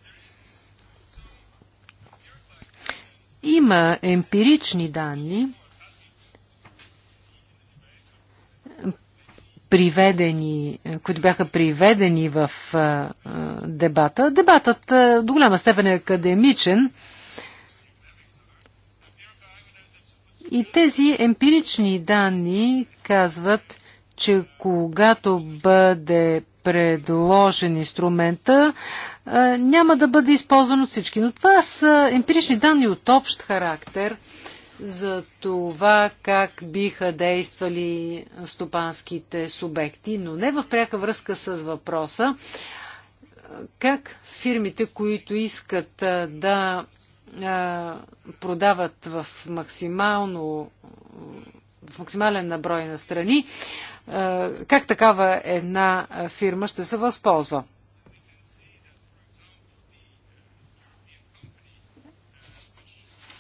Има емпирични данни, приведени, които бяха приведени в дебата. Дебатът до голяма степен е академичен. И тези емпирични данни казват, че когато бъде предложен инструмента, е, няма да бъде използван от всички. Но това са емпирични данни от общ характер за това как биха действали стопанските субекти, но не в пряка връзка с въпроса е, как фирмите, които искат е, да продават в максимално максимален наброй на страни, е, как такава една фирма ще се възползва?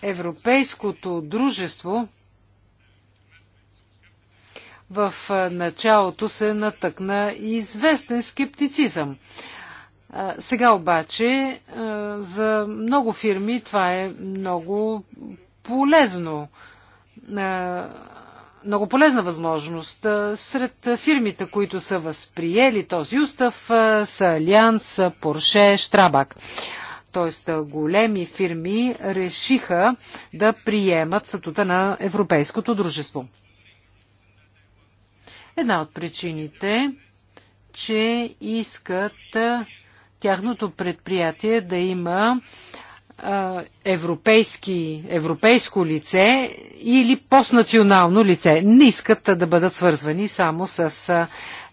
Европейското дружество в началото се натъкна известен скептицизъм. Е, сега обаче е, за много фирми това е много полезно много полезна възможност. Е, сред фирмите, които са възприели този устав, е, са Альянс, Порше, Штрабак. Тоест е, големи фирми решиха да приемат статута на Европейското дружество. Една от причините, че искат тяхното предприятие да има европейски, европейско лице или постнационално лице. Не искат да бъдат свързвани само с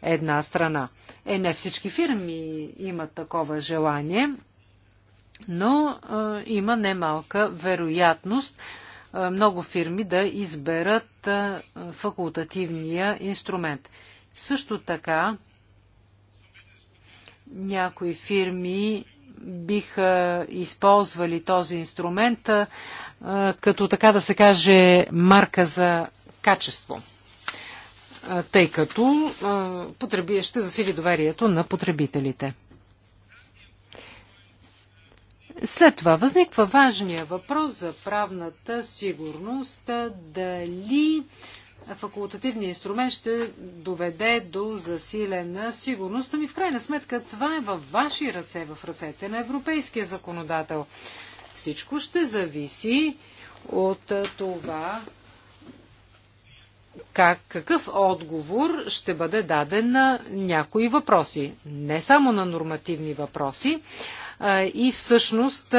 една страна. Е, не всички фирми имат такова желание, но е, има немалка вероятност е, много фирми да изберат е, факултативния инструмент. Също така, някои фирми биха използвали този инструмент като така да се каже марка за качество, тъй като ще засили доверието на потребителите. След това възниква важния въпрос за правната сигурност. Дали факултативния инструмент ще доведе до засилена сигурност. Ами в крайна сметка това е във ваши ръце, в ръцете на европейския законодател. Всичко ще зависи от това как, какъв отговор ще бъде даден на някои въпроси. Не само на нормативни въпроси, и всъщност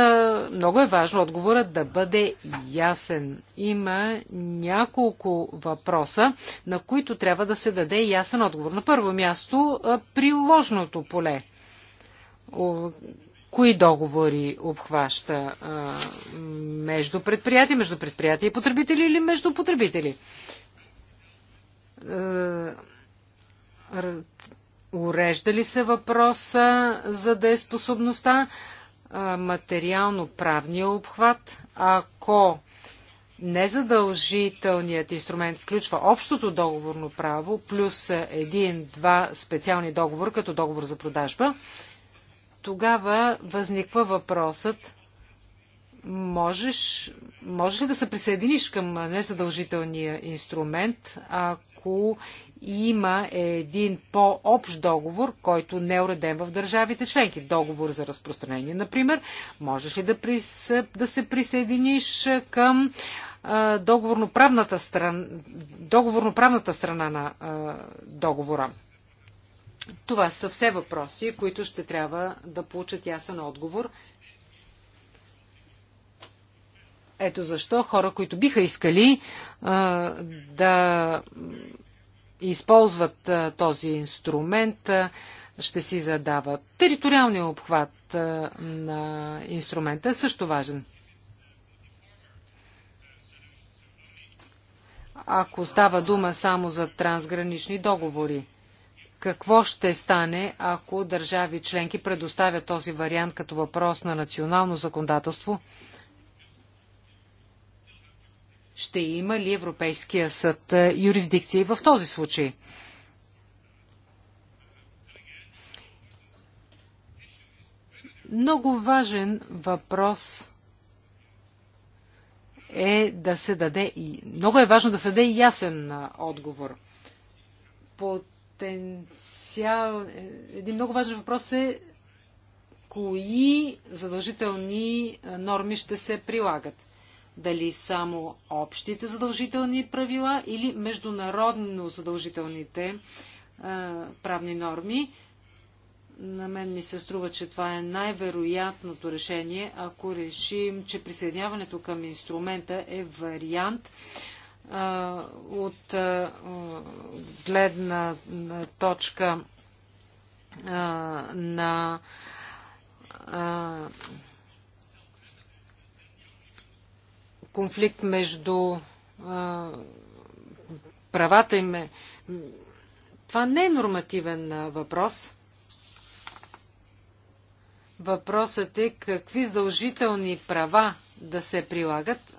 много е важно отговорът да бъде ясен. Има няколко въпроса, на които трябва да се даде ясен отговор. На първо място приложното поле. Кои договори обхваща между предприятия, между предприятия и потребители или между потребители? Урежда ли се въпроса за дееспособността? Материално-правния обхват, ако незадължителният инструмент включва общото договорно право плюс един-два специални договора, като договор за продажба, тогава възниква въпросът можеш, можеш ли да се присъединиш към незадължителния инструмент, ако има един по-общ договор, който не е уреден в държавите членки? Договор за разпространение, например. Можеш ли да, прис... да се присъединиш към договорноправната, стран... договорноправната страна на а, договора? Това са все въпроси, които ще трябва да получат ясен отговор Ето защо хора, които биха искали а, да използват а, този инструмент, а, ще си задават. Териториалният обхват а, на инструмента е също важен. Ако става дума само за трансгранични договори, какво ще стане, ако държави членки предоставят този вариант като въпрос на национално законодателство? ще има ли Европейския съд е, юрисдикции в този случай? Много важен въпрос е да се даде и много е важно да се даде ясен отговор. Потенциал... Е, един много важен въпрос е кои задължителни норми ще се прилагат дали само общите задължителни правила или международно задължителните а, правни норми. На мен ми се струва, че това е най-вероятното решение, ако решим, че присъединяването към инструмента е вариант а, от а, гледна точка на конфликт между а, правата им. Е. Това не е нормативен а, въпрос. Въпросът е какви задължителни права да се прилагат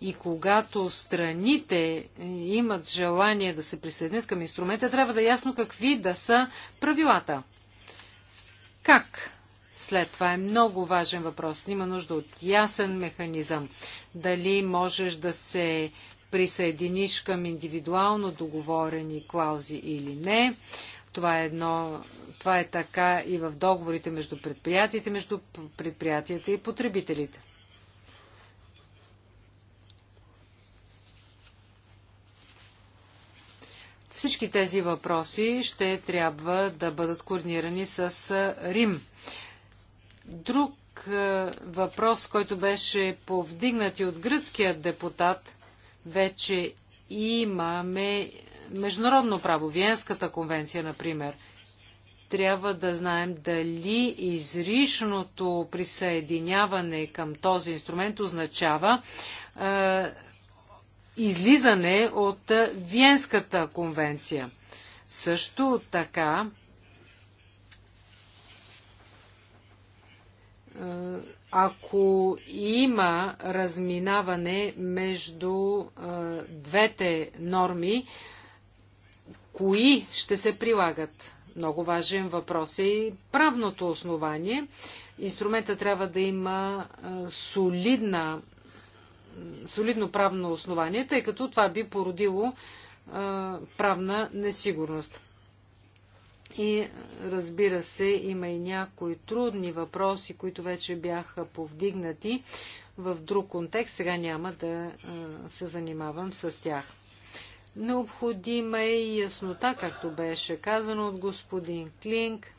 и когато страните е, имат желание да се присъединят към инструмента, трябва да е ясно какви да са правилата. Как след. Това е много важен въпрос. Има нужда от ясен механизъм. Дали можеш да се присъединиш към индивидуално договорени клаузи или не. Това е, едно, това е така и в договорите между предприятията, между предприятията и потребителите. Всички тези въпроси ще трябва да бъдат координирани с Рим. Друг е, въпрос, който беше повдигнат и от гръцкия депутат, вече имаме международно право, Виенската конвенция, например. Трябва да знаем дали изричното присъединяване към този инструмент означава е, излизане от Виенската конвенция. Също така Е, ако има разминаване между е, двете норми, кои ще се прилагат? Много важен въпрос е и правното основание. Инструмента трябва да има е, солидна, солидно правно основание, тъй като това би породило правна несигурност. И разбира се, има и някои трудни въпроси, които вече бяха повдигнати в друг контекст. Сега няма да се занимавам с тях. Необходима е и яснота, както беше казано от господин Клинк,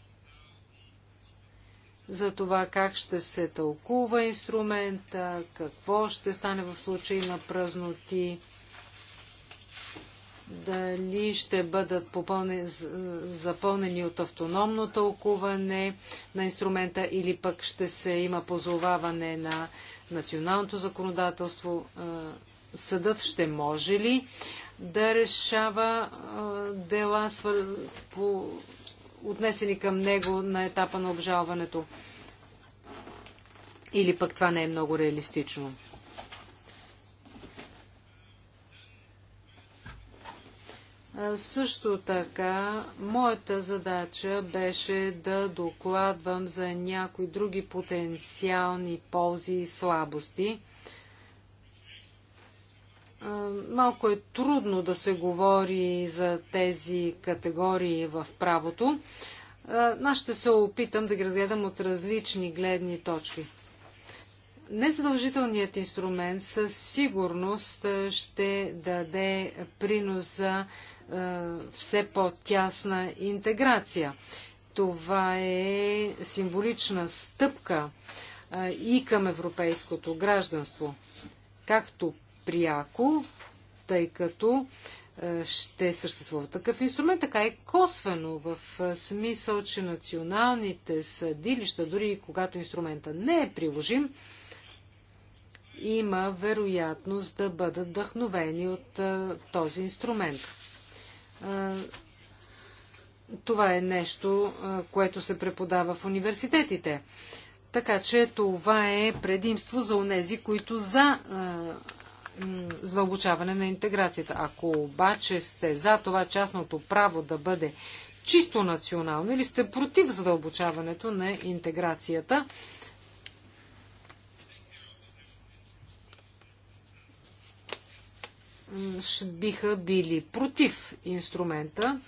за това как ще се тълкува инструмента, какво ще стане в случай на празноти дали ще бъдат попълни, запълнени от автономно тълкуване на инструмента или пък ще се има позоваване на националното законодателство. Е, съдът ще може ли да решава е, дела по, отнесени към него на етапа на обжалването? Или пък това не е много реалистично? Също така, моята задача беше да докладвам за някои други потенциални ползи и слабости. Малко е трудно да се говори за тези категории в правото. Аз ще се опитам да ги разгледам от различни гледни точки. Незадължителният инструмент със сигурност ще даде принос за е, все по-тясна интеграция. Това е символична стъпка е, и към европейското гражданство, както пряко, тъй като е, ще съществува такъв инструмент, така и косвено, в смисъл, че националните съдилища, дори и когато инструмента не е приложим, има вероятност да бъдат вдъхновени от този инструмент това е нещо, което се преподава в университетите. Така че това е предимство за онези, които за задълбочаване на интеграцията. Ако обаче сте за това частното право да бъде чисто национално или сте против задълбочаването на интеграцията, биха били против инструмента.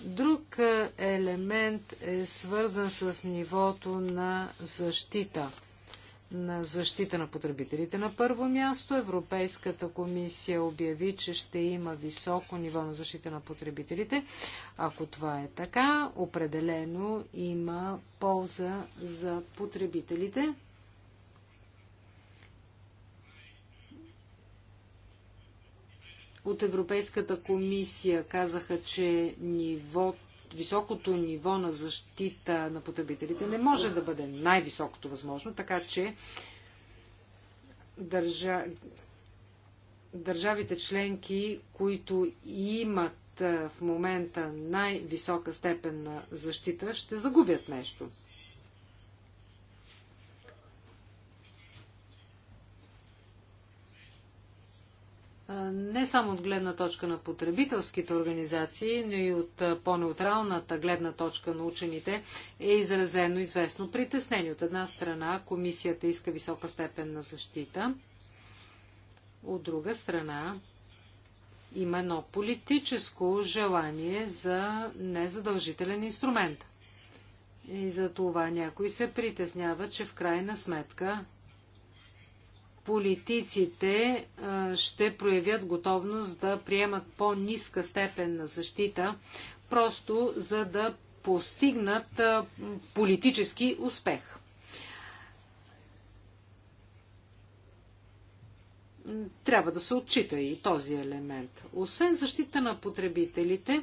Друг е, елемент е свързан с нивото на защита. На защита на потребителите. На първо място Европейската комисия обяви, че ще има високо ниво на защита на потребителите. Ако това е така, определено има полза за потребителите. от Европейската комисия казаха, че ниво, високото ниво на защита на потребителите не може да бъде най-високото възможно, така че държа... държавите членки, които имат в момента най-висока степен на защита, ще загубят нещо. не само от гледна точка на потребителските организации, но и от по-неутралната гледна точка на учените е изразено известно притеснение. От една страна комисията иска висока степен на защита, от друга страна има едно политическо желание за незадължителен инструмент. И за това някой се притеснява, че в крайна сметка политиците ще проявят готовност да приемат по-ниска степен на защита, просто за да постигнат политически успех. Трябва да се отчита и този елемент. Освен защита на потребителите,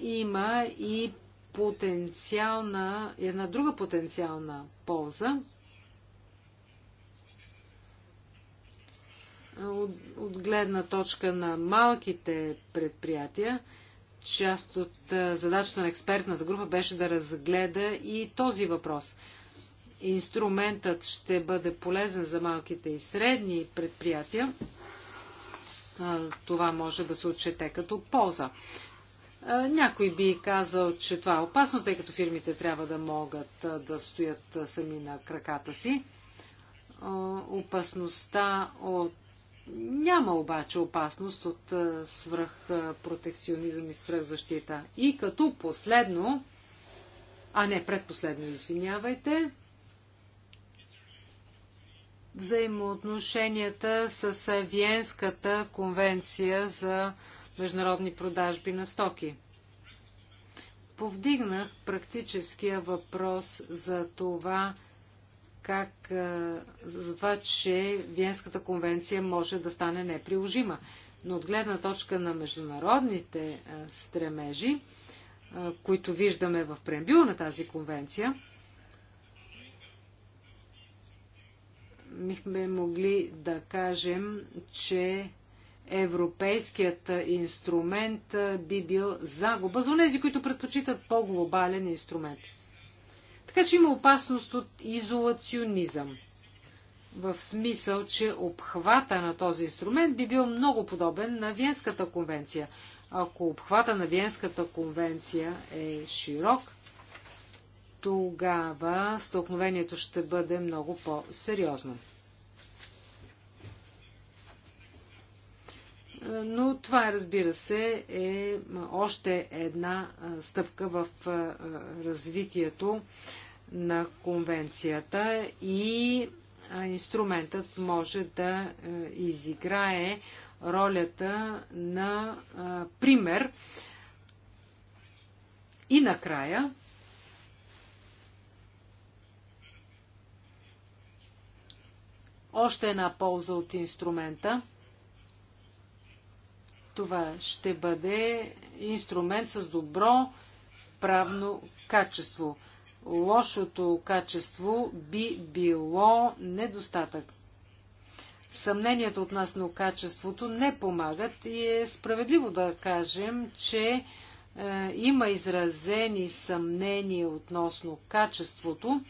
има и потенциална, една друга потенциална полза – от, от гледна точка на малките предприятия, част от задачата на експертната група беше да разгледа и този въпрос. Инструментът ще бъде полезен за малките и средни предприятия. Това може да се отчете като полза. Някой би казал, че това е опасно, тъй като фирмите трябва да могат да стоят сами на краката си. Опасността от няма обаче опасност от свръхпротекционизъм и свръхзащита. И като последно, а не предпоследно, извинявайте, взаимоотношенията с Виенската конвенция за международни продажби на стоки. Повдигнах практическия въпрос за това, как, за това, че Виенската конвенция може да стане неприложима. Но от гледна точка на международните стремежи, които виждаме в преамбюл на тази конвенция, бихме могли да кажем, че европейският инструмент би бил загуба за тези, които предпочитат по-глобален инструмент. Така че има опасност от изолационизъм. В смисъл, че обхвата на този инструмент би бил много подобен на Виенската конвенция. Ако обхвата на Виенската конвенция е широк, тогава столкновението ще бъде много по-сериозно. Но това, разбира се, е още една стъпка в развитието на конвенцията и инструментът може да изиграе ролята на пример. И накрая още една полза от инструмента – това ще бъде инструмент с добро правно качество. Лошото качество би било недостатък. Съмненията относно качеството не помагат и е справедливо да кажем, че е, има изразени съмнения относно качеството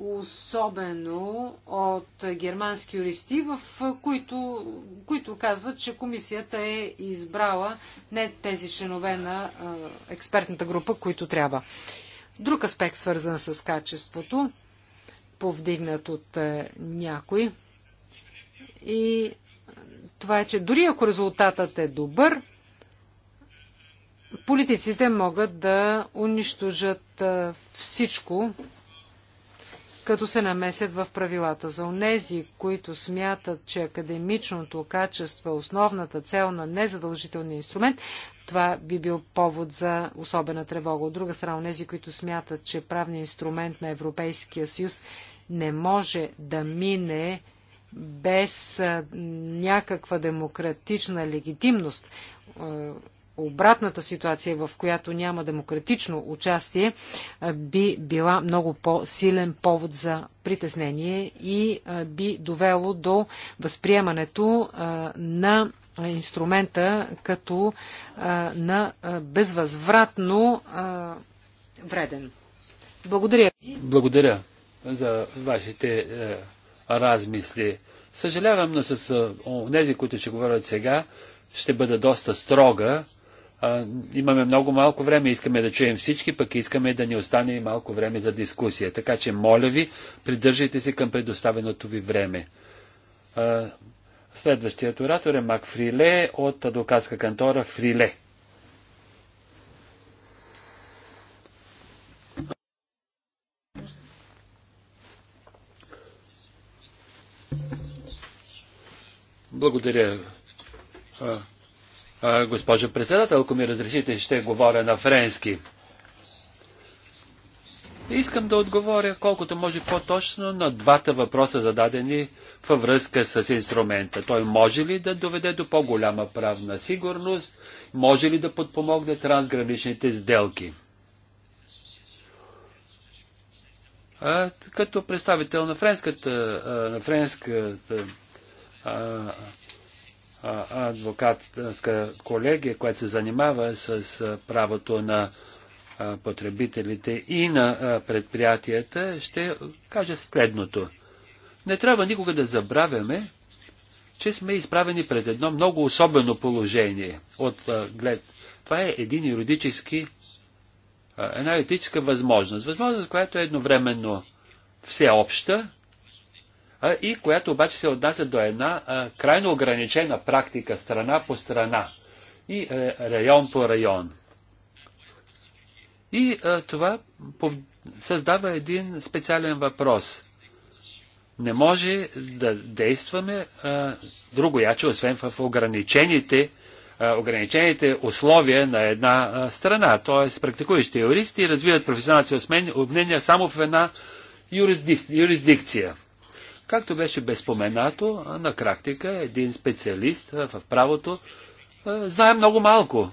особено от германски юристи, в които, които казват, че комисията е избрала не тези членове на експертната група, които трябва. Друг аспект, свързан с качеството, повдигнат от някой. И това е, че дори ако резултатът е добър, политиците могат да унищожат всичко, като се намесят в правилата. За онези, които смятат, че академичното качество е основната цел на незадължителния инструмент, това би бил повод за особена тревога. От друга страна, онези, които смятат, че правният инструмент на Европейския съюз не може да мине без някаква демократична легитимност, обратната ситуация, в която няма демократично участие, би била много по-силен повод за притеснение и би довело до възприемането на инструмента като на безвъзвратно вреден. Благодаря. Благодаря за вашите е, размисли. Съжалявам, но с тези, е, които ще говорят сега, ще бъда доста строга, а, имаме много малко време, искаме да чуем всички, пък искаме да ни остане и малко време за дискусия. Така че, моля ви, придържайте се към предоставеното ви време. А, следващият оратор е Мак Фриле от адвокатска кантора Фриле. Благодаря. Госпожо председател, ако ми разрешите, ще говоря на френски. Искам да отговоря колкото може по-точно на двата въпроса зададени във връзка с инструмента. Той може ли да доведе до по-голяма правна сигурност? Може ли да подпомогне трансграничните сделки? А, като представител на френската, на френската а, адвокатска колегия, която се занимава с правото на потребителите и на предприятията, ще кажа следното. Не трябва никога да забравяме, че сме изправени пред едно много особено положение от глед. Това е един юридически, една юридическа възможност. Възможност, която е едновременно всеобща а, и която обаче се отнася до една а, крайно ограничена практика страна по страна и а, е, район по район. И а, е, това създава един специален въпрос. Не може да действаме а, е, другояче, освен в ограничените, а, ограничените условия на една а, страна. Тоест, практикуващите юристи развиват професионалните умения само в една юрисдикция. Както беше безпоменато, на практика един специалист в правото знае много малко.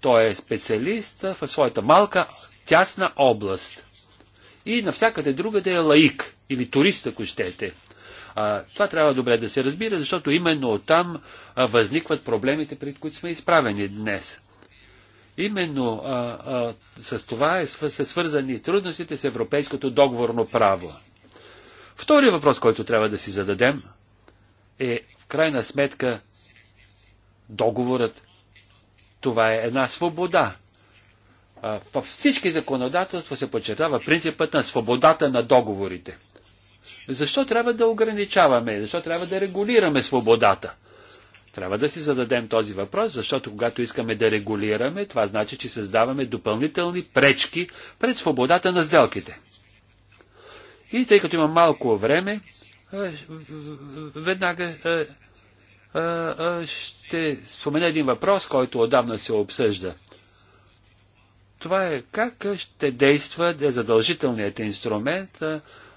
Той е специалист в своята малка, тясна област. И навсякъде другаде е лаик или турист, ако щете. А, това трябва добре да се разбира, защото именно оттам а, възникват проблемите, пред които сме изправени днес. Именно а, а, с това е, са свързани трудностите с европейското договорно право. Втори въпрос, който трябва да си зададем е в крайна сметка договорът. Това е една свобода. Във всички законодателства се подчертава принципът на свободата на договорите. Защо трябва да ограничаваме? Защо трябва да регулираме свободата? Трябва да си зададем този въпрос, защото когато искаме да регулираме, това значи, че създаваме допълнителни пречки пред свободата на сделките. И тъй като има малко време, е, веднага е, е, ще спомена един въпрос, който отдавна се обсъжда. Това е как ще действа задължителният инструмент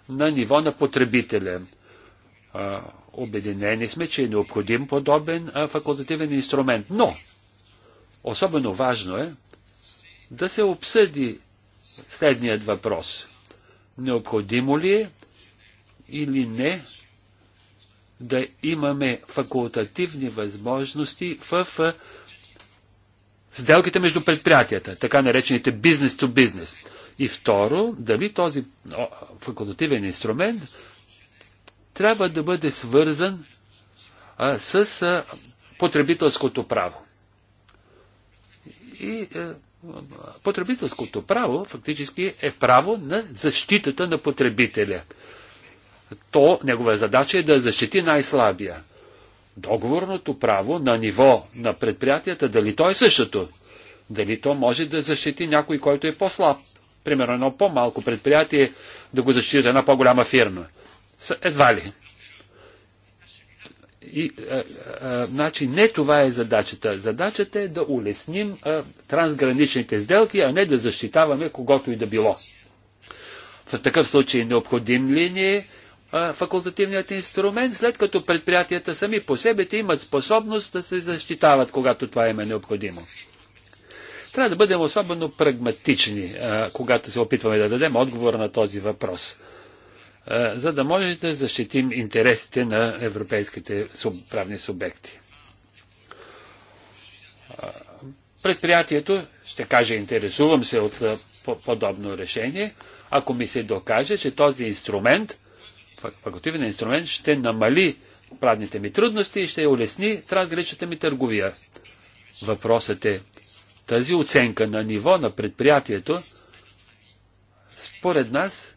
на ниво на потребителя. Обединени сме, че е необходим подобен факултативен инструмент. Но, особено важно е да се обсъди следният въпрос – необходимо ли е или не да имаме факултативни възможности в сделките между предприятията, така наречените бизнес to бизнес. И второ, дали този факултативен инструмент трябва да бъде свързан с потребителското право. И потребителското право фактически е право на защитата на потребителя. То, негова задача е да защити най-слабия. Договорното право на ниво на предприятията, дали то е същото? Дали то може да защити някой, който е по-слаб? Примерно едно по-малко предприятие да го защити една по-голяма фирма. Едва ли и, а, е, а, е, значи не това е задачата. Задачата е да улесним а, е, трансграничните сделки, а не да защитаваме когото и да било. В такъв случай необходим ли ни е факултативният инструмент, след като предприятията сами по себе те имат способност да се защитават, когато това им е необходимо. Трябва да бъдем особено прагматични, а, когато се опитваме да дадем отговор на този въпрос. Е, за да може да защитим интересите на европейските правни субекти. Е, предприятието ще каже, интересувам се от е, подобно решение, ако ми се докаже, че този инструмент, факултивен инструмент, ще намали правните ми трудности и ще улесни трансграничната ми търговия. Въпросът е, тази оценка на ниво на предприятието, според нас,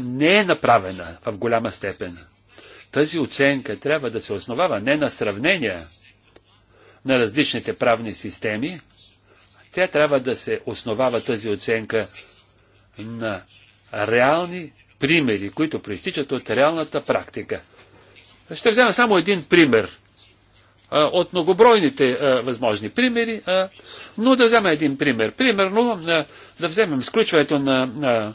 не е направена в голяма степен. Тази оценка трябва да се основава не на сравнения на различните правни системи, тя трябва да се основава тази оценка на реални примери, които проистичат от реалната практика. Ще взема само един пример от многобройните възможни примери, но да взема един пример. Примерно да вземем сключването на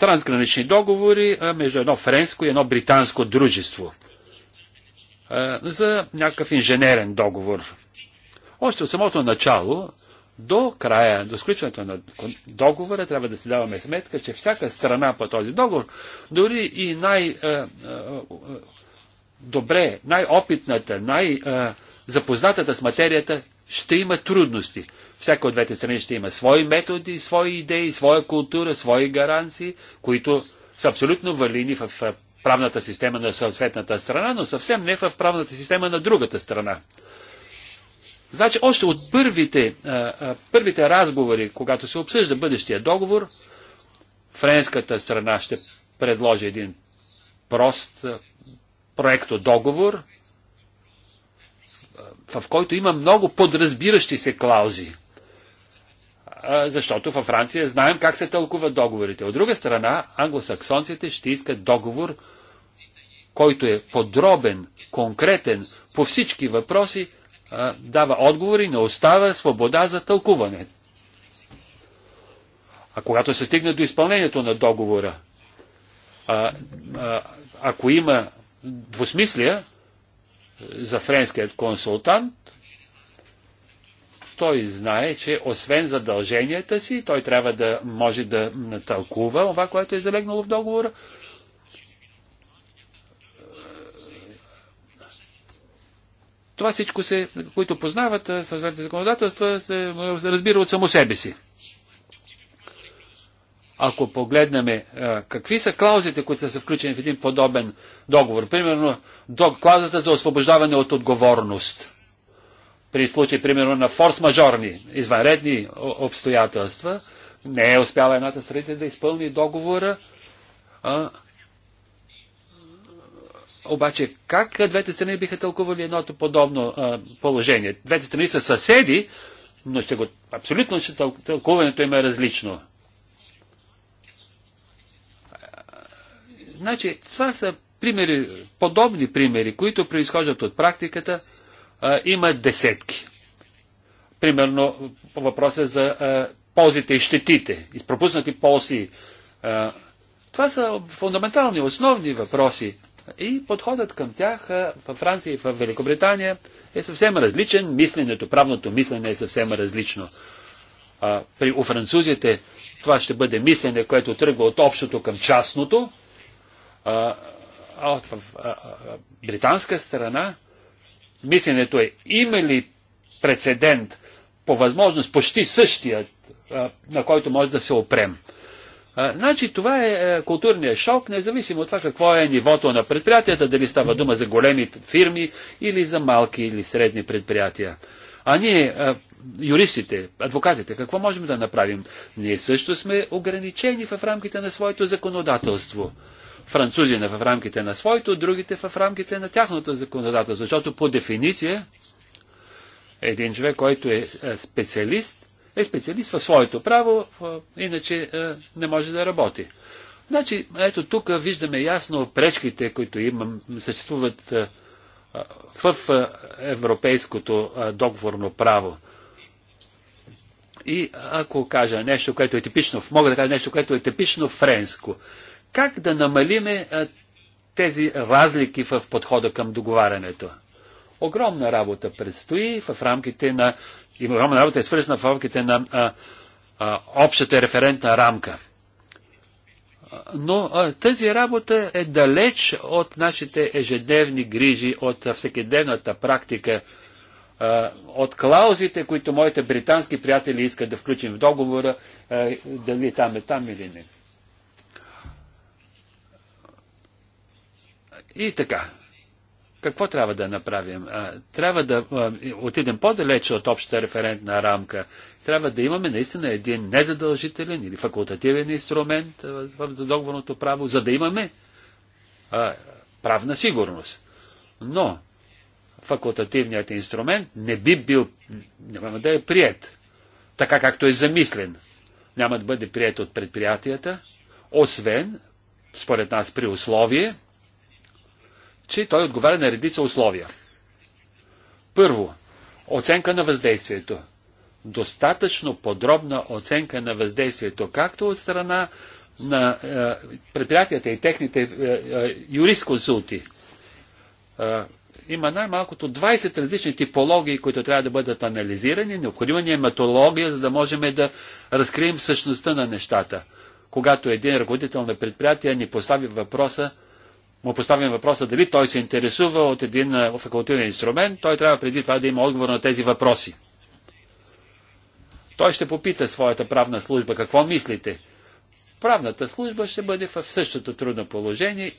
трансгранични договори между едно френско и едно британско дружество за някакъв инженерен договор. Още от самото начало до края, до сключването на договора, трябва да си даваме сметка, че всяка страна по този договор, дори и най-добре, най-опитната, най-запознатата с материята, ще има трудности. Всяка от двете страни ще има свои методи, свои идеи, своя култура, свои гаранции, които са абсолютно валини в правната система на съответната страна, но съвсем не в правната система на другата страна. Значи, още от първите, първите разговори, когато се обсъжда бъдещия договор, френската страна ще предложи един прост проекто договор, в който има много подразбиращи се клаузи защото във Франция знаем как се тълкуват договорите. От друга страна, англосаксонците ще искат договор, който е подробен, конкретен, по всички въпроси дава отговори, не остава свобода за тълкуване. А когато се стигне до изпълнението на договора, а, а, ако има двусмислия за френският консултант, той знае, че освен задълженията си, той трябва да може да тълкува това, което е залегнало в договора. Това всичко, се, които познават съответните законодателства, се разбира от само себе си. Ако погледнем какви са клаузите, които са включени в един подобен договор, примерно клаузата за освобождаване от отговорност – при случай, примерно, на форс-мажорни, извънредни обстоятелства, не е успяла едната страница да изпълни договора. А... Обаче, как двете страни биха тълкували едното подобно а, положение? Двете страни са съседи, но ще го, абсолютно ще тъл... тълкуването им е различно. Значи, това са примери, подобни примери, които произхождат от практиката – има десетки. Примерно по въпроса за а, ползите и щетите, изпропуснати ползи. А, това са фундаментални, основни въпроси. И подходът към тях във Франция и в Великобритания е съвсем различен. Мисленето, правното мислене е съвсем различно. А, при у французите това ще бъде мислене, което тръгва от общото към частното. А, а от а, а, британска страна мисленето е има ли прецедент по възможност почти същият, на който може да се опрем. Значи това е, е културният шок, независимо от това какво е нивото на предприятията, дали става дума за големи фирми или за малки или средни предприятия. А ние, юристите, адвокатите, какво можем да направим? Ние също сме ограничени в рамките на своето законодателство французина в рамките на своето, другите в рамките на тяхното законодателство. Защото по дефиниция един човек, който е, е специалист, е специалист в своето право, е, иначе е, не може да работи. Значи, ето тук виждаме ясно пречките, които имам, съществуват в европейското договорно право. И ако кажа нещо, което е типично, мога да кажа нещо, което е типично френско. Как да намалиме тези разлики в подхода към договарянето? Огромна работа предстои в рамките на. И огромна работа е свързана в рамките на а, а, общата референтна рамка. Но а, тази работа е далеч от нашите ежедневни грижи, от всекидневната практика, а, от клаузите, които моите британски приятели искат да включим в договора, а, дали там е там или не. И така, какво трябва да направим? Трябва да отидем по-далече от общата референтна рамка. Трябва да имаме наистина един незадължителен или факултативен инструмент в договорното право, за да имаме правна сигурност. Но факултативният инструмент не би бил, няма да е прият, така както е замислен. Няма да бъде прият от предприятията, освен, според нас, при условие, че той отговаря на редица условия. Първо, оценка на въздействието. Достатъчно подробна оценка на въздействието, както от страна на е, предприятията и техните е, е, юрисконсулти. Е, има най-малкото 20 различни типологии, които трябва да бъдат анализирани. Необходима ни е методология, за да можем да разкрием същността на нещата. Когато един ръководител на предприятие ни постави въпроса му поставим въпроса дали той се интересува от един факултивен инструмент, той трябва преди това да има отговор на тези въпроси. Той ще попита своята правна служба какво мислите. Правната служба ще бъде в същото трудно положение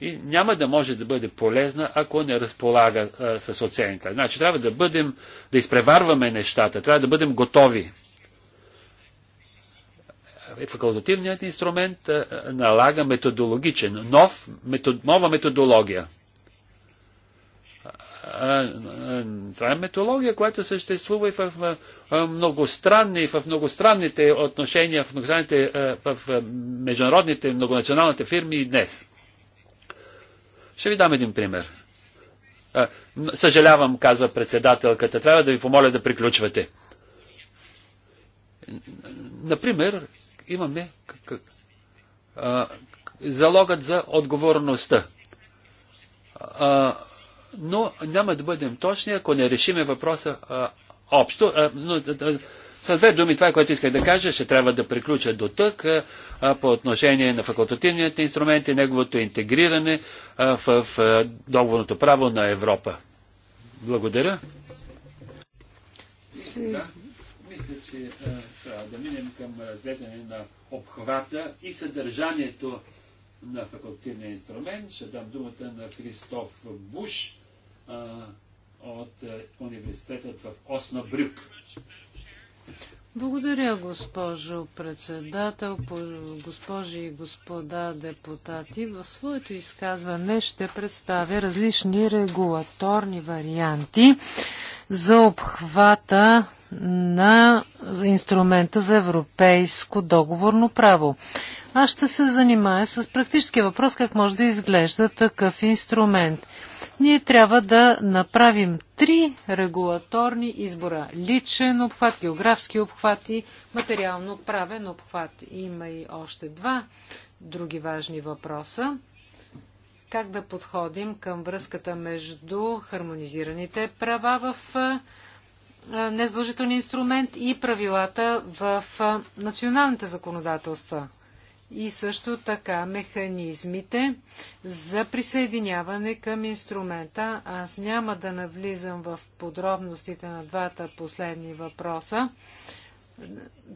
и няма да може да бъде полезна, ако не разполага а, с оценка. Значи трябва да бъдем, да изпреварваме нещата, трябва да бъдем готови е, факултативният инструмент е, е, налага методологичен, нов, метод, нова методология. Това е методология, която съществува и в многостранни, и в многостранните отношения, в, многостранните, в международните, многонационалните фирми и днес. Ще ви дам един пример. Съжалявам, казва председателката, трябва да ви помоля да приключвате. Например, имаме залогът за отговорността. А, но няма да бъдем точни, ако не решиме въпроса а, общо. А, но, с две думи, това, е което исках да кажа, ще трябва да приключа до тък а, по отношение на факултативните инструменти, неговото интегриране а, в, в договорното право на Европа. Благодаря. Да, мисля, че. А да минем към разглеждане на обхвата и съдържанието на факултивния инструмент. Ще дам думата на Кристоф Буш от университетът в Оснабрюк. Брюк. Благодаря, госпожо председател, госпожи и господа депутати. В своето изказване ще представя различни регулаторни варианти за обхвата на инструмента за европейско договорно право. Аз ще се занимая с практически въпрос как може да изглежда такъв инструмент – ние трябва да направим три регулаторни избора. Личен обхват, географски обхват и материално-правен обхват. Има и още два други важни въпроса. Как да подходим към връзката между хармонизираните права в незадължителен инструмент и правилата в националните законодателства и също така механизмите за присъединяване към инструмента. Аз няма да навлизам в подробностите на двата последни въпроса.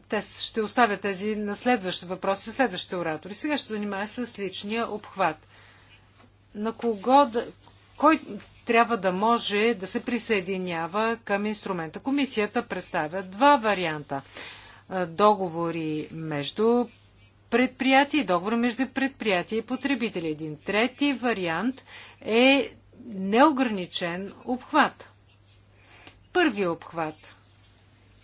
Те ще оставя тези на следващи въпроси, следващите оратори. Сега ще занимая с личния обхват. На кого да, кой трябва да може да се присъединява към инструмента? Комисията представя два варианта договори между предприятие, договор между предприятие и потребители. Един трети вариант е неограничен обхват. Първи обхват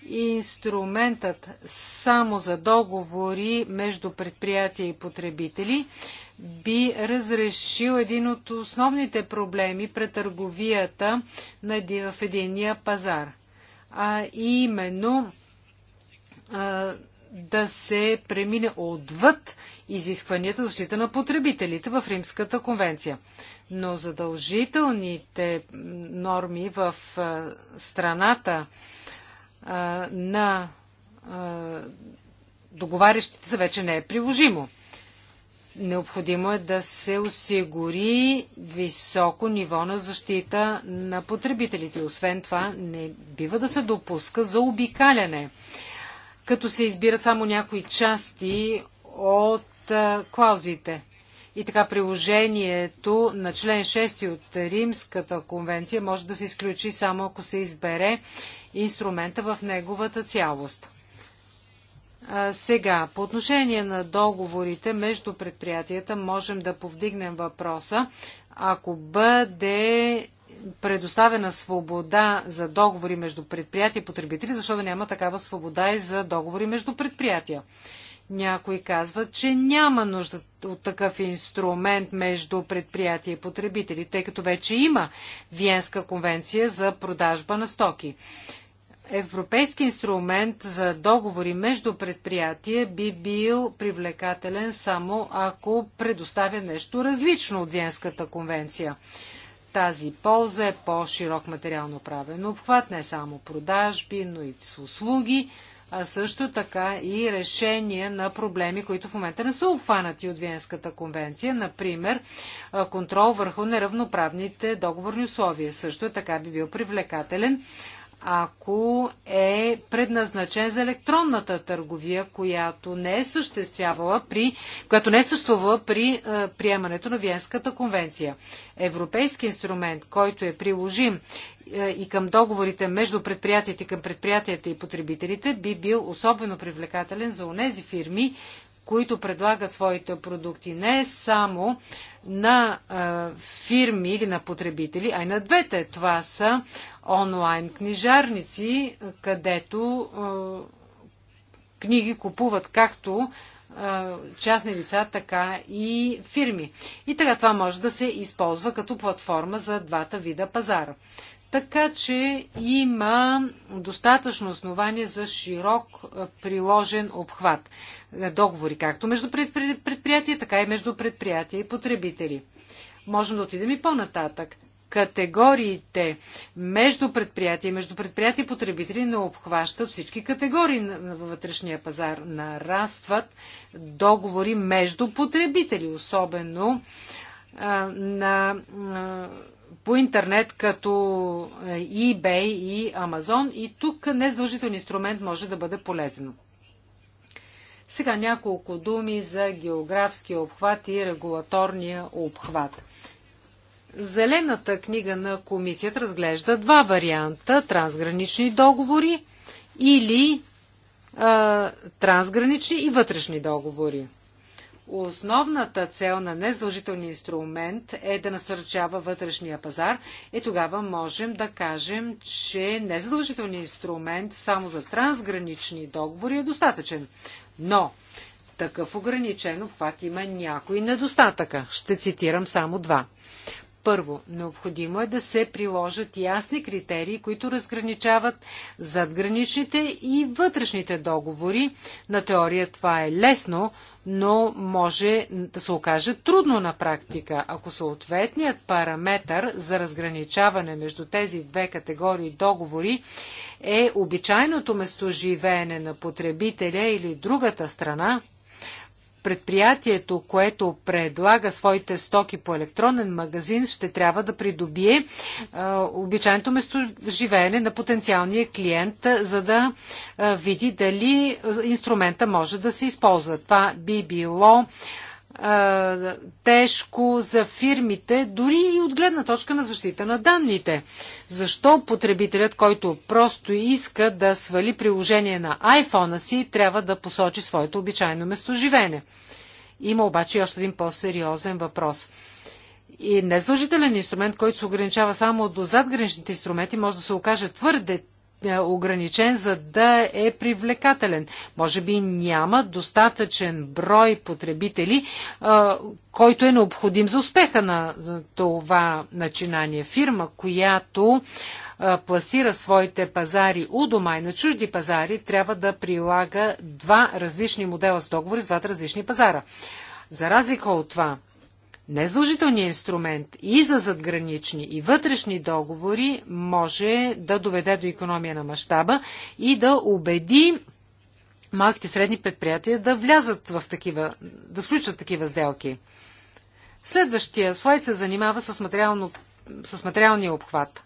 инструментът само за договори между предприятия и потребители би разрешил един от основните проблеми пред търговията в единия пазар. А именно да се премине отвъд изискванията за защита на потребителите в Римската конвенция. Но задължителните норми в страната на договарящите са вече не е приложимо. Необходимо е да се осигури високо ниво на защита на потребителите. Освен това, не бива да се допуска за обикаляне като се избират само някои части от клаузите. И така приложението на член 6 от Римската конвенция може да се изключи само ако се избере инструмента в неговата цялост. А, сега, по отношение на договорите между предприятията можем да повдигнем въпроса, ако бъде предоставена свобода за договори между предприятия и потребители, защо да няма такава свобода и за договори между предприятия. Някои казват, че няма нужда от такъв инструмент между предприятия и потребители, тъй като вече има Виенска конвенция за продажба на стоки. Европейски инструмент за договори между предприятия би бил привлекателен само ако предоставя нещо различно от Виенската конвенция тази полза е по-широк материално правен обхват, не само продажби, но и услуги, а също така и решение на проблеми, които в момента не са обхванати от Виенската конвенция, например контрол върху неравноправните договорни условия. Също така би бил привлекателен ако е предназначен за електронната търговия, която не е съществувала при, която не е съществувала при е, приемането на Виенската конвенция. Европейски инструмент, който е приложим е, и към договорите между предприятията и към предприятията и потребителите, би бил особено привлекателен за онези фирми, които предлагат своите продукти не само на а, фирми или на потребители, а и на двете. Това са онлайн книжарници, където а, книги купуват както а, частни лица, така и фирми. И така това може да се използва като платформа за двата вида пазара. Така че има достатъчно основание за широк приложен обхват. Е, договори както между предприятия, така и между предприятия и потребители. Можем да отидем и по-нататък. Категориите между предприятия и между предприятия и потребители не обхващат всички категории на вътрешния пазар. Нарастват договори между потребители, особено на по интернет, като е, eBay и Amazon. И тук нездължителен инструмент може да бъде полезен. Сега няколко думи за географския обхват и регулаторния обхват. Зелената книга на комисията разглежда два варианта трансгранични договори или а, трансгранични и вътрешни договори основната цел на незадължителния инструмент е да насърчава вътрешния пазар, е тогава можем да кажем, че незадължителният инструмент само за трансгранични договори е достатъчен. Но такъв ограничен обхват има някои недостатъка. Ще цитирам само два. Първо, необходимо е да се приложат ясни критерии, които разграничават задграничните и вътрешните договори. На теория това е лесно, но може да се окаже трудно на практика. Ако съответният параметър за разграничаване между тези две категории договори е обичайното местоживеене на потребителя или другата страна, предприятието, което предлага своите стоки по електронен магазин, ще трябва да придобие обичайното местоживеене на потенциалния клиент, за да види дали инструмента може да се използва. Това би било тежко за фирмите, дори и от гледна точка на защита на данните. Защо потребителят, който просто иска да свали приложение на iPhone-а си, трябва да посочи своето обичайно местоживение? Има обаче и още един по-сериозен въпрос. И незложителен инструмент, който се ограничава само до задграничните инструменти, може да се окаже твърде е, ограничен, за да е привлекателен. Може би няма достатъчен брой потребители, е, който е необходим за успеха на това начинание. Фирма, която е, пласира своите пазари у дома и на чужди пазари, трябва да прилага два различни модела с договори с двата различни пазара. За разлика от това, Нездължителният инструмент и за задгранични и вътрешни договори може да доведе до економия на мащаба и да убеди малките средни предприятия да влязат в такива, да сключат такива сделки. Следващия слайд се занимава с, материално, с материалния обхват.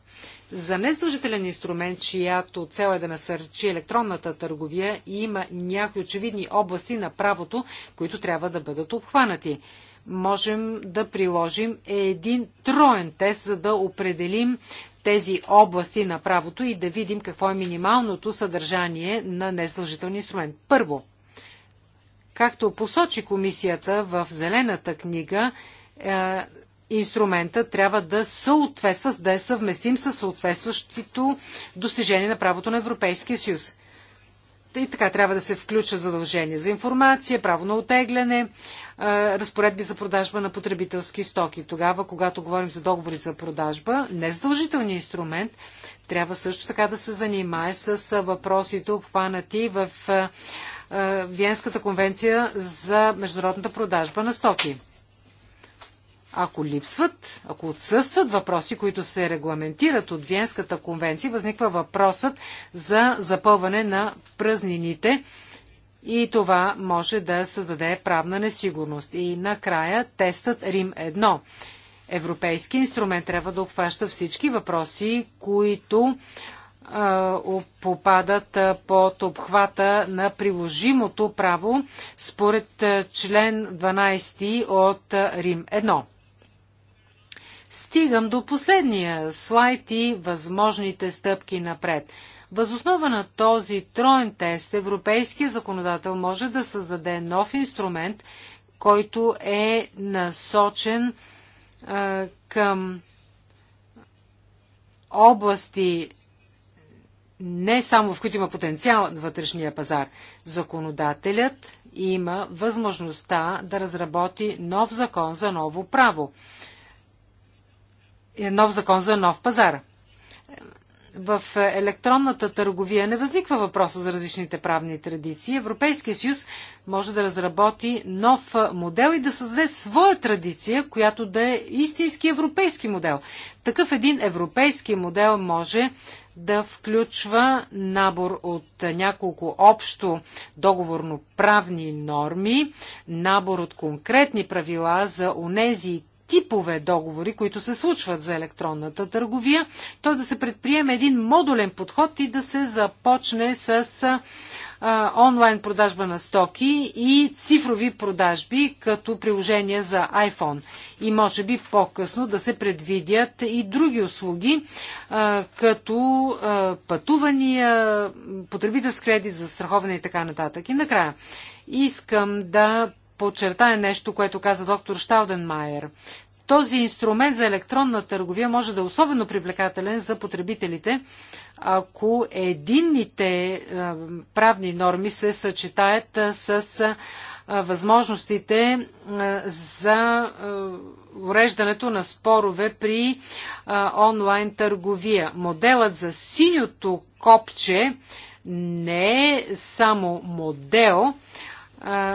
За нездължителен инструмент, чиято цел е да насърчи електронната търговия, има някои очевидни области на правото, които трябва да бъдат обхванати можем да приложим е един троен тест, за да определим тези области на правото и да видим какво е минималното съдържание на нездължителни инструмент. Първо, както посочи комисията в Зелената книга, е, инструмента трябва да съответства, да е съвместим с съответстващото достижение на правото на Европейския съюз. И така трябва да се включа задължение за информация, право на отегляне, разпоредби за продажба на потребителски стоки. Тогава, когато говорим за договори за продажба, незадължителният инструмент трябва също така да се занимае с въпросите, обхванати в Виенската конвенция за международната продажба на стоки. Ако липсват, ако отсъстват въпроси, които се регламентират от Виенската конвенция, възниква въпросът за запълване на празнините и това може да създаде правна несигурност. И накрая тестът Рим 1. Европейски инструмент трябва да обхваща всички въпроси, които попадат под обхвата на приложимото право според член 12 от Рим 1. Стигам до последния слайд и възможните стъпки напред. Възоснова на този троен тест европейския законодател може да създаде нов инструмент, който е насочен а, към области не само в които има потенциал вътрешния пазар. Законодателят има възможността да разработи нов закон за ново право. Е, нов закон за нов пазар в електронната търговия не възниква въпроса за различните правни традиции. Европейския съюз може да разработи нов модел и да създаде своя традиция, която да е истински европейски модел. Такъв един европейски модел може да включва набор от няколко общо договорно правни норми, набор от конкретни правила за онези типове договори, които се случват за електронната търговия, т.е. да се предприеме един модулен подход и да се започне с а, онлайн продажба на стоки и цифрови продажби като приложение за iPhone. И може би по-късно да се предвидят и други услуги, а, като а, пътувания, потребителски кредит, за страховане и така нататък. И накрая искам да подчертая нещо, което каза доктор Штауденмайер. Този инструмент за електронна търговия може да е особено привлекателен за потребителите, ако единните е, правни норми се съчетаят е, с е, възможностите за уреждането на спорове при онлайн търговия. Моделът за синьото копче не е само модел,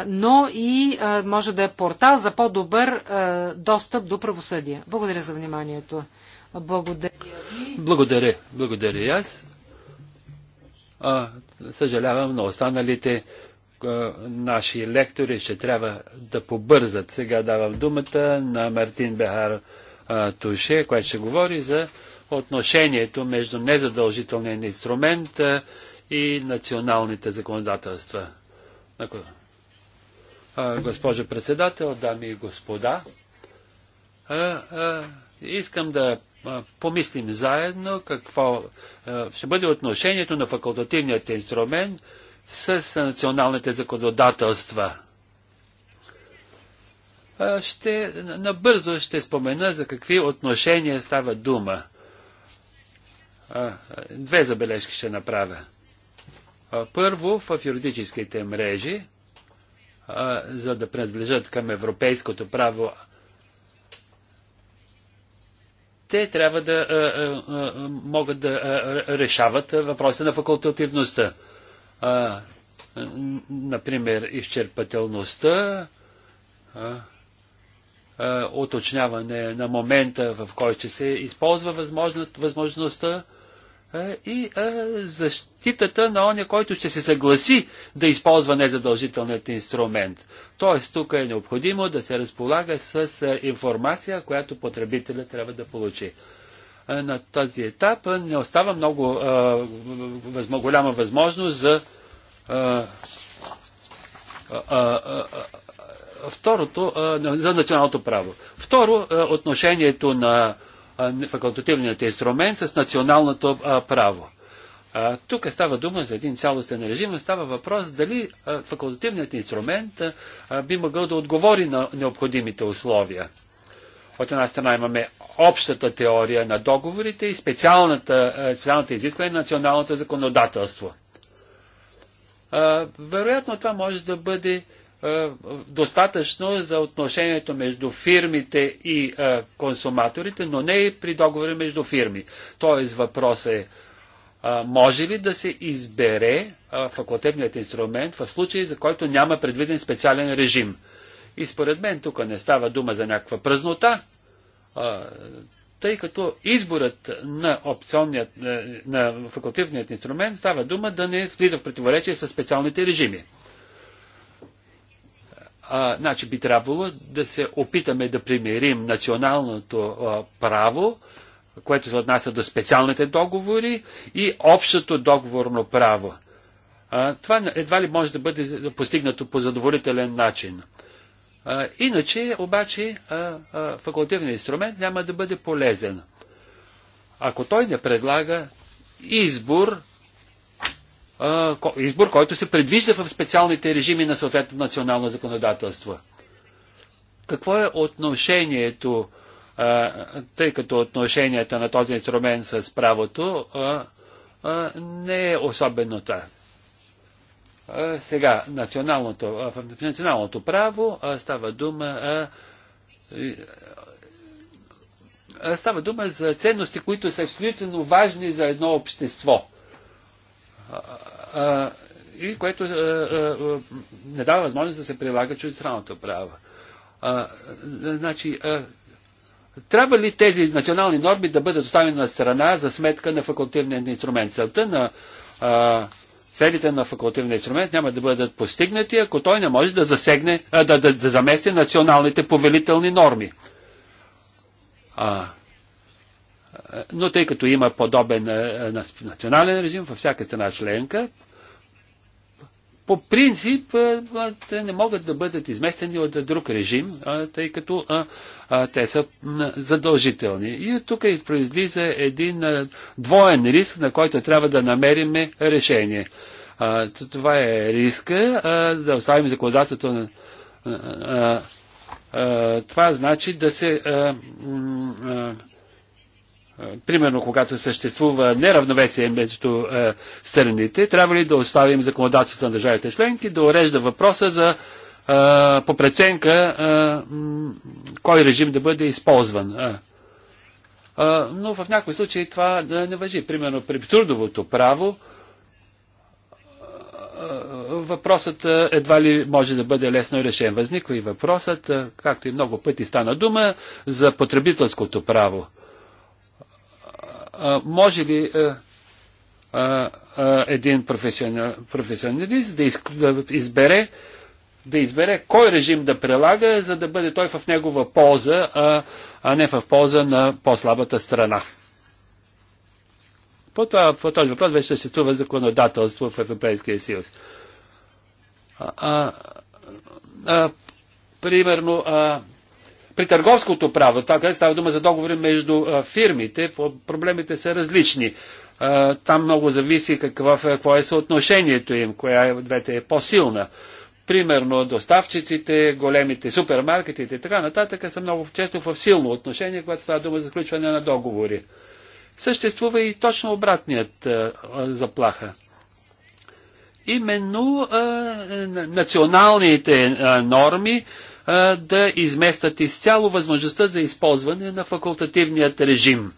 но и може да е портал за по-добър достъп до правосъдие. Благодаря за вниманието. Благодаря ви. Благодаря. Благодаря и аз. А, съжалявам, но останалите а, наши лектори ще трябва да побързат. Сега давам думата на Мартин Бехар а, Туше, който ще говори за отношението между незадължителния инструмент а, и националните законодателства. Ако госпожо председател, дами и господа. Искам да помислим заедно какво ще бъде отношението на факултативният инструмент с националните законодателства. Ще, набързо ще спомена за какви отношения става дума. Две забележки ще направя. Първо, в юридическите мрежи за да принадлежат към европейското право. Те трябва да а, а, могат да решават въпроса на факултативността. Например, изчерпателността, уточняване на момента, в който ще се използва възможност, възможността, и защитата на оня, който ще се съгласи да използва незадължителният инструмент. Тоест, тук е необходимо да се разполага с информация, която потребителя трябва да получи. На този етап не остава много голяма възможност за второто, за националното право. Второ, отношението на факултативният инструмент с националното право. Тук става дума за един цялостен режим, става въпрос дали факултативният инструмент би могъл да отговори на необходимите условия. От една страна имаме общата теория на договорите и специалната, специалната изискване на националното законодателство. Вероятно това може да бъде е, достатъчно за отношението между фирмите и е, консуматорите, но не и при договори между фирми. Тоест въпросът е, е може ли да се избере факултетният инструмент в случай, за който няма предвиден специален режим? И според мен тук не става дума за някаква празнота, тъй като изборът на, опционният, на факултетният инструмент става дума да не влиза в противоречие с специалните режими а, значи би трябвало да се опитаме да примирим националното а, право, което се отнася до специалните договори и общото договорно право. А, това едва ли може да бъде постигнато по задоволителен начин. А, иначе, обаче, а, а, факултивният инструмент няма да бъде полезен. Ако той не предлага избор избор, който се предвижда в специалните режими на съответното национално законодателство. Какво е отношението, тъй като отношенията на този инструмент с правото не е особено това. Сега, националното, в националното право става дума става дума за ценности, които са абсолютно важни за едно общество и което не дава възможност да се прилага чуждестранното право. значи, трябва ли тези национални норми да бъдат оставени на страна за сметка на факултивния инструмент? Целта на целите на факултивния инструмент няма да бъдат постигнати, ако той не може да, засегне, да, да, да замести националните повелителни норми. А, но тъй като има подобен е, е, национален режим във всяка страна членка, по принцип е, те не могат да бъдат изместени от друг режим, тъй като те са задължителни. И тук изпроизлиза един двоен риск, на който трябва да намерим решение. Това е риска да оставим законодателството на това значи да се примерно когато съществува неравновесие между страните, трябва ли да оставим законодателството на държавите членки да урежда въпроса за по преценка кой режим да бъде използван. Но в някои случаи това не въжи. Примерно при трудовото право въпросът едва ли може да бъде лесно решен. Възниква и въпросът, както и много пъти стана дума, за потребителското право може ли един професионалист да, из, да избере да избере кой режим да прилага, за да бъде той в негова полза, а, а не в полза на по-слабата страна. По, това, по този въпрос вече съществува законодателство в Европейския съюз. А, а, а, примерно, а, при търговското право, това където става дума за договори между фирмите, проблемите са различни. там много зависи какво, какво е съотношението им, коя от е- двете е по-силна. Примерно доставчиците, големите супермаркетите и така нататък са много често в силно отношение, когато става дума за сключване на договори. Съществува и точно обратният а, заплаха именно а, националните а, норми да изместят изцяло възможността за използване на факултативният режим.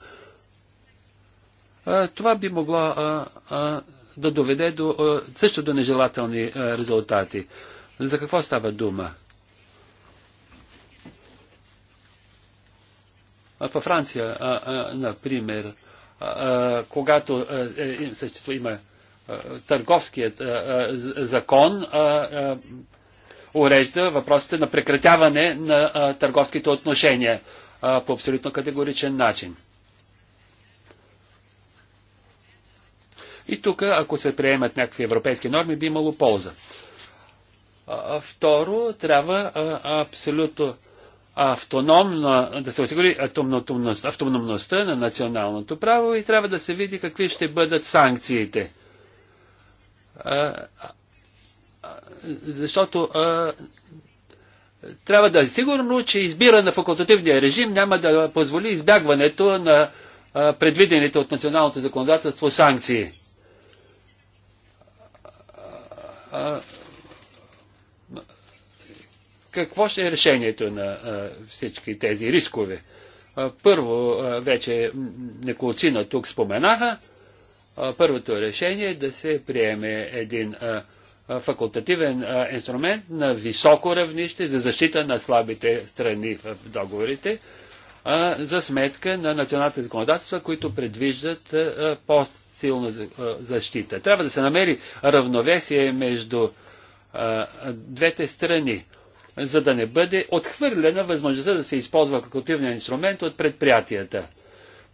Това би могло да доведе до също до нежелателни резултати. За какво става дума? Във Франция, например, когато е, съществува има търговският закон, урежда въпросите на прекратяване на а, търговските отношения а, по абсолютно категоричен начин. И тук, ако се приемат някакви европейски норми, би имало полза. А, второ, трябва а, абсолютно автономно да се осигури автономността на националното право и трябва да се види какви ще бъдат санкциите. А, защото а, трябва да е сигурно, че избира на факултативния режим няма да позволи избягването на а, предвидените от националното законодателство санкции. А, какво ще е решението на а, всички тези рискове? А, първо, а, вече неколцина тук споменаха, а, първото решение е да се приеме един а, факултативен инструмент на високо равнище за защита на слабите страни в договорите за сметка на националните законодателства, които предвиждат по-силна защита. Трябва да се намери равновесие между двете страни, за да не бъде отхвърлена възможността да се използва факултативния инструмент от предприятията.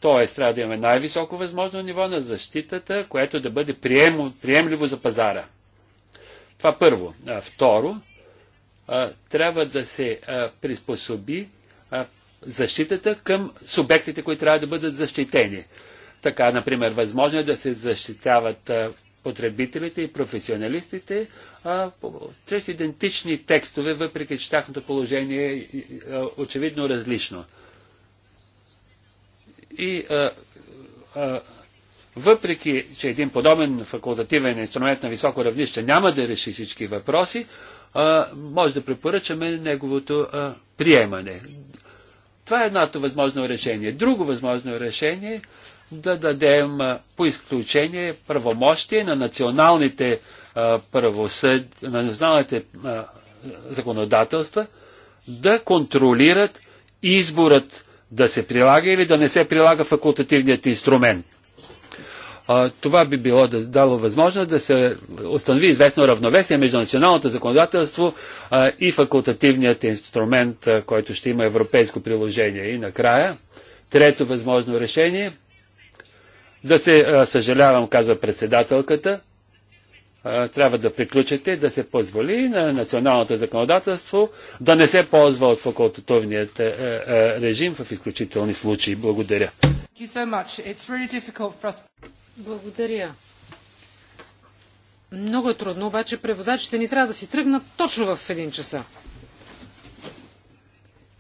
Тоест, трябва да имаме най-високо възможно ниво на защитата, което да бъде прием, приемливо за пазара. Това първо. А, второ, а, трябва да се а, приспособи а, защитата към субектите, които трябва да бъдат защитени. Така, например, възможно е да се защитяват а, потребителите и професионалистите а, чрез идентични текстове, въпреки че тяхното положение е а, е, е, очевидно различно. И а, а, въпреки, че един подобен факултативен инструмент на високо равнище няма да реши всички въпроси, а, може да препоръчаме неговото а, приемане. Това е едното възможно решение. Друго възможно решение е да дадем а, по изключение правомощие на националните а, правосъд, на националните а, законодателства да контролират изборът да се прилага или да не се прилага факултативният инструмент това би било да дало възможност да се установи известно равновесие между националното законодателство и факултативният инструмент, който ще има европейско приложение. И накрая, трето възможно решение, да се, съжалявам, каза председателката, трябва да приключите, да се позволи на националното законодателство да не се ползва от факултативният режим в изключителни случаи. Благодаря. Благодаря. Много е трудно, обаче преводачите ни трябва да си тръгнат точно в един часа.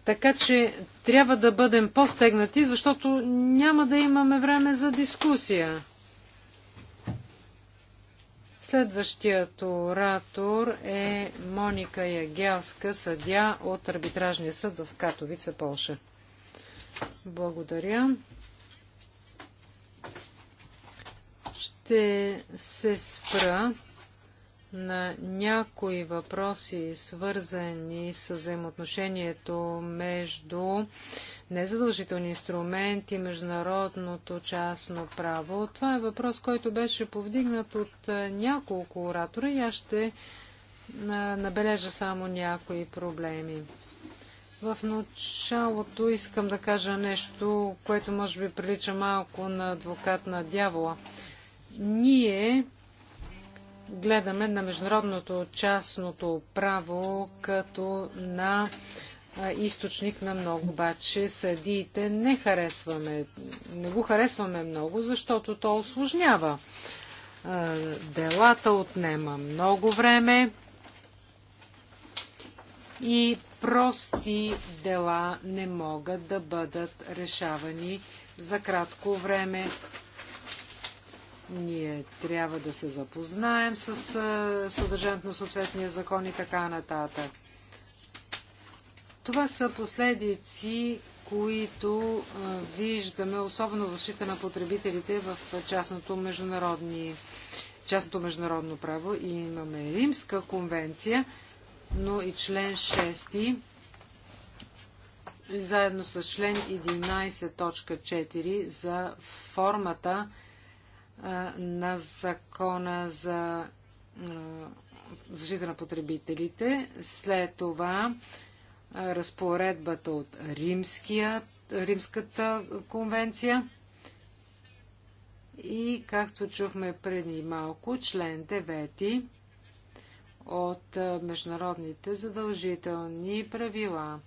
Така че трябва да бъдем по-стегнати, защото няма да имаме време за дискусия. Следващият оратор е Моника Ягелска, съдя от Арбитражния съд в Катовица, Полша. Благодаря. Ще се спра на някои въпроси, свързани с взаимоотношението между незадължителни инструменти и международното частно право. Това е въпрос, който беше повдигнат от няколко оратора и аз ще набележа само някои проблеми. В началото искам да кажа нещо, което може би прилича малко на адвокат на дявола. Ние гледаме на международното частното право като на източник на много. Обаче съдиите не харесваме, не го харесваме много, защото то осложнява. Делата отнема много време и прости дела не могат да бъдат решавани за кратко време. Ние трябва да се запознаем с съдържанието на съответния закон и така нататък. Това са последици, които виждаме, особено в защита на потребителите в частното, международни, частното международно право. И имаме Римска конвенция, но и член 6 заедно с член 11.4 за формата на закона за защита на потребителите. След това разпоредбата от Римския, Римската конвенция. И, както чухме преди малко, член 9 от международните задължителни правила.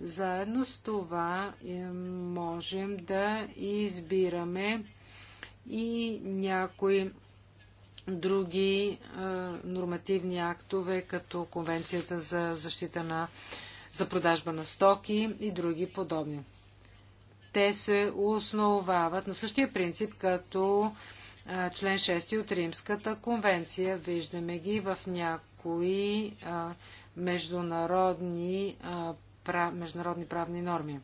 Заедно с това е, можем да избираме и някои други нормативни актове, като Конвенцията за защита на за продажба на стоки и други подобни. Те се основават на същия принцип като член 6 от Римската конвенция. Виждаме ги в някои международни, международни правни норми.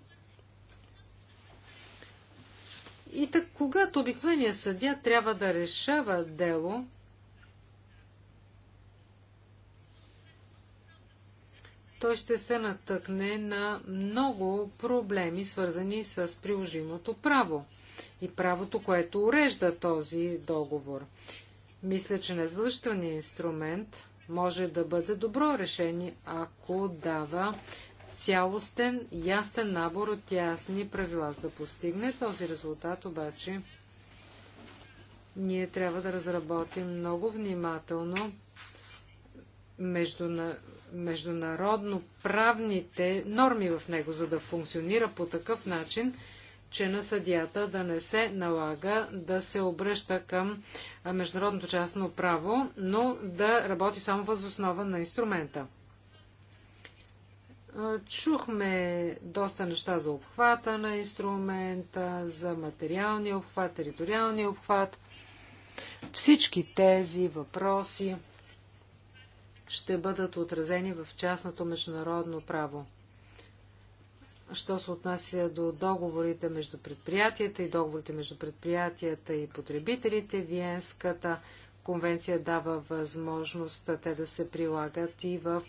И так, когато обикновения съдя трябва да решава дело, той ще се натъкне на много проблеми, свързани с приложимото право и правото, което урежда този договор. Мисля, че незадължителният инструмент може да бъде добро решение, ако дава цялостен, ясен набор от ясни правила. За да постигне този резултат обаче, ние трябва да разработим много внимателно междуна... международно правните норми в него, за да функционира по такъв начин, че на съдията да не се налага да се обръща към международното частно право, но да работи само възоснова на инструмента. Чухме доста неща за обхвата на инструмента, за материалния обхват, териториалния обхват. Всички тези въпроси ще бъдат отразени в частното международно право. Що се отнася до договорите между предприятията и договорите между предприятията и потребителите, Виенската конвенция дава възможност те да се прилагат и в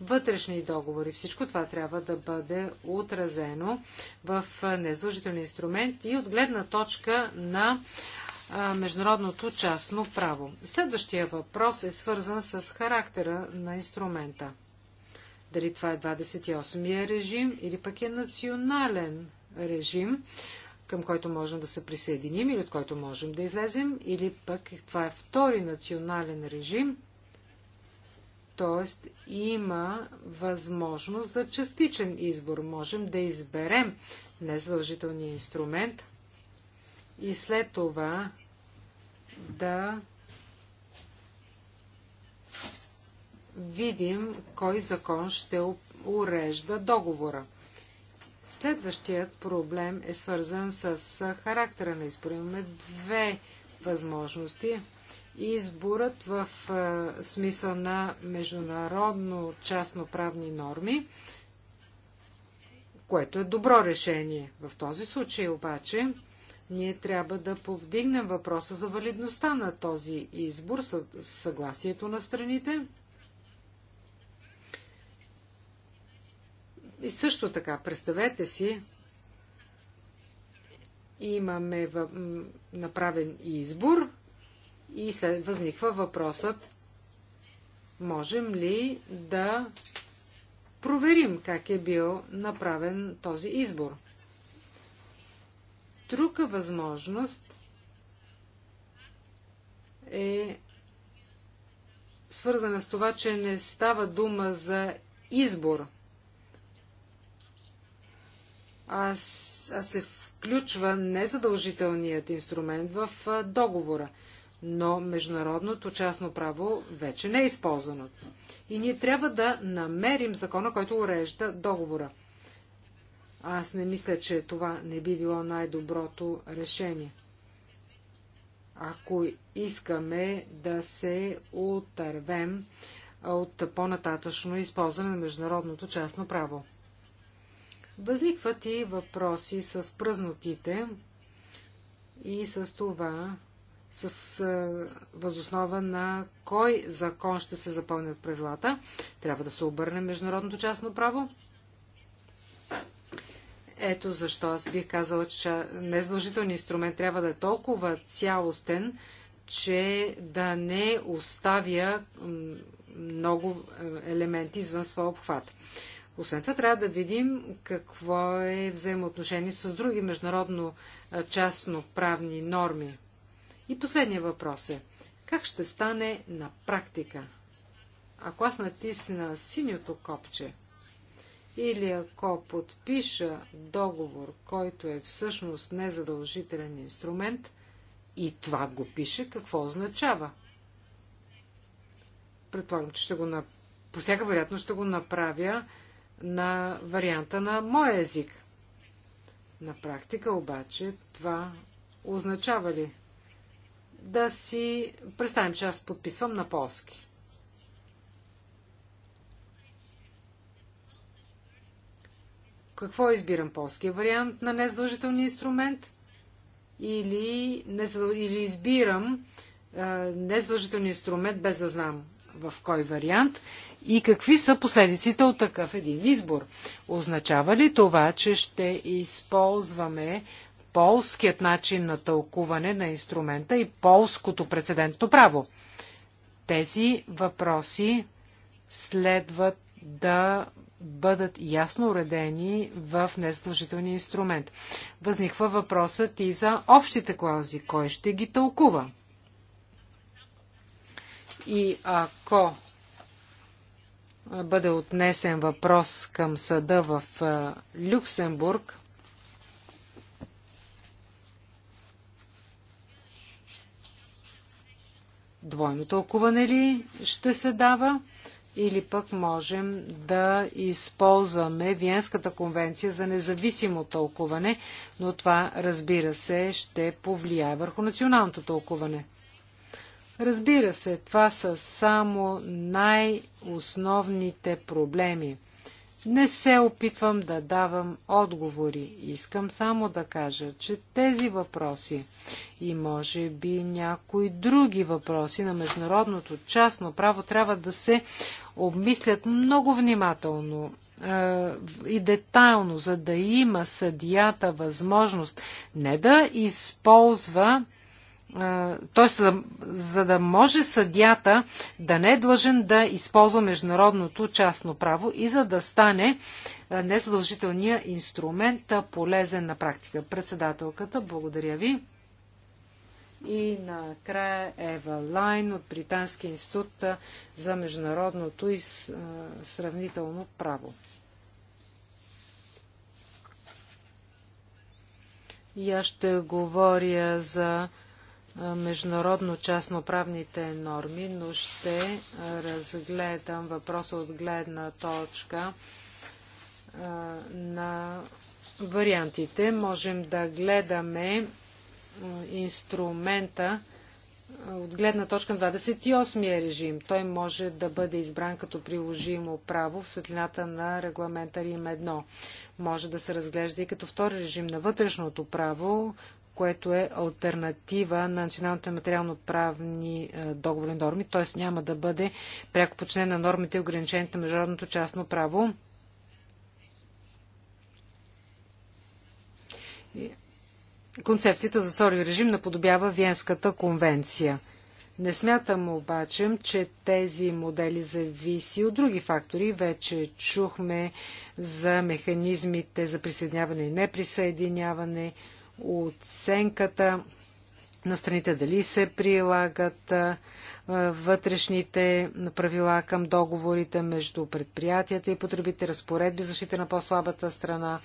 вътрешни договори. Всичко това трябва да бъде отразено в незадължителен инструмент и от гледна точка на международното частно право. Следващия въпрос е свързан с характера на инструмента. Дали това е 28-я режим или пък е национален режим към който можем да се присъединим или от който можем да излезем, или пък това е втори национален режим, т.е. има възможност за частичен избор. Можем да изберем незадължителния инструмент и след това да видим кой закон ще урежда договора. Следващият проблем е свързан с характера на избора. Имаме две възможности. Изборът в е, смисъл на международно частноправни норми, което е добро решение. В този случай обаче ние трябва да повдигнем въпроса за валидността на този избор, съгласието на страните И също така, представете си, имаме въ... направен избор и след възниква въпросът, можем ли да проверим как е бил направен този избор. Друга възможност е свързана с това, че не става дума за избор – а, а се включва незадължителният инструмент в договора. Но международното частно право вече не е използвано. И ние трябва да намерим закона, който урежда договора. Аз не мисля, че това не би било най-доброто решение. Ако искаме да се отървем от по-нататъчно използване на международното частно право. Възникват и въпроси с пръзнотите и с това, с а, възоснова на кой закон ще се запълнят правилата. Трябва да се обърне международното частно право. Ето защо аз бих казала, че незадължителният инструмент трябва да е толкова цялостен, че да не оставя много е, елементи извън своя обхват. Освен това, трябва да видим какво е взаимоотношение с други международно частно правни норми. И последния въпрос е, как ще стане на практика? Ако аз натисна синьото копче, или ако подпиша договор, който е всъщност незадължителен инструмент, и това го пише, какво означава? Предполагам, че ще го на... по всяка вероятност ще го направя на варианта на моя език. На практика обаче това означава ли да си представим, че аз подписвам на полски. Какво избирам? Полския вариант на незадължителния инструмент? Или, или избирам е, незадължителния инструмент без да знам в кой вариант? и какви са последиците от такъв един избор. Означава ли това, че ще използваме полският начин на тълкуване на инструмента и полското прецедентно право? Тези въпроси следват да бъдат ясно уредени в незадължителния инструмент. Възниква въпросът и за общите клаузи. Кой ще ги тълкува? И ако бъде отнесен въпрос към съда в Люксембург, двойно тълкуване ли ще се дава? Или пък можем да използваме Виенската конвенция за независимо тълкуване, но това, разбира се, ще повлияе върху националното тълкуване. Разбира се, това са само най-основните проблеми. Не се опитвам да давам отговори. Искам само да кажа, че тези въпроси и може би някои други въпроси на международното частно право трябва да се обмислят много внимателно е, и детайлно, за да има съдията възможност не да използва т.е. За, за да може съдята да не е длъжен да използва международното частно право и за да стане незадължителния инструмент полезен на практика. Председателката, благодаря ви. И накрая Ева Лайн от Британския институт за международното и сравнително право. И аз ще говоря за международно частноправните норми, но ще разгледам въпроса от гледна точка на вариантите. Можем да гледаме инструмента от гледна точка на 28-я режим. Той може да бъде избран като приложимо право в светлината на регламента Рим 1. Може да се разглежда и като втори режим на вътрешното право, което е альтернатива на националните материално-правни е, договори норми, т.е. няма да бъде пряко подчинен на нормите и ограниченията на международното частно право. Концепцията за втори режим наподобява Венската конвенция. Не смятам обаче, че тези модели зависи от други фактори. Вече чухме за механизмите за присъединяване и неприсъединяване, оценката на страните, дали се прилагат вътрешните правила към договорите между предприятията и потребите, разпоредби, защита на по-слабата страна,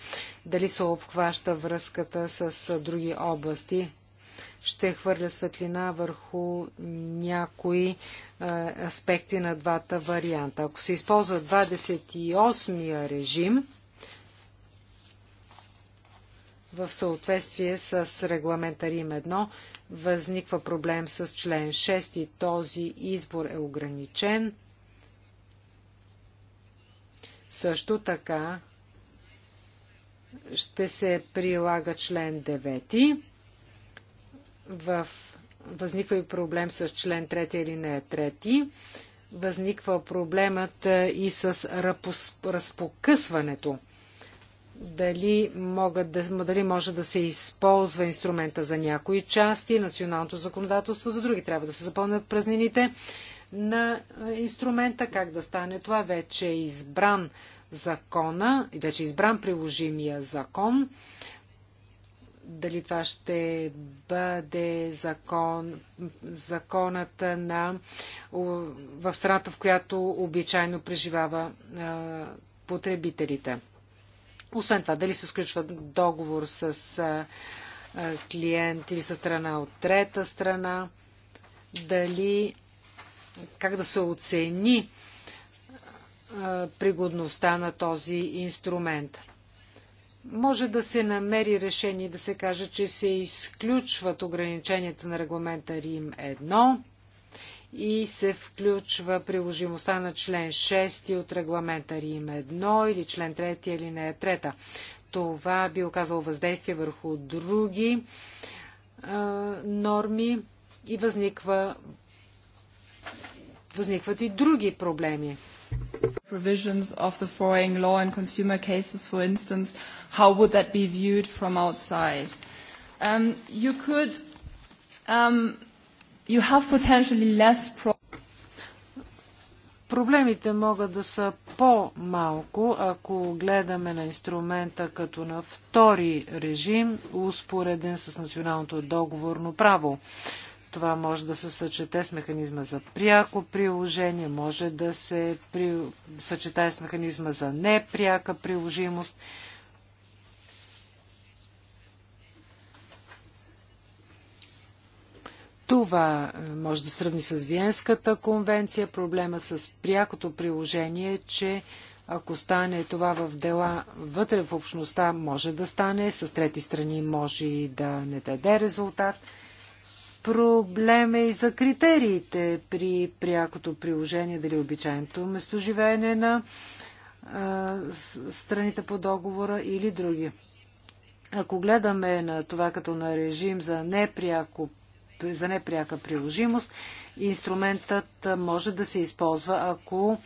дали се обхваща връзката с други области. Ще хвърля светлина върху някои аспекти на двата варианта. Ако се използва 28-я режим, в съответствие с регламента Рим 1 възниква проблем с член 6 и този избор е ограничен. Също така ще се прилага член 9. В... Възниква и проблем с член 3 или не 3. Възниква проблемът и с разпокъсването дали, могат да, дали може да се използва инструмента за някои части, националното законодателство за други. Трябва да се запълнят празнините на инструмента. Как да стане това? Вече е избран закона, вече е избран приложимия закон. Дали това ще бъде закон, законът на, в страната, в която обичайно преживява потребителите. Освен това, дали се сключва договор с клиент или с страна от трета страна, дали как да се оцени пригодността на този инструмент. Може да се намери решение да се каже, че се изключват ограниченията на регламента Рим 1 и се включва приложимостта на член 6 от регламента Рим 1 или член 3 или не 3. Това би оказало въздействие върху други а, норми и възниква, възникват и други проблеми. Provisions of the foreign law in consumer cases, for instance, how would that be viewed from outside? Um, you could um, you have potentially less pro- Проблемите могат да са по-малко, ако гледаме на инструмента като на втори режим, успореден с националното договорно право. Това може да се съчете с механизма за пряко приложение, може да се при... съчетае с механизма за непряка приложимост. Това е, може да сравни с Виенската конвенция. Проблема с прякото приложение е, че ако стане това в дела вътре в общността, може да стане, с трети страни може и да не даде резултат. Проблем е и за критериите при прякото приложение, дали обичайното местоживеене на а, е, страните по договора или други. Ако гледаме на това като на режим за непряко за непряка приложимост. Инструментът може да се използва, ако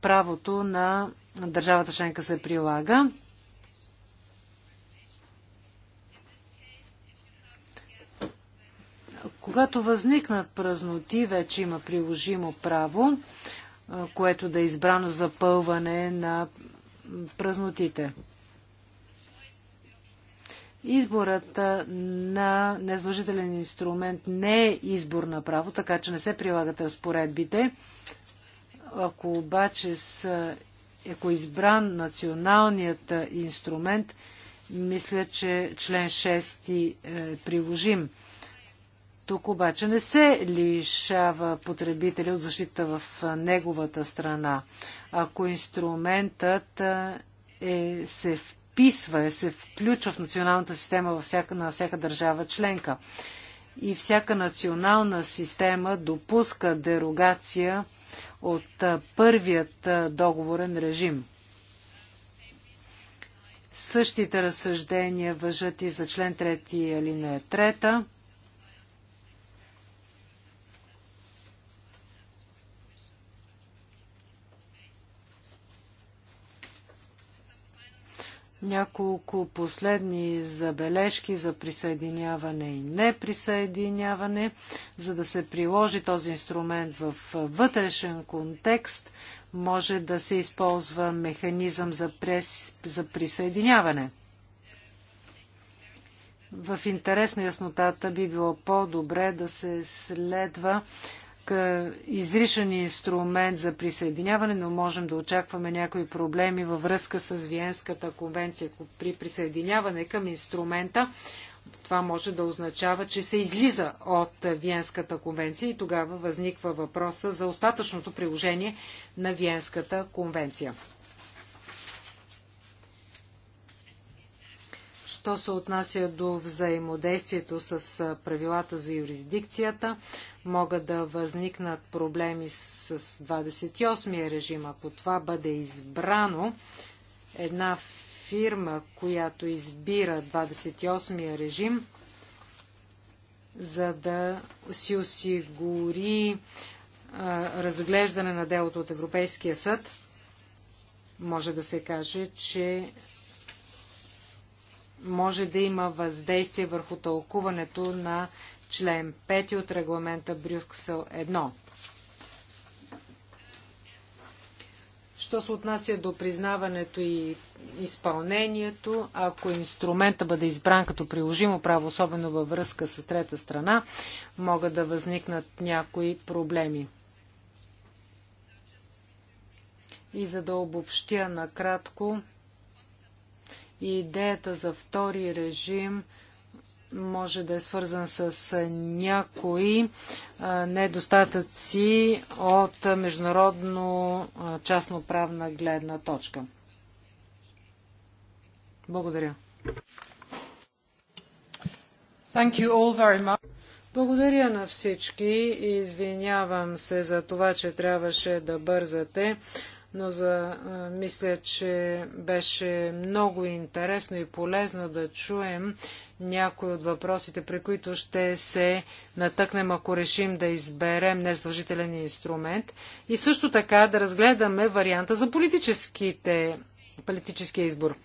правото на държавата членка се прилага. Когато възникнат празноти, вече има приложимо право, което да е избрано за пълване на празнотите. Изборът на незложителен инструмент не е избор на право, така че не се прилагат разпоредбите. Ако обаче са, ако е избран националният инструмент, мисля, че член 6 е приложим. Тук обаче не се лишава потребителя от защита в неговата страна. Ако инструментът е, се вписва, е, се включва в националната система във всяка, на всяка държава членка. И всяка национална система допуска дерогация от първият договорен режим. Същите разсъждения въжат и за член 3 алинея 3. Няколко последни забележки за присъединяване и неприсъединяване, за да се приложи този инструмент в вътрешен контекст, може да се използва механизъм за, прес, за присъединяване. В интерес на яснотата би било по-добре да се следва е, изричен инструмент за присъединяване, но можем да очакваме някои проблеми във връзка с Виенската конвенция при присъединяване към инструмента. Това може да означава, че се излиза от Виенската конвенция и тогава възниква въпроса за остатъчното приложение на Виенската конвенция. Що се отнася до взаимодействието с правилата за юрисдикцията, могат да възникнат проблеми с 28-я режим. Ако това бъде избрано, една фирма, която избира 28-я режим, за да си осигури разглеждане на делото от Европейския съд, може да се каже, че може да има въздействие върху тълкуването на член 5 от регламента Брюксел 1. Що се отнася до признаването и изпълнението, ако инструмента бъде избран като приложимо право, особено във връзка с трета страна, могат да възникнат някои проблеми. И за да обобщя накратко, и идеята за втори режим може да е свързан с някои недостатъци от международно частноправна гледна точка. Благодаря. Thank you all very much. Благодаря на всички и извинявам се за това, че трябваше да бързате но за, мисля, че беше много интересно и полезно да чуем някои от въпросите, при които ще се натъкнем, ако решим да изберем нездължителен инструмент. И също така да разгледаме варианта за политическите, политическия избор.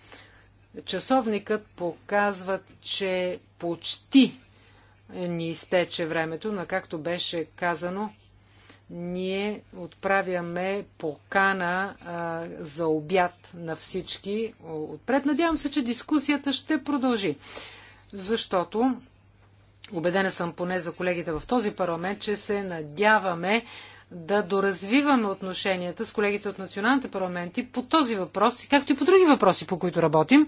Часовникът показва, че почти ни изтече времето, но както беше казано, ние отправяме покана а, за обяд на всички отпред. Надявам се, че дискусията ще продължи, защото убедена съм поне за колегите в този парламент, че се надяваме да доразвиваме отношенията с колегите от националните парламенти по този въпрос, както и по други въпроси, по които работим,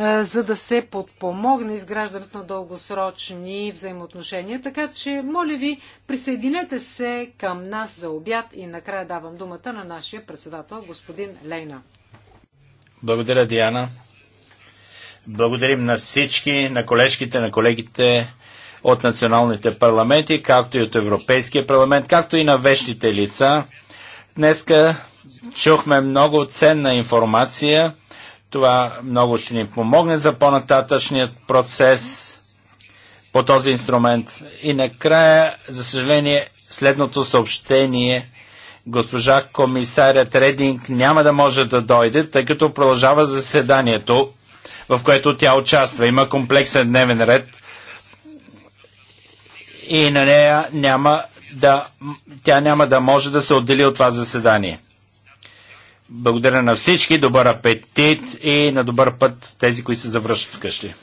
е, за да се подпомогне изграждането на дългосрочни взаимоотношения. Така че, моля ви, присъединете се към нас за обяд и накрая давам думата на нашия председател, господин Лейна. Благодаря, Диана. Благодарим на всички, на колежките, на колегите от националните парламенти, както и от Европейския парламент, както и на вещите лица. Днеска чухме много ценна информация. Това много ще ни помогне за по-нататъчният процес по този инструмент. И накрая, за съжаление, следното съобщение. Госпожа комисарят Рединг няма да може да дойде, тъй като продължава заседанието, в което тя участва. Има комплексен дневен ред и на нея няма да, тя няма да може да се отдели от това заседание. Благодаря на всички, добър апетит и на добър път тези, които се завръщат вкъщи.